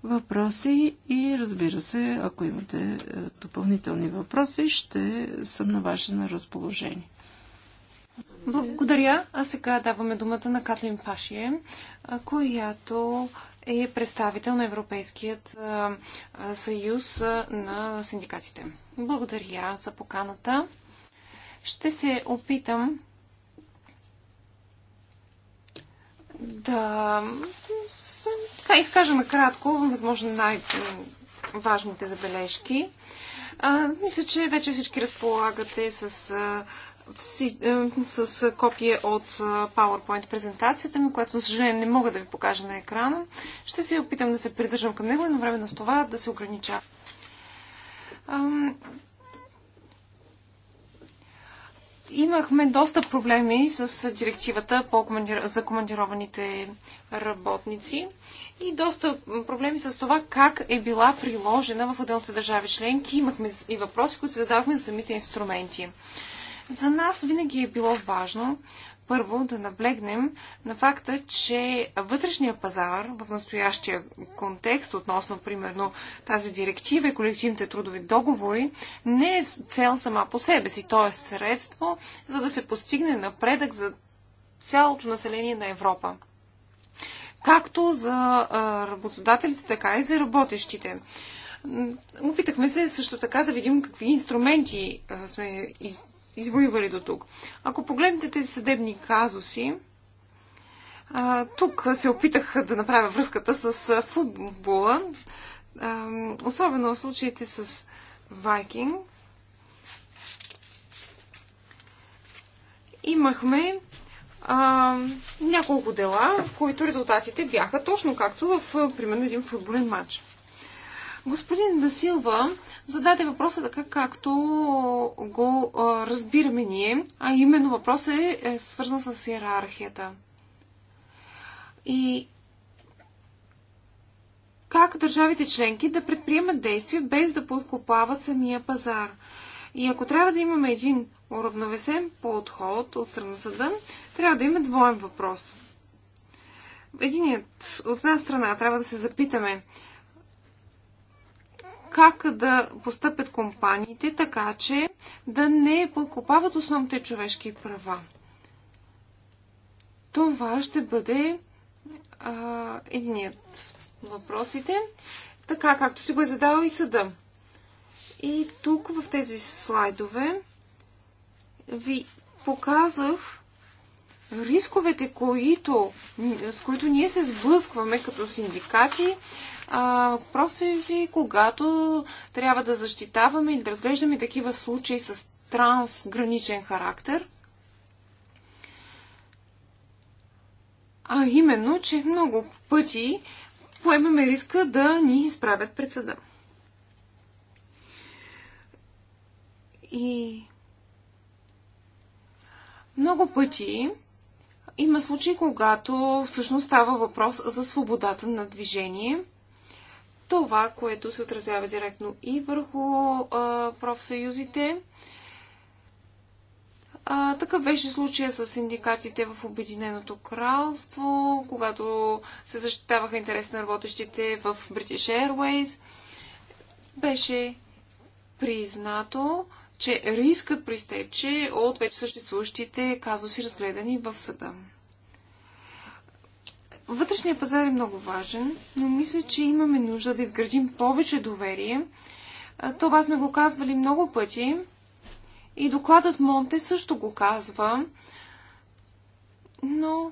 въпроси и разбира се, ако имате е, допълнителни въпроси, ще съм на ваше на разположение. Благодаря. А сега даваме думата на Катлин Пашие, която е представител на Европейският съюз на синдикатите. Благодаря за поканата. Ще се опитам да така изкажа накратко, възможно най-важните забележки. А, мисля, че вече всички разполагате с а, е, с копие от е, PowerPoint презентацията ми, която, за съжаление, не мога да ви покажа на екрана. Ще се опитам да се придържам към него и време с това да се огранича. Имахме доста проблеми с директивата за командированите работници и доста проблеми с това как е била приложена в отделните държави членки. Имахме и въпроси, които задавахме за самите инструменти. За нас винаги е било важно първо да наблегнем на факта, че вътрешния пазар в настоящия контекст, относно примерно тази директива и колективните трудови договори, не е цел сама по себе си, то е средство, за да се постигне напредък за цялото население на Европа. Както за работодателите, така и за работещите. Опитахме се също така да видим какви инструменти сме извоювали до тук. Ако погледнете тези съдебни казуси, тук се опитах да направя връзката с футбола, особено в случаите с Вайкинг. Имахме а, няколко дела, в които резултатите бяха точно както в, примерно, един футболен матч. Господин Насилва, зададе въпроса така, както го разбираме ние, а именно въпросът е, е свързан с иерархията. И как държавите членки да предприемат действия без да подкопават самия пазар. И ако трябва да имаме един уравновесен подход от страна съда, трябва да има двоен въпрос. Единият от една страна трябва да се запитаме как да постъпят компаниите, така че да не подкопават основните човешки права. Това ще бъде а, единият въпросите, така както си го е задал и съда. И тук в тези слайдове ви показах рисковете, които, с които ние се сблъскваме като синдикати Въпросът е си, когато трябва да защитаваме и да разглеждаме такива случаи с трансграничен характер, а именно, че много пъти поемаме риска да ни изправят пред съда. И много пъти има случаи, когато всъщност става въпрос за свободата на движение това, което се отразява директно и върху а, профсъюзите. А, такъв беше случая с синдикатите в Обединеното кралство, когато се защитаваха интерес на работещите в British Airways. Беше признато, че рискът проистече от вече съществуващите казуси, разгледани в съда. Вътрешният пазар е много важен, но мисля, че имаме нужда да изградим повече доверие. Това сме го казвали много пъти и докладът Монте също го казва, но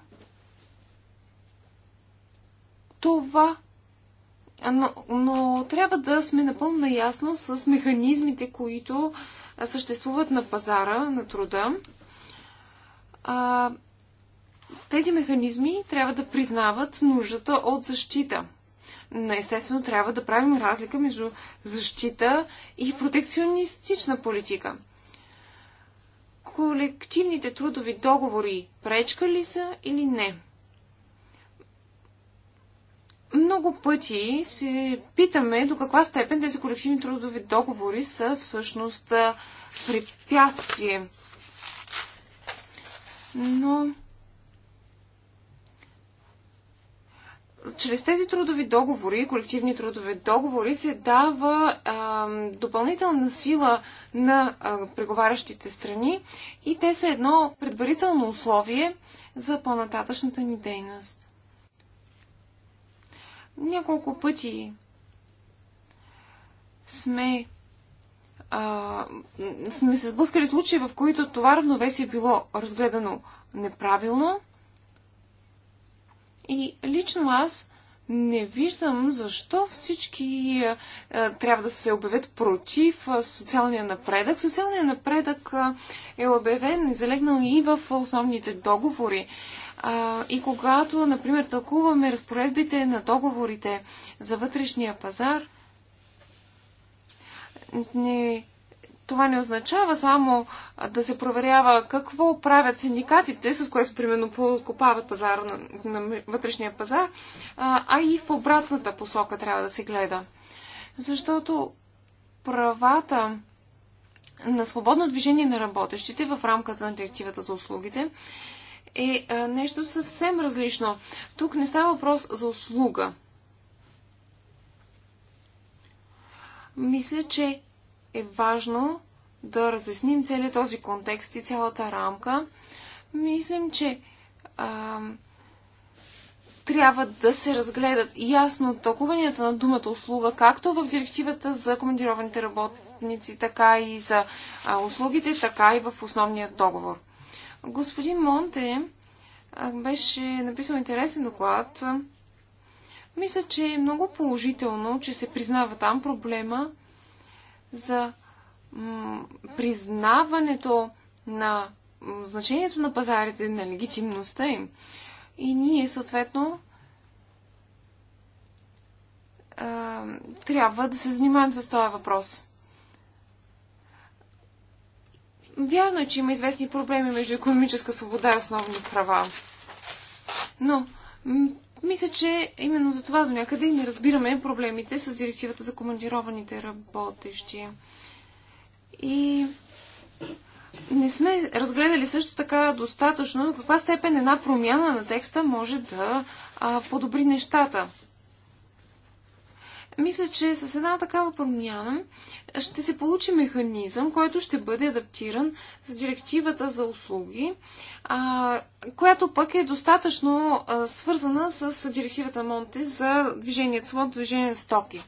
това. Но, но трябва да сме напълно наясно с механизмите, които съществуват на пазара на труда. А, тези механизми трябва да признават нуждата от защита. естествено трябва да правим разлика между защита и протекционистична политика. Колективните трудови договори пречка ли са или не? много пъти се питаме до каква степен тези колективни трудови договори са всъщност препятствие. Но чрез тези трудови договори, колективни трудови договори, се дава а, допълнителна сила на а, преговарящите страни и те са едно предварително условие за по-нататъчната ни дейност. Няколко пъти сме, а, сме се сблъскали случаи, в които това равновесие е било разгледано неправилно и лично аз не виждам защо всички а, е, е, трябва да се обявят против а, е, социалния напредък. Социалният напредък а, е обявен, залегнал и в основните договори. И когато, например, тълкуваме разпоредбите на договорите за вътрешния пазар, не това не означава само да се проверява какво правят синдикатите, с което примерно подкопават пазара на, на вътрешния пазар, а и в обратната посока трябва да се гледа. Защото правата на свободно движение на работещите в рамката на директивата за услугите е нещо съвсем различно. Тук не става въпрос за услуга. Мисля, че е важно да разясним целият този контекст и цялата рамка. Мислим, че а, трябва да се разгледат ясно тълкуванията на думата услуга, както в директивата за командированите работници, така и за а, услугите, така и в основния договор. Господин Монте а, беше написал интересен доклад. Мисля, че е много положително, че се признава там проблема за признаването на значението на пазарите, на легитимността им. И ние, съответно, трябва да се занимаем с този въпрос. Вярно е, че има известни проблеми между економическа свобода и основни права. Но мисля, че именно за това до някъде не разбираме проблемите с директивата за командированите работещи. И не сме разгледали също така достатъчно в каква степен една промяна на текста може да а, подобри нещата. Мисля, че с една такава промяна ще се получи механизъм, който ще бъде адаптиран с директивата за услуги, а, която пък е достатъчно а, свързана с директивата Монти за движение, свободно движение на стоки.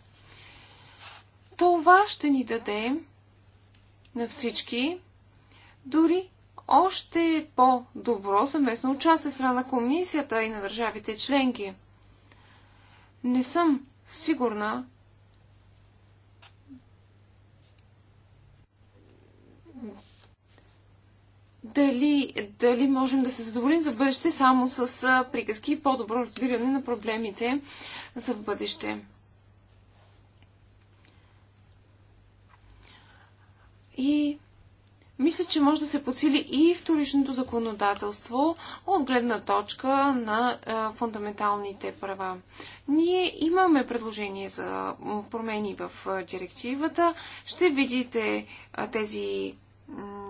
Това ще ни даде на всички дори още по-добро съместно участие страна на комисията и на държавите членки. Не съм сигурна, дали, дали можем да се задоволим за бъдеще само с приказки и по-добро разбиране на проблемите за бъдеще. И мисля, че може да се подсили и вторичното законодателство от гледна точка на е, фундаменталните права. Ние имаме предложение за промени в е, директивата. Ще видите е, тези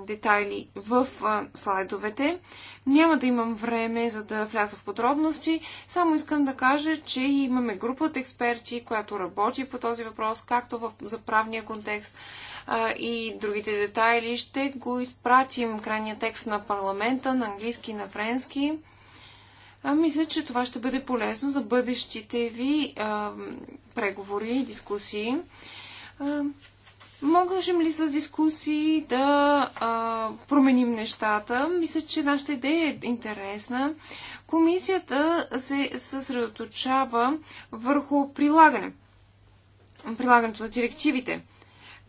детайли в слайдовете. Няма да имам време за да вляза в подробности. Само искам да кажа, че имаме група от експерти, която работи по този въпрос, както за правния контекст, а, и другите детайли. Ще го изпратим крайния текст на парламента на английски и на френски. А, мисля, че това ще бъде полезно за бъдещите ви а, преговори и дискусии. А, Можем ли с дискусии да а, променим нещата? Мисля, че нашата идея е интересна. Комисията се съсредоточава върху прилагане. Прилагането на директивите.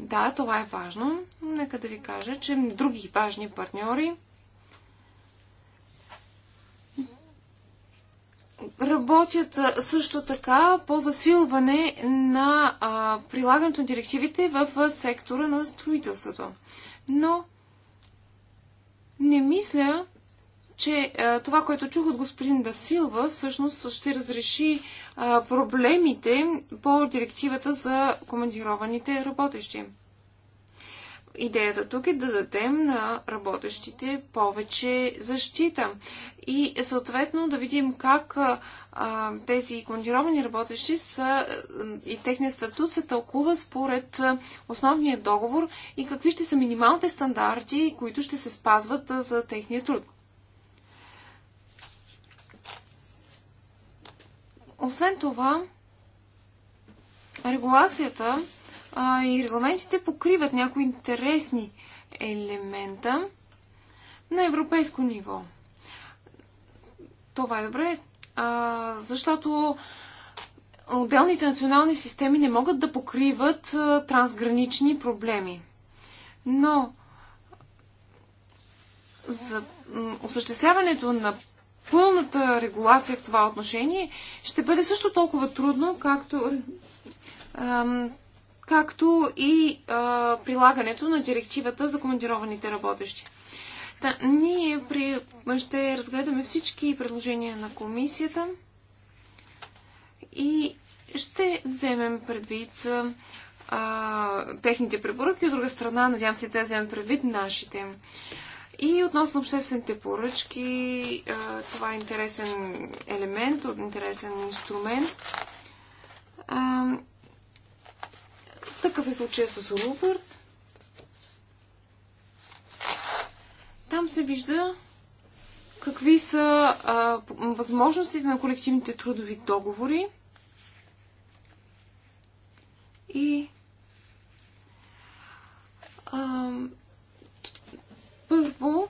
Да, това е важно. Нека да ви кажа, че други важни партньори работят също така по засилване на прилагането на директивите в сектора на строителството. Но не мисля, че това, което чух от господин Дасилва, всъщност ще разреши проблемите по директивата за командированите работещи. Идеята тук е да дадем на работещите повече защита и съответно да видим как а, тези командировани работещи са и техния статут се тълкува според основния договор и какви ще са минималните стандарти, които ще се спазват за техния труд. Освен това, регулацията а, и регламентите покриват някои интересни елемента на европейско ниво. Това е добре, а, защото отделните национални системи не могат да покриват а, трансгранични проблеми. Но за осъществяването на пълната регулация в това отношение ще бъде също толкова трудно, както, ам, както и а, прилагането на директивата за командированите работещи. Та, ние при, ще разгледаме всички предложения на комисията и ще вземем предвид а, техните препоръки, от друга страна, надявам се, те вземат предвид нашите. И относно обществените поръчки, това е интересен елемент, интересен инструмент. Такъв е случая с Рупърт. Там се вижда какви са възможностите на колективните трудови договори и първо,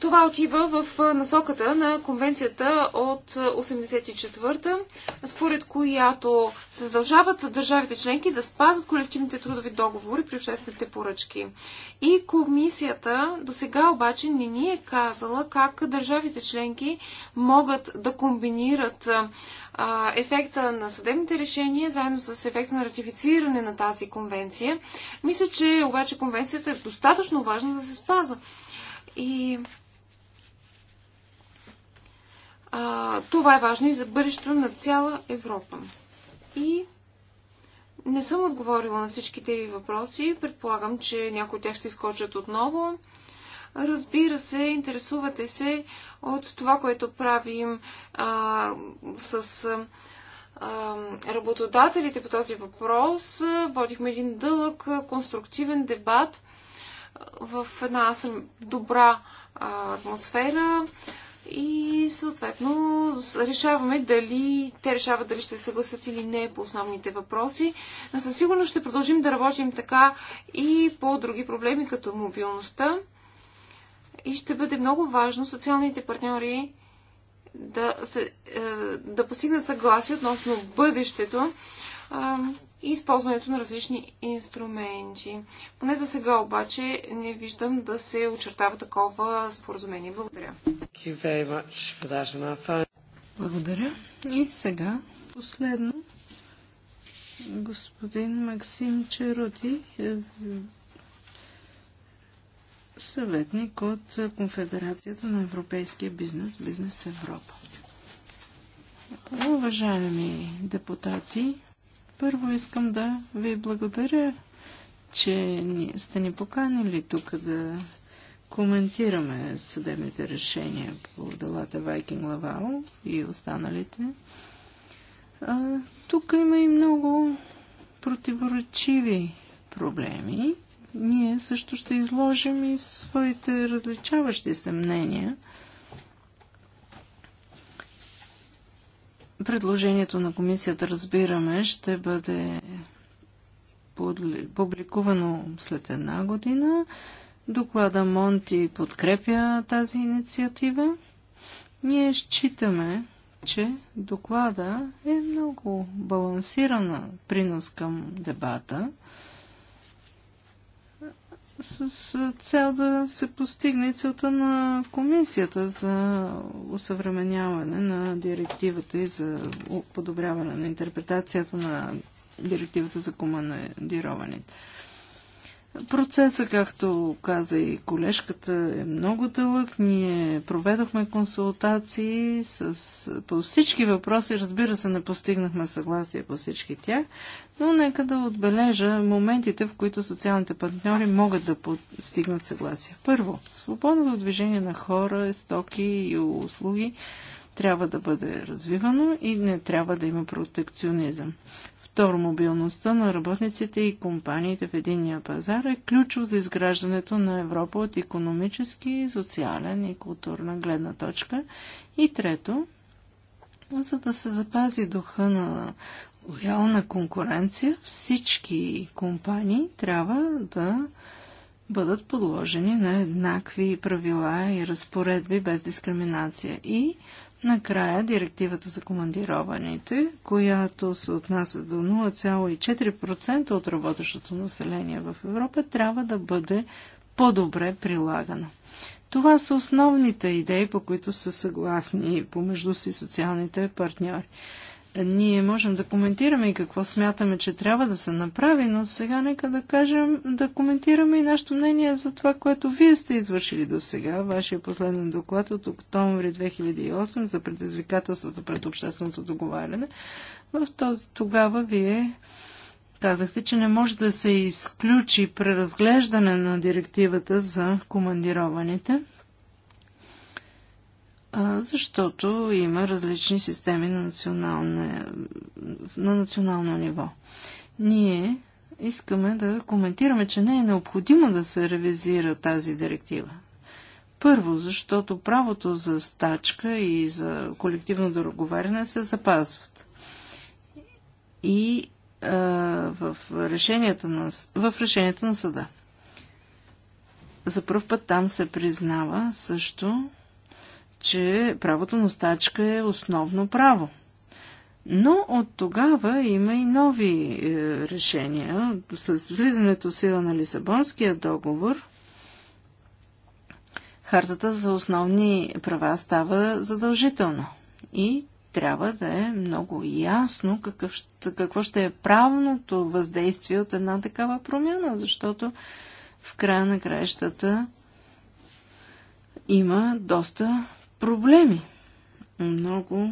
това отива в насоката на конвенцията от 84-та, според която се задължават държавите членки да спазват колективните трудови договори при обществените поръчки. И комисията до сега обаче не ни е казала как държавите членки могат да комбинират ефекта на съдебните решения, заедно с ефекта на ратифициране на тази конвенция. Мисля, че обаче конвенцията е достатъчно важна за да се спазва. И а, това е важно и за бъдещето на цяла Европа. И не съм отговорила на всичките ви въпроси. Предполагам, че някои от тях ще изкочат отново. Разбира се, интересувате се от това, което правим а, с работодателите по този въпрос. Водихме един дълъг, конструктивен дебат в една добра атмосфера и съответно решаваме дали те решават дали ще се съгласят или не по основните въпроси. Но със сигурност ще продължим да работим така и по други проблеми, като мобилността. И ще бъде много важно социалните партньори да, се, е, да постигнат съгласие относно бъдещето и използването на различни инструменти. Поне за сега обаче не виждам да се очертава такова споразумение. Благодаря. Благодаря. И сега последно господин Максим Черути, е, съветник от Конфедерацията на европейския бизнес, Бизнес Европа. Уважаеми депутати, първо искам да ви благодаря, че сте ни поканили тук да коментираме съдебните решения по делата Вайкинг Лавал и останалите. А, тук има и много противоречиви проблеми. Ние също ще изложим и своите различаващи се мнения – Предложението на комисията, разбираме, ще бъде публикувано след една година. Доклада Монти подкрепя тази инициатива. Ние считаме, че доклада е много балансирана принос към дебата с цел да се постигне целта на комисията за усъвременяване на директивата и за подобряване на интерпретацията на директивата за командироването. Процесът, както каза и колежката, е много дълъг. Ние проведохме консултации с, по всички въпроси. Разбира се, не постигнахме съгласие по всички тях, но нека да отбележа моментите, в които социалните партньори могат да постигнат съгласие. Първо, свободното движение на хора, стоки и услуги трябва да бъде развивано и не трябва да има протекционизъм. Второ, мобилността на работниците и компаниите в единния пазар е ключов за изграждането на Европа от економически, социален и културна гледна точка. И трето, за да се запази духа на лоялна конкуренция, всички компании трябва да бъдат подложени на еднакви правила и разпоредби без дискриминация. И Накрая директивата за командированите, която се отнася до 0,4% от работещото население в Европа, трябва да бъде по-добре прилагана. Това са основните идеи, по които са съгласни помежду си социалните партньори. Ние можем да коментираме и какво смятаме, че трябва да се направи, но сега нека да кажем, да коментираме и нашето мнение за това, което вие сте извършили до сега. Вашия последен доклад от октомври 2008 за предизвикателството пред общественото договаряне. В този, тогава вие казахте, че не може да се изключи преразглеждане на директивата за командированите защото има различни системи на национално, на национално ниво. Ние искаме да коментираме, че не е необходимо да се ревизира тази директива. Първо, защото правото за стачка и за колективно договаряне се запазват. И а, в, решенията на, в решенията на съда. За първ път там се признава също, че правото на стачка е основно право. Но от тогава има и нови е, решения. С влизането в сила на Лисабонския договор, хартата за основни права става задължителна. И трябва да е много ясно какъв, какво ще е правното въздействие от една такава промяна, защото в края на краищата има доста проблеми. Много,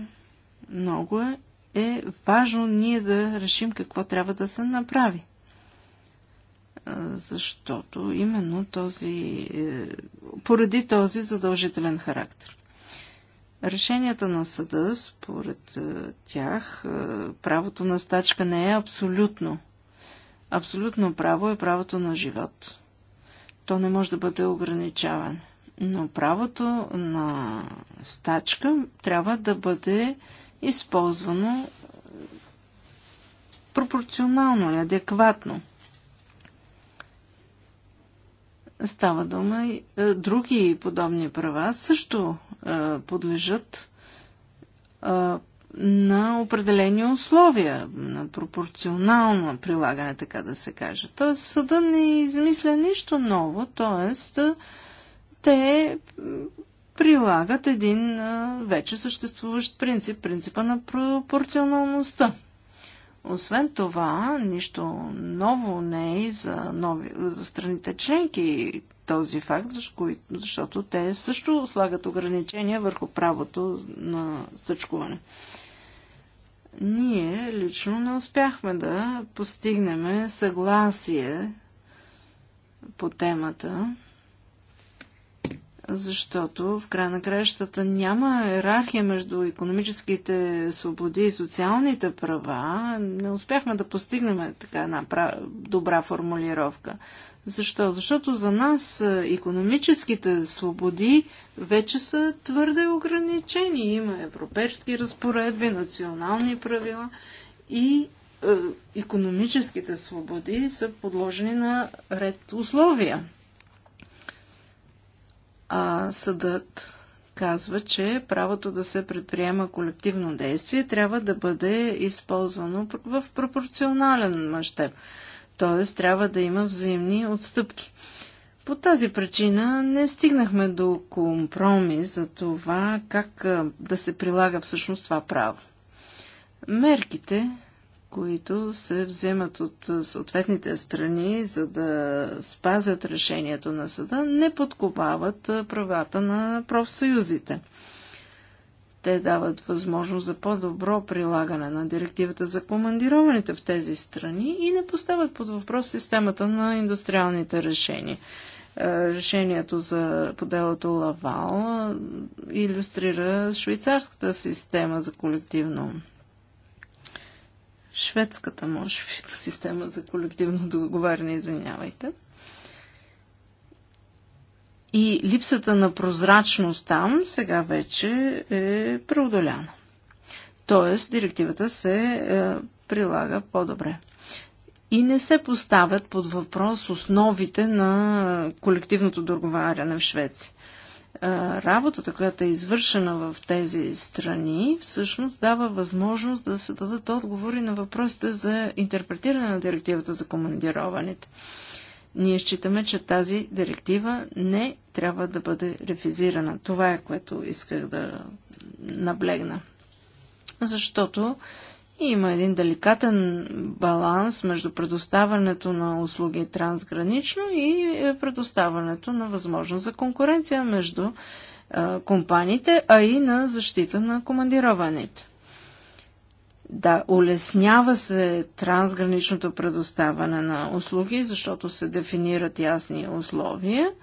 много е, е важно ние да решим какво трябва да се направи. Защото именно този, е, поради този задължителен характер. Решенията на съда, според е, тях, е, правото на стачка не е абсолютно. Абсолютно право е правото на живот. То не може да бъде ограничаване но правото на стачка трябва да бъде използвано пропорционално и адекватно. Става дума и е, други подобни права също е, подлежат е, на определени условия, на пропорционално прилагане, така да се каже. Тоест, съда не измисля нищо ново, т.е те прилагат един вече съществуващ принцип, принципа на пропорционалността. Освен това, нищо ново не е и за, нови, за страните членки този факт, защото те също слагат ограничения върху правото на стъчкуване. Ние лично не успяхме да постигнем съгласие по темата защото в края на краищата няма иерархия между економическите свободи и социалните права. Не успяхме да постигнем така една добра формулировка. Защо? Защото за нас економическите свободи вече са твърде ограничени. Има европейски разпоредби, национални правила и економическите свободи са подложени на ред условия а, съдът казва, че правото да се предприема колективно действие трябва да бъде използвано в пропорционален мащеб. Т.е. трябва да има взаимни отстъпки. По тази причина не стигнахме до компромис за това как да се прилага всъщност това право. Мерките, които се вземат от съответните страни, за да спазят решението на съда, не подкопават правата на профсъюзите. Те дават възможност за по-добро прилагане на директивата за командированите в тези страни и не поставят под въпрос системата на индустриалните решения. Е, решението за поделото Лавал иллюстрира швейцарската система за колективно шведската може би, система за колективно договаряне, извинявайте. И липсата на прозрачност там сега вече е преодоляна. Тоест, директивата се е, прилага по-добре. И не се поставят под въпрос основите на колективното договаряне в Швеция работата, която е извършена в тези страни, всъщност дава възможност да се дадат отговори на въпросите за интерпретиране на директивата за командированите. Ние считаме, че тази директива не трябва да бъде ревизирана. Това е което исках да наблегна. Защото има един деликатен баланс между предоставането на услуги трансгранично и е, предоставането на възможност за конкуренция между а, е, компаниите, а и на защита на командированите. Да, улеснява се трансграничното предоставане на услуги, защото се дефинират ясни условия –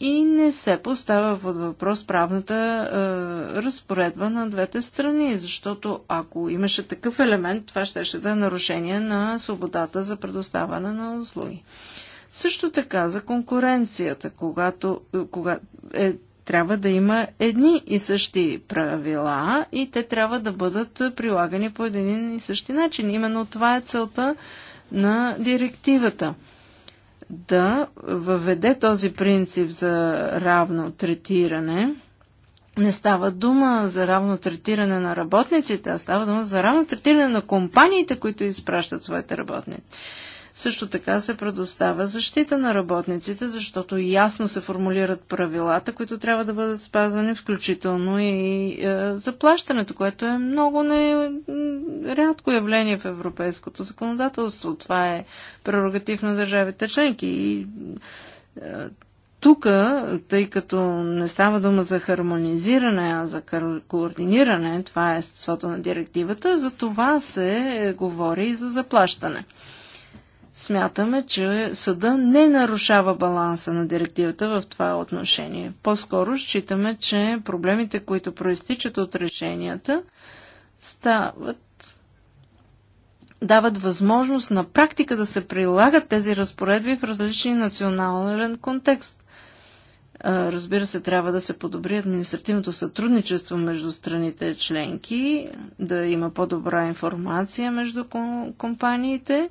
и не се поставя под въпрос правната е, разпоредба на двете страни, защото ако имаше такъв елемент, това ще, ще да е нарушение на свободата за предоставяне на услуги. Също така за конкуренцията, когато, е, кога, е, трябва да има едни и същи правила и те трябва да бъдат прилагани по един и същи начин. Именно това е целта на директивата – да въведе този принцип за равно третиране. Не става дума за равно третиране на работниците, а става дума за равно третиране на компаниите, които изпращат своите работници. Също така се предоставя защита на работниците, защото ясно се формулират правилата, които трябва да бъдат спазвани, включително и е, заплащането, което е много не, рядко явление в европейското законодателство. Това е прерогатив на държавите членки и е, тук, тъй като не става дума за хармонизиране, а за координиране, това е естеството на директивата, за това се говори и за заплащане. Смятаме, че съда не нарушава баланса на директивата в това отношение. По-скоро считаме, че проблемите, които проистичат от решенията, стават дават възможност на практика да се прилагат тези разпоредби в различни национален контекст. Разбира се, трябва да се подобри административното сътрудничество между страните членки, да има по-добра информация между компаниите.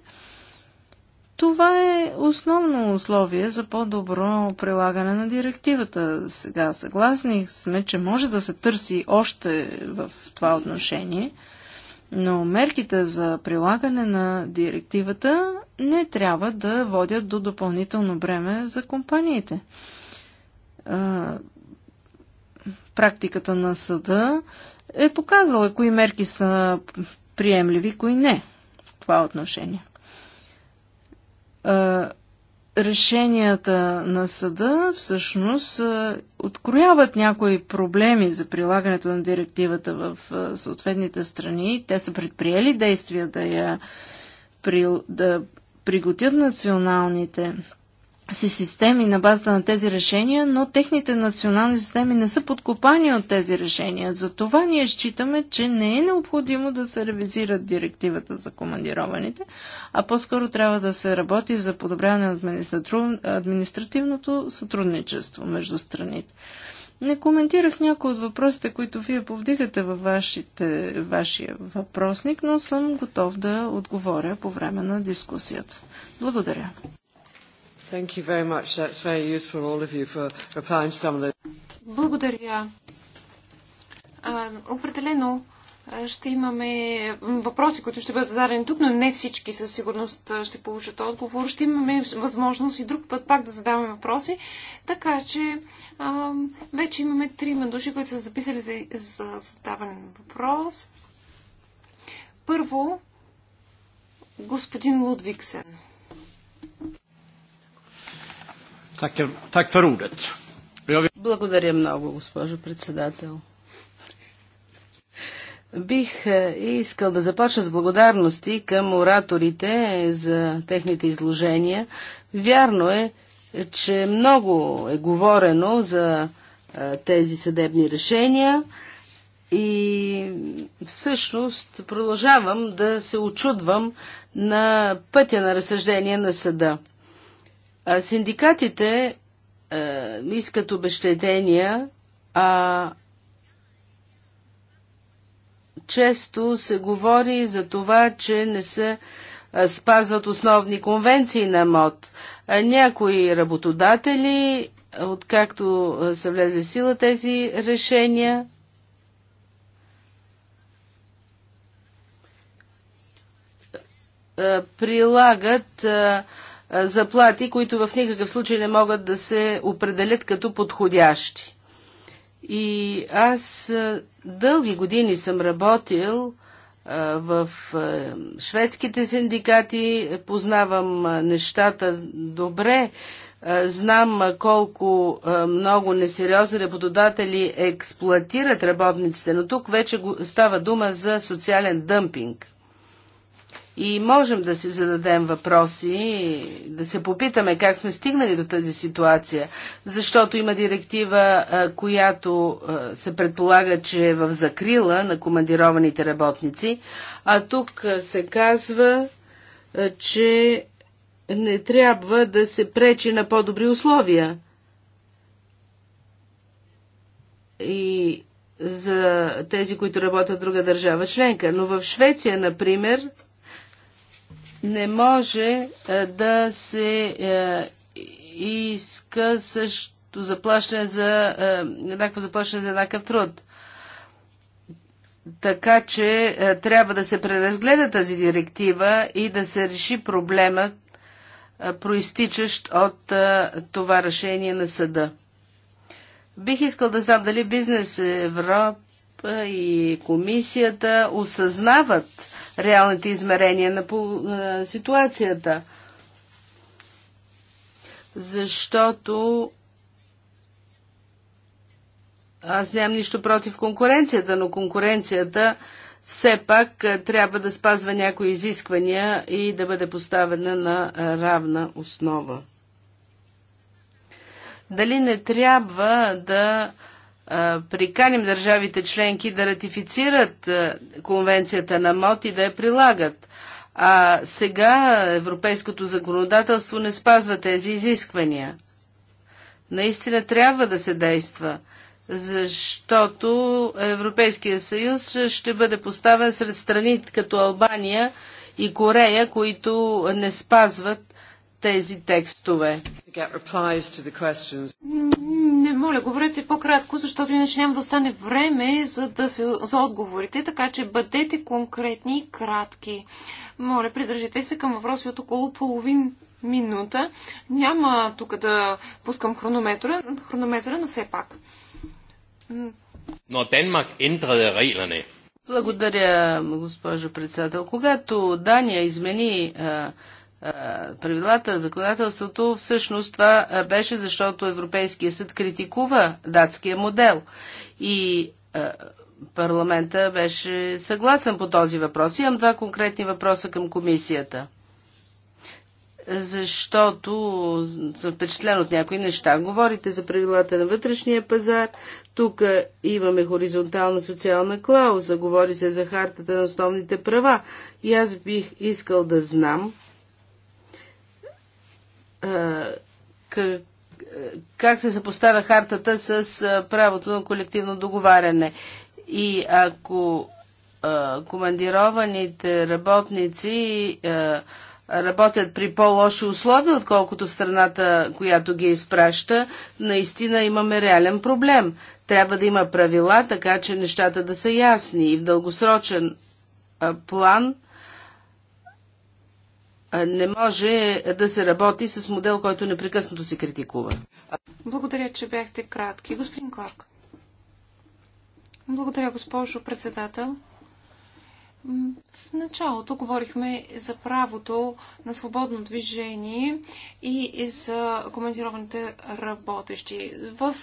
Това е основно условие за по-добро прилагане на директивата. Сега съгласни сме, че може да се търси още в това отношение, но мерките за прилагане на директивата не трябва да водят до допълнително бреме за компаниите. Практиката на съда е показала кои мерки са приемливи, кои не в това отношение решенията на съда всъщност открояват някои проблеми за прилагането на директивата в съответните страни. Те са предприели действия да я да приготвят националните си системи на базата на тези решения, но техните национални системи не са подкопани от тези решения. Затова ние считаме, че не е необходимо да се ревизират директивата за командированите, а по-скоро трябва да се работи за подобряване на административното сътрудничество между страните. Не коментирах някои от въпросите, които вие повдигате във вашите, вашия въпросник, но съм готов да отговоря по време на дискусията. Благодаря. Thank you very much. That's very useful, all of you, for replying to some of the... Благодаря. определено ще имаме въпроси, които ще бъдат зададени тук, но не всички със сигурност ще получат отговор. Ще имаме възможност и друг път пак да задаваме въпроси. Така че а, вече имаме трима души, които са записали за, за задаване на въпрос. Първо, господин Лудвиксен. Благодаря много, госпожо председател. Бих е, искал да започна с благодарности към ораторите за техните изложения. Вярно е, че много е говорено за е, тези съдебни решения и всъщност продължавам да се очудвам на пътя на разсъждение на съда. Синдикатите е, искат обещедения, а често се говори за това, че не се спазват основни конвенции на МОД. Някои работодатели, откакто са влезе в сила тези решения, прилагат заплати, които в никакъв случай не могат да се определят като подходящи. И аз дълги години съм работил в шведските синдикати, познавам нещата добре, знам колко много несериозни работодатели експлуатират работниците, но тук вече става дума за социален дъмпинг. И можем да си зададем въпроси, да се попитаме как сме стигнали до тази ситуация, защото има директива, която се предполага, че е в закрила на командированите работници, а тук се казва, че не трябва да се пречи на по-добри условия. И за тези, които работят в друга държава членка. Но в Швеция, например, не може е, да се е, иска също заплащане за е, еднакво заплащане за еднакъв труд. Така че трябва да се преразгледа тази директива и да се реши проблемът, проистичащ от това решение на съда. Бих искал да знам дали Бизнес Европа и комисията осъзнават реалните измерения на, ситуацията. Защото аз нямам нищо против конкуренцията, но конкуренцията все пак трябва да спазва някои изисквания и да бъде поставена на равна основа. Дали не трябва да приканим държавите членки да ратифицират конвенцията на МОТ и да я прилагат. А сега европейското законодателство не спазва тези изисквания. Наистина трябва да се действа, защото Европейския съюз ще бъде поставен сред страни като Албания и Корея, които не спазват тези текстове? Не, моля, говорете по-кратко, защото иначе няма да остане време за, да се, за отговорите, така че бъдете конкретни и кратки. Моля, придържите се към въпроси от около половин минута. Няма тук да пускам хронометра, хронометра но все пак. Но Денмарк ендраде реглerne. Благодаря, госпожо председател. Когато Дания измени а, правилата, законодателството, всъщност това беше защото Европейския съд критикува датския модел. И парламента беше съгласен по този въпрос. Имам два конкретни въпроса към комисията. Защото съм впечатлен от някои неща. Говорите за правилата на вътрешния пазар. Тук имаме хоризонтална социална клауза. Говори се за хартата на основните права. И аз бих искал да знам е, как се съпоставя хартата с е, правото на колективно договаряне. И ако е, командированите работници работят при по-лоши условия, отколкото в страната, която ги изпраща, наистина имаме реален проблем. Трябва да има правила, така че нещата да са ясни и в дългосрочен план – не може да се работи с модел, който непрекъснато се критикува. Благодаря, че бяхте кратки. Господин Кларк. Благодаря, госпожо председател. В началото говорихме за правото на свободно движение и за коментированите работещи. В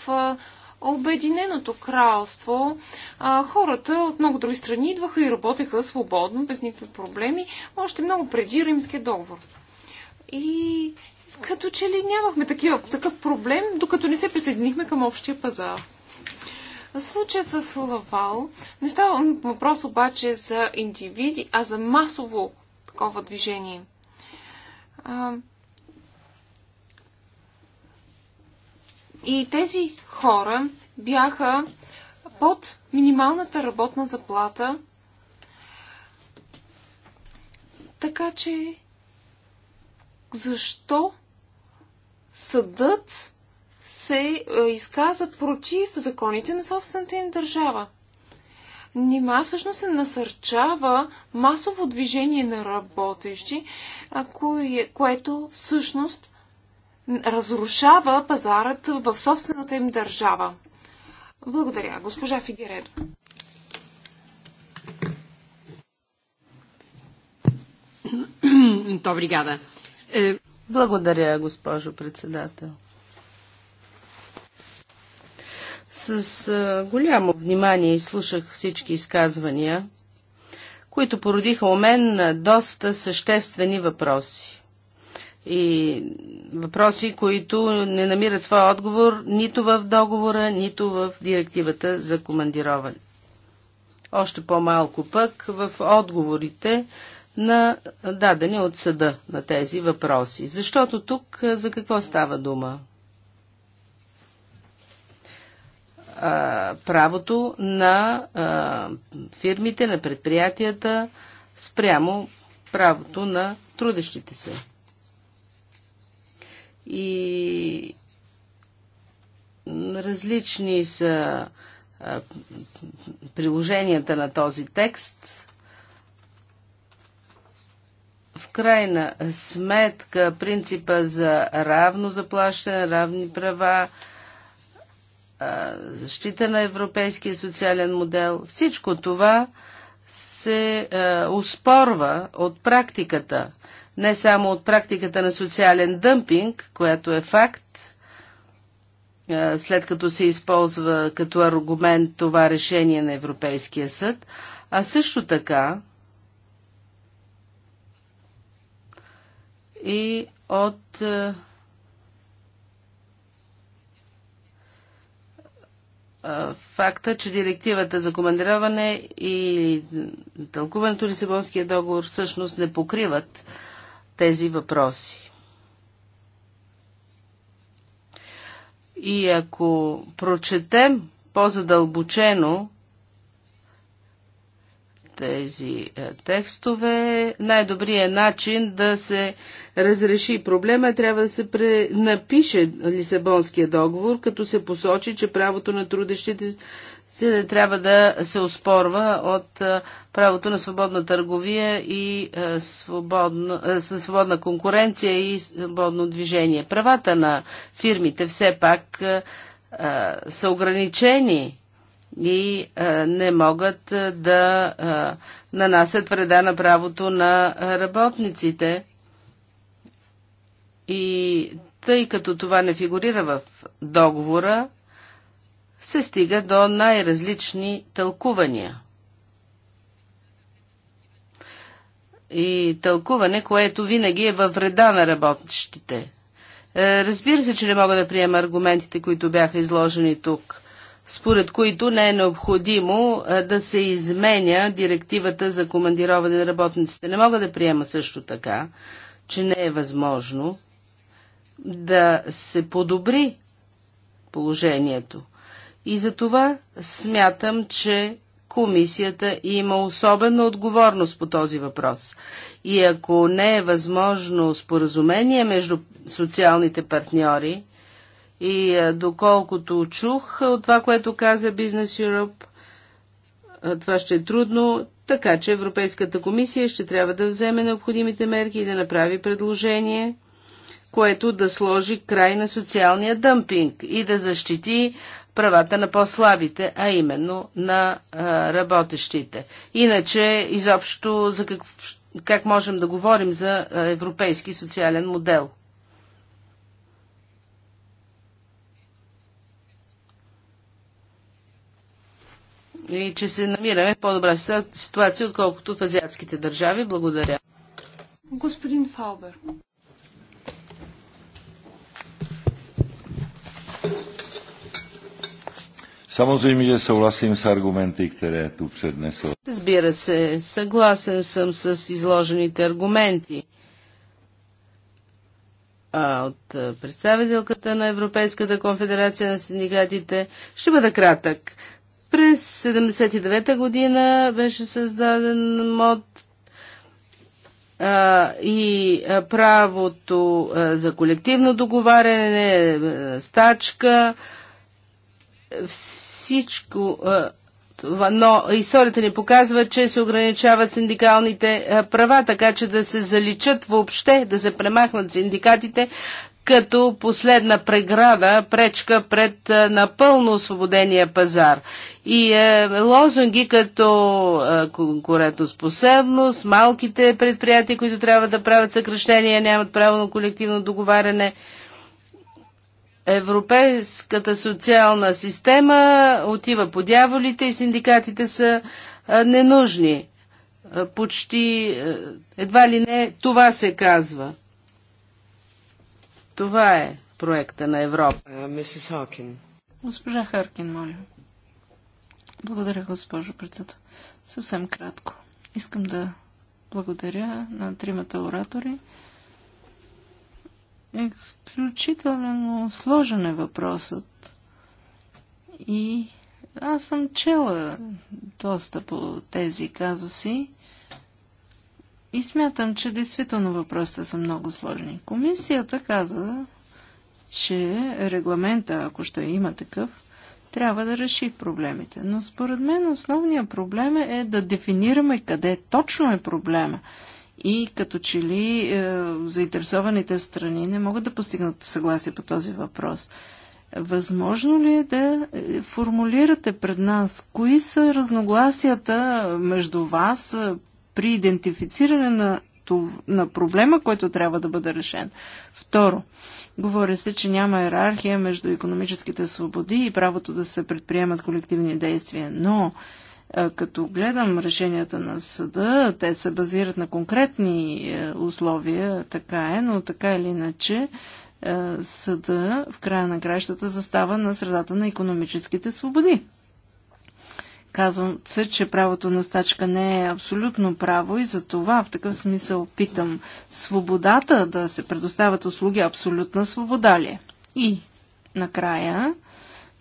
Обединеното кралство, а, хората от много други страни идваха и работеха свободно, без никакви проблеми, още много преди римския договор. И като че ли нямахме такива, такъв проблем, докато не се присъединихме към общия пазар. Случаят с Лавал не става въпрос обаче за индивиди, а за масово такова движение. И тези хора бяха под минималната работна заплата. Така че, защо съдът се е, изказа против законите на собствената им държава? Нима всъщност се насърчава масово движение на работещи, кое, което всъщност разрушава пазарът в собствената им държава. Благодаря. Госпожа Фигередо. Добригада. Е, Благодаря, госпожо председател. С е, голямо внимание изслушах всички изказвания, които породиха у мен е, доста съществени въпроси и въпроси, които не намират своя отговор нито в договора, нито в директивата за командироване. Още по-малко пък в отговорите на дадени от съда на тези въпроси. Защото тук за какво става дума? А, правото на а, фирмите, на предприятията спрямо правото на трудещите се и различни са приложенията на този текст. В крайна сметка принципа за равно заплащане, равни права, защита на европейския социален модел, всичко това се е, успорва от практиката не само от практиката на социален дъмпинг, която е факт, е, след като се използва като аргумент това решение на Европейския съд, а също така и от е, е, факта, че директивата за командироване и тълкуването Лисабонския договор всъщност не покриват тези въпроси. И ако прочетем по-задълбочено тези е, текстове, най-добрият начин да се разреши проблема е трябва да се пренапише Лисабонския договор, като се посочи, че правото на трудещите се трябва да се оспорва от правото на свободна търговия и свободна, свободна конкуренция и свободно движение. Правата на фирмите все пак са ограничени и не могат да нанасят вреда на правото на работниците. И тъй като това не фигурира в договора, се стига до най-различни тълкувания. И тълкуване, което винаги е във вреда на работещите. Е, разбира се, че не мога да приема аргументите, които бяха изложени тук, според които не е необходимо е, да се изменя директивата за командироване на работниците. Не мога да приема също така, че не е възможно да се подобри положението. И за това смятам, че комисията има особена отговорност по този въпрос. И ако не е възможно споразумение между социалните партньори, и е, доколкото чух от това, което каза Бизнес Europe, е, това ще е трудно, така че Европейската комисия ще трябва да вземе необходимите мерки и да направи предложение, което да сложи край на социалния дъмпинг и да защити правата на по-слабите, а именно на а, работещите. Иначе, изобщо, за как, как можем да говорим за а, европейски социален модел? И че се намираме в по-добра ситуация, отколкото в азиатските държави. Благодаря. Господин Фаубер. Samozřejmě, že souhlasím s argumenty, které tu přednesl. Разбира се, съгласен съм с изложените аргументи а, от представителката на Европейската конфедерация на синдикатите. Ще бъда кратък. През 79-та година беше създаден МОД а, и правото а, за колективно договаряне, стачка, всичко това, но историята ни показва, че се ограничават синдикалните права, така че да се заличат въобще, да се премахнат синдикатите като последна преграда, пречка пред напълно освободения пазар. И е, лозунги като е, конкурентоспособност, малките предприятия, които трябва да правят съкръщения, нямат право на колективно договаряне – Европейската социална система отива по дяволите и синдикатите са ненужни. Почти едва ли не това се казва. Това е проекта на Европа. Мисис uh, Хокин. Госпожа Харкин, моля. Благодаря, госпожо председател. Съвсем кратко. Искам да благодаря на тримата оратори Изключително сложен е въпросът. И аз съм чела доста по тези казуси и смятам, че действително въпросите са много сложни. Комисията каза, че регламента, ако ще има такъв, трябва да реши проблемите. Но според мен основният проблем е да дефинираме къде точно е проблема и като че ли е, заинтересованите страни не могат да постигнат съгласие по този въпрос. Възможно ли е да е, формулирате пред нас кои са разногласията между вас е, при идентифициране на, на проблема, който трябва да бъде решен? Второ, говори се, че няма иерархия между економическите свободи и правото да се предприемат колективни действия, но е, като гледам решенията на съда, те се базират на конкретни е, условия, така е, но така или иначе е, съда в края на кращата застава на средата на економическите свободи. Казвам се, че правото на стачка не е абсолютно право и за това в такъв смисъл питам свободата да се предоставят услуги абсолютна свобода ли? И накрая,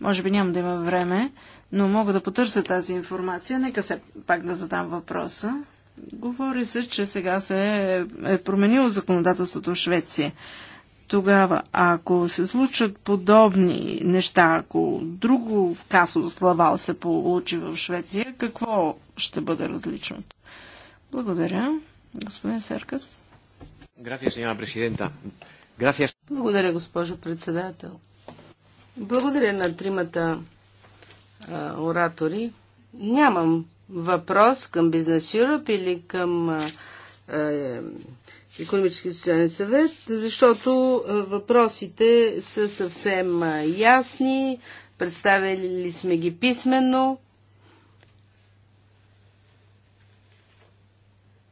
може би няма да има време, но мога да потърся тази информация. Нека се пак да задам въпроса. Говори се, че сега се е променило законодателството в Швеция. Тогава, ако се случат подобни неща, ако друго с главал се получи в Швеция, какво ще бъде различното? Благодаря. Господин Серкас. Благодаря, госпожо председател. Благодаря на тримата оратори. Нямам въпрос към Бизнес Юрап или към Економически социален съвет, защото въпросите са съвсем ясни, представили сме ги писменно.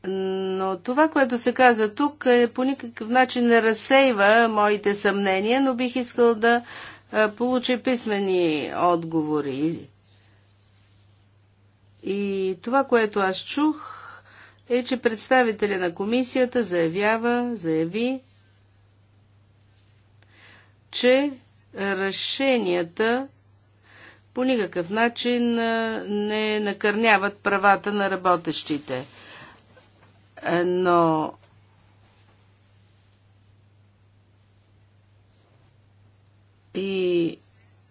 Но това, което се каза тук, е по никакъв начин не разсейва моите съмнения, но бих искал да е, получи писмени отговори. И това, което аз чух, е, че представителя на комисията заявява, заяви, че решенията по никакъв начин е, не накърняват правата на работещите. Е, но И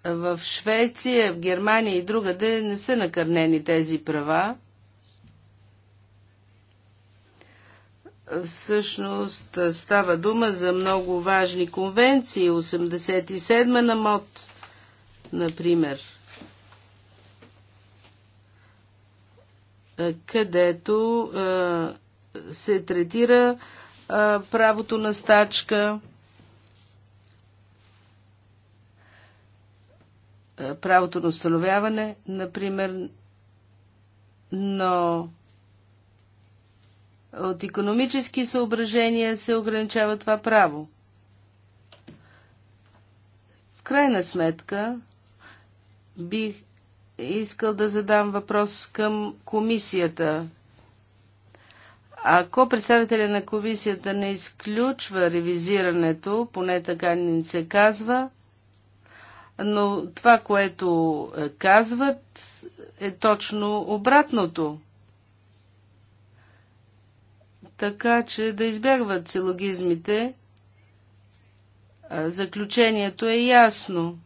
в Швеция, в Германия и другаде не са накърнени тези права. Всъщност става дума за много важни конвенции. 87 на МОД, например. Където се третира правото на стачка Е, правото на установяване, например, но от економически съображения се ограничава това право. В крайна сметка, бих искал да задам въпрос към комисията. Ако представителя на комисията не изключва ревизирането, поне така ни се казва, но това, което е, казват, е точно обратното. Така че да избягват силогизмите, е, заключението е ясно.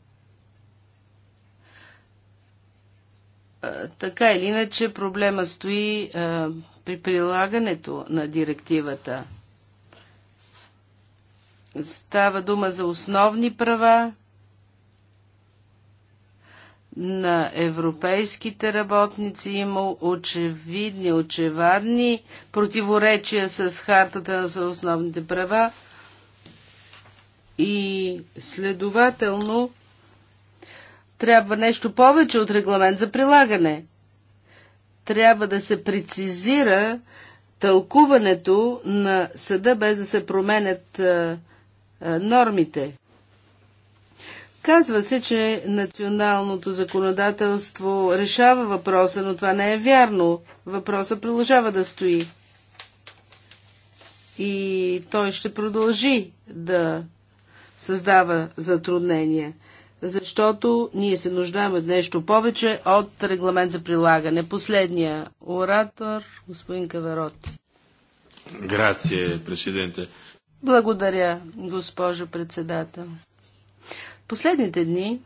Е, така или иначе проблема стои при прилагането на директивата. Става дума за основни права, на европейските работници има очевидни, очевадни противоречия с хартата за основните права и следователно трябва нещо повече от регламент за прилагане. Трябва да се прецизира тълкуването на съда, без да се променят а, а, нормите. Казва се, че националното законодателство решава въпроса, но това не е вярно. Въпросът продължава да стои. И той ще продължи да създава затруднения, защото ние се нуждаем от нещо повече от регламент за прилагане. Последния оратор, господин Кавароти. Грация, президенте. Благодаря, госпожо председател. Последните дни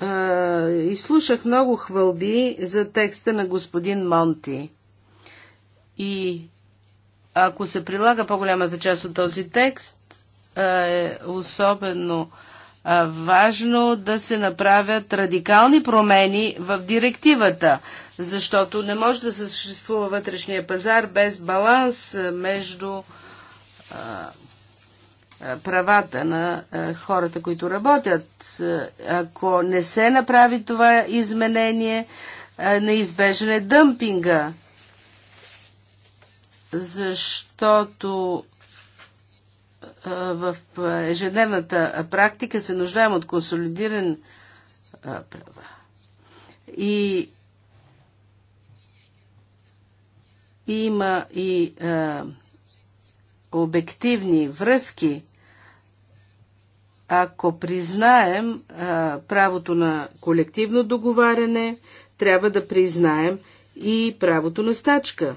а, изслушах много хвалби за текста на господин Монти. И ако се прилага по-голямата част от този текст, а, е особено а, важно да се направят радикални промени в директивата, защото не може да съществува вътрешния пазар без баланс между правата на хората, които работят. Ако не се направи това изменение, неизбежен е дъмпинга, защото в ежедневната практика се нуждаем от консолидиран права. И има и а, обективни връзки ако признаем а, правото на колективно договаряне, трябва да признаем и правото на стачка.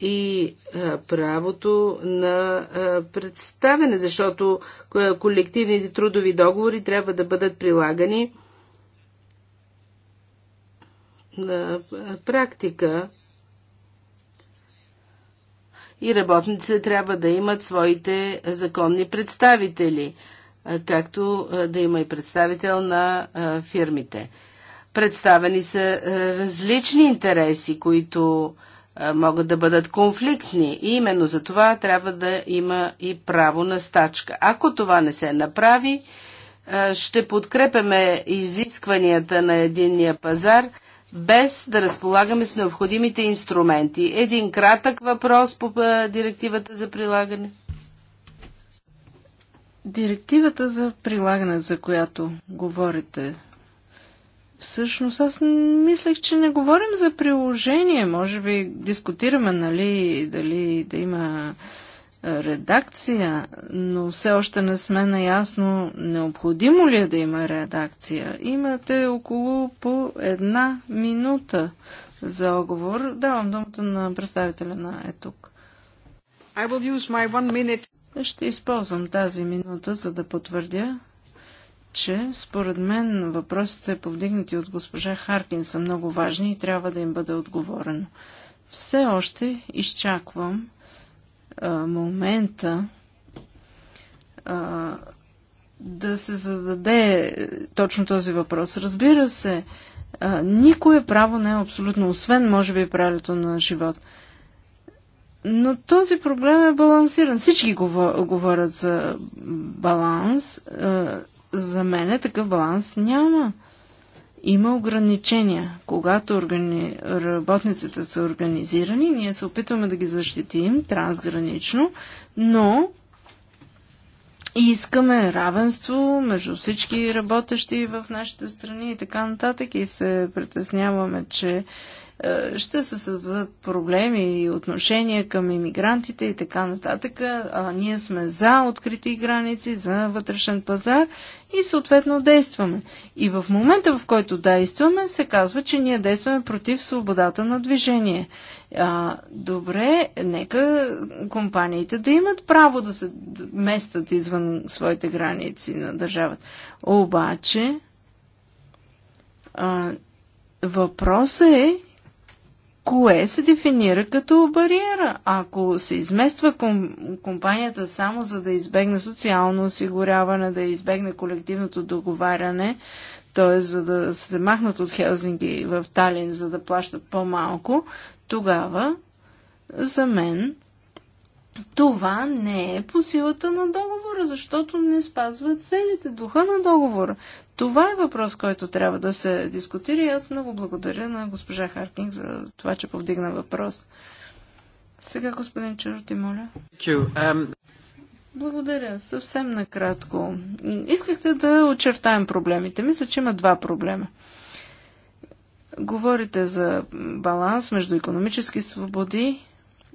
И а, правото на а, представене, защото колективните трудови договори трябва да бъдат прилагани на практика и работниците трябва да имат своите законни представители, както да има и представител на фирмите. Представени са различни интереси, които могат да бъдат конфликтни и именно за това трябва да има и право на стачка. Ако това не се направи, ще подкрепяме изискванията на единния пазар – без да разполагаме с необходимите инструменти. Един кратък въпрос по директивата за прилагане. Директивата за прилагане, за която говорите, всъщност аз мислех, че не говорим за приложение. Може би дискутираме, нали, дали да има редакция, но все още не сме наясно необходимо ли е да има редакция. Имате около по една минута за оговор. Давам думата на представителя на ЕТОК. Ще използвам тази минута, за да потвърдя, че според мен въпросите, повдигнати от госпожа Харкин, са много важни и трябва да им бъде отговорено. Все още изчаквам момента да се зададе точно този въпрос. Разбира се, никое право не е абсолютно, освен, може би, правилото на живот. Но този проблем е балансиран. Всички говорят за баланс. За мен такъв баланс няма има ограничения. Когато органи... работниците са организирани, ние се опитваме да ги защитим трансгранично, но искаме равенство между всички работещи в нашите страни и така нататък и се притесняваме, че е, ще се създадат проблеми и отношения към иммигрантите и така нататък. ние сме за открити граници, за вътрешен пазар и съответно действаме. И в момента, в който действаме, се казва, че ние действаме против свободата на движение. А, добре, нека компаниите да имат право да се местат извън своите граници на държавата. Обаче, а, въпросът е, кое се дефинира като бариера. Ако се измества компанията само за да избегне социално осигуряване, да избегне колективното договаряне, т.е. за да се махнат от Хелзинги в Талин, за да плащат по-малко, тогава за мен това не е по силата на договора, защото не спазват целите, духа на договора. Това е въпрос, който трябва да се дискутира и аз много благодаря на госпожа Харкинг за това, че повдигна въпрос. Сега, господин ти моля. Um, благодаря. Съвсем накратко. Искахте да очертаем проблемите. Мисля, че има два проблема. Говорите за баланс между економически свободи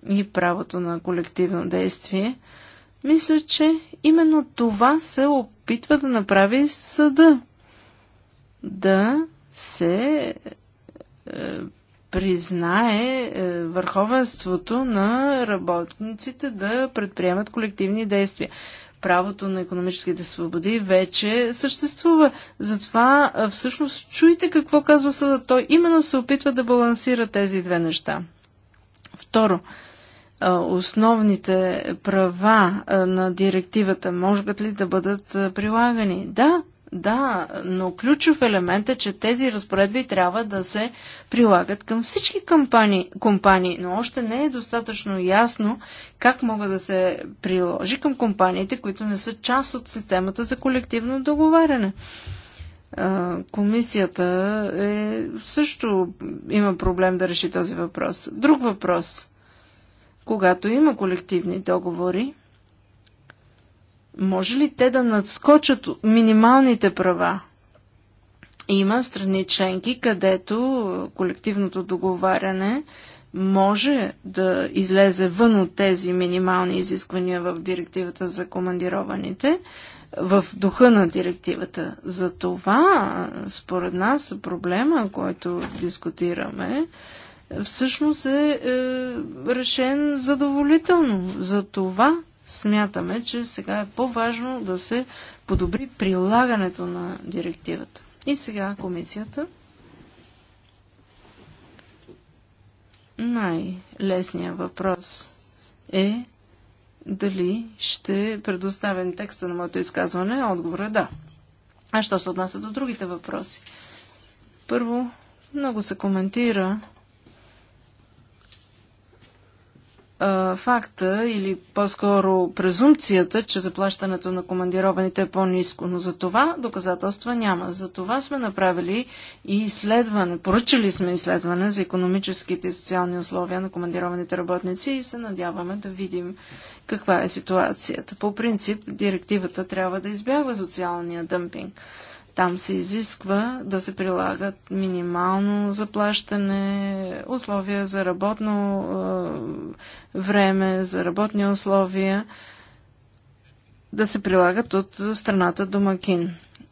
и правото на колективно действие. Мисля, че именно това се опитва да направи съда да се е, признае е, върховенството на работниците да предприемат колективни действия. Правото на економическите свободи вече съществува. Затова е, всъщност чуйте какво казва съда. Той именно се опитва да балансира тези две неща. Второ, основните права на директивата могат ли да бъдат прилагани? Да, да, но ключов елемент е, че тези разпоредби трябва да се прилагат към всички компании, компании, но още не е достатъчно ясно как могат да се приложи към компаниите, които не са част от системата за колективно договаряне. Комисията е, също има проблем да реши този въпрос. Друг въпрос. Когато има колективни договори, може ли те да надскочат минималните права? Има страни членки, където колективното договаряне може да излезе вън от тези минимални изисквания в директивата за командированите, в духа на директивата. За това, според нас, проблема, който дискутираме, всъщност е, е решен задоволително. За това смятаме, че сега е по-важно да се подобри прилагането на директивата. И сега комисията. Най-лесният въпрос е дали ще предоставим текста на моето изказване. Отговор е да. А що се отнася до другите въпроси? Първо, много се коментира а, факта или по-скоро презумпцията, че заплащането на командированите е по-низко, но за това доказателства няма. За това сме направили и изследване, поръчали сме изследване за економическите и социални условия на командированите работници и се надяваме да видим каква е ситуацията. По принцип, директивата трябва да избягва социалния дъмпинг. Там се изисква да се прилагат минимално заплащане, условия за работно е, време, за работни условия, да се прилагат от страната домакин.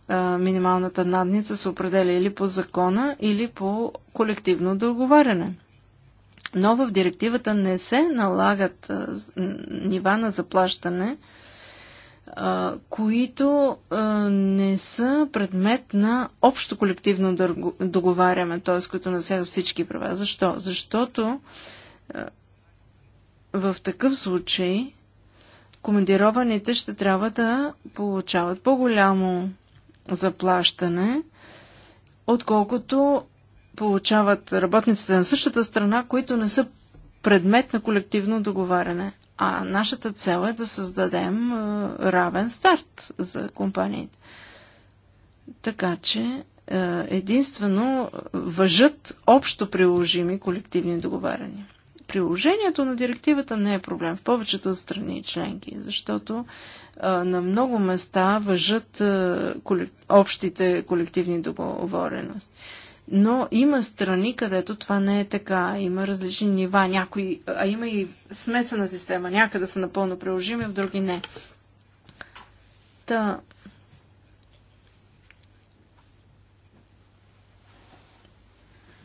Е, минималната надница се определя или по закона, или по колективно договаряне. Но в директивата не се налагат е, нива на заплащане, които не са предмет на общо колективно договаряме, т.е. които насягат всички права. Защо? Защото в такъв случай командированите ще трябва да получават по-голямо заплащане, отколкото получават работниците на същата страна, които не са предмет на колективно договаряне. А нашата цел е да създадем равен старт за компаниите. Така че единствено въжат общо приложими колективни договаряния. Приложението на директивата не е проблем в повечето страни страни членки, защото на много места въжат общите колективни договорености. Но има страни, където това не е така. Има различни нива, някои, а има и смесена система. Някъде са напълно приложими, в други не. Та,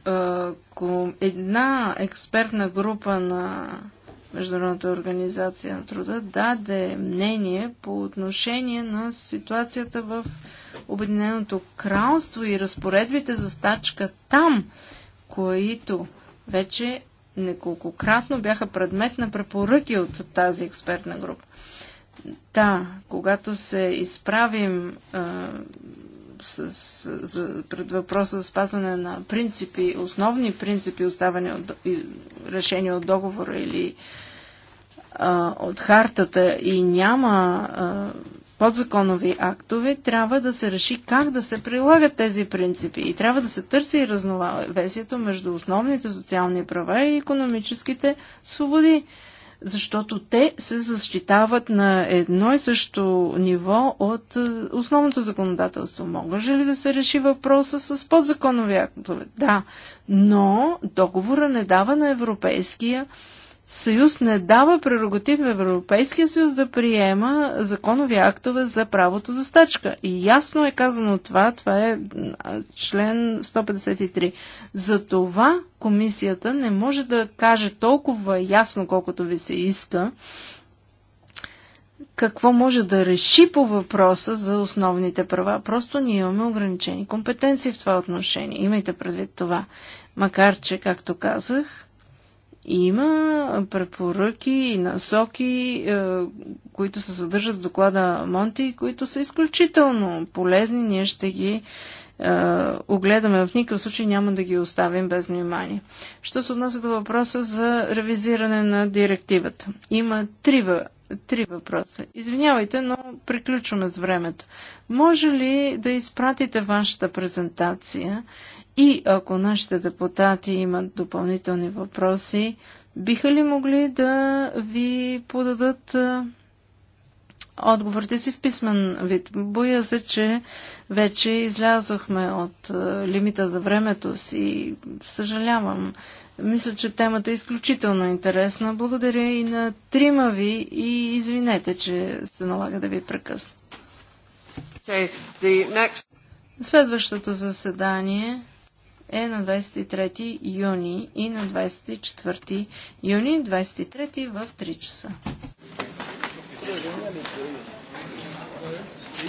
Ако една експертна група на Международната организация на труда даде мнение по отношение на ситуацията в Обединеното кралство и разпоредбите за стачка там, които вече неколкократно бяха предмет на препоръки от тази експертна група. Да, когато се изправим а, с, за, пред въпроса за спазване на принципи, основни принципи, оставане от, решения от договора или а, от хартата и няма а, подзаконови актове, трябва да се реши как да се прилагат тези принципи и трябва да се търси разновесието между основните социални права и економическите свободи, защото те се защитават на едно и също ниво от основното законодателство. Мога ли да се реши въпроса с подзаконови актове? Да, но договора не дава на Европейския съюз не дава прерогатив в Европейския съюз да приема законови актове за правото за стачка. И ясно е казано това, това е член 153. За това комисията не може да каже толкова ясно, колкото ви се иска, какво може да реши по въпроса за основните права. Просто ние имаме ограничени компетенции в това отношение. Имайте предвид това. Макар, че, както казах, има препоръки и насоки, е, които се съдържат в доклада Монти, които са изключително полезни. Ние ще ги е, огледаме. В никакъв случай няма да ги оставим без внимание. Що се отнася до въпроса за ревизиране на директивата? Има три три въпроса. Извинявайте, но приключваме с времето. Може ли да изпратите вашата презентация и ако нашите депутати имат допълнителни въпроси, биха ли могли да ви подадат отговорите си в писмен вид? Боя се, че вече излязохме от лимита за времето си. Съжалявам. Мисля, че темата е изключително интересна. Благодаря и на трима ви и извинете, че се налага да ви прекъсна. Следващото заседание е на 23 юни и на 24 юни, 23 в 3 часа.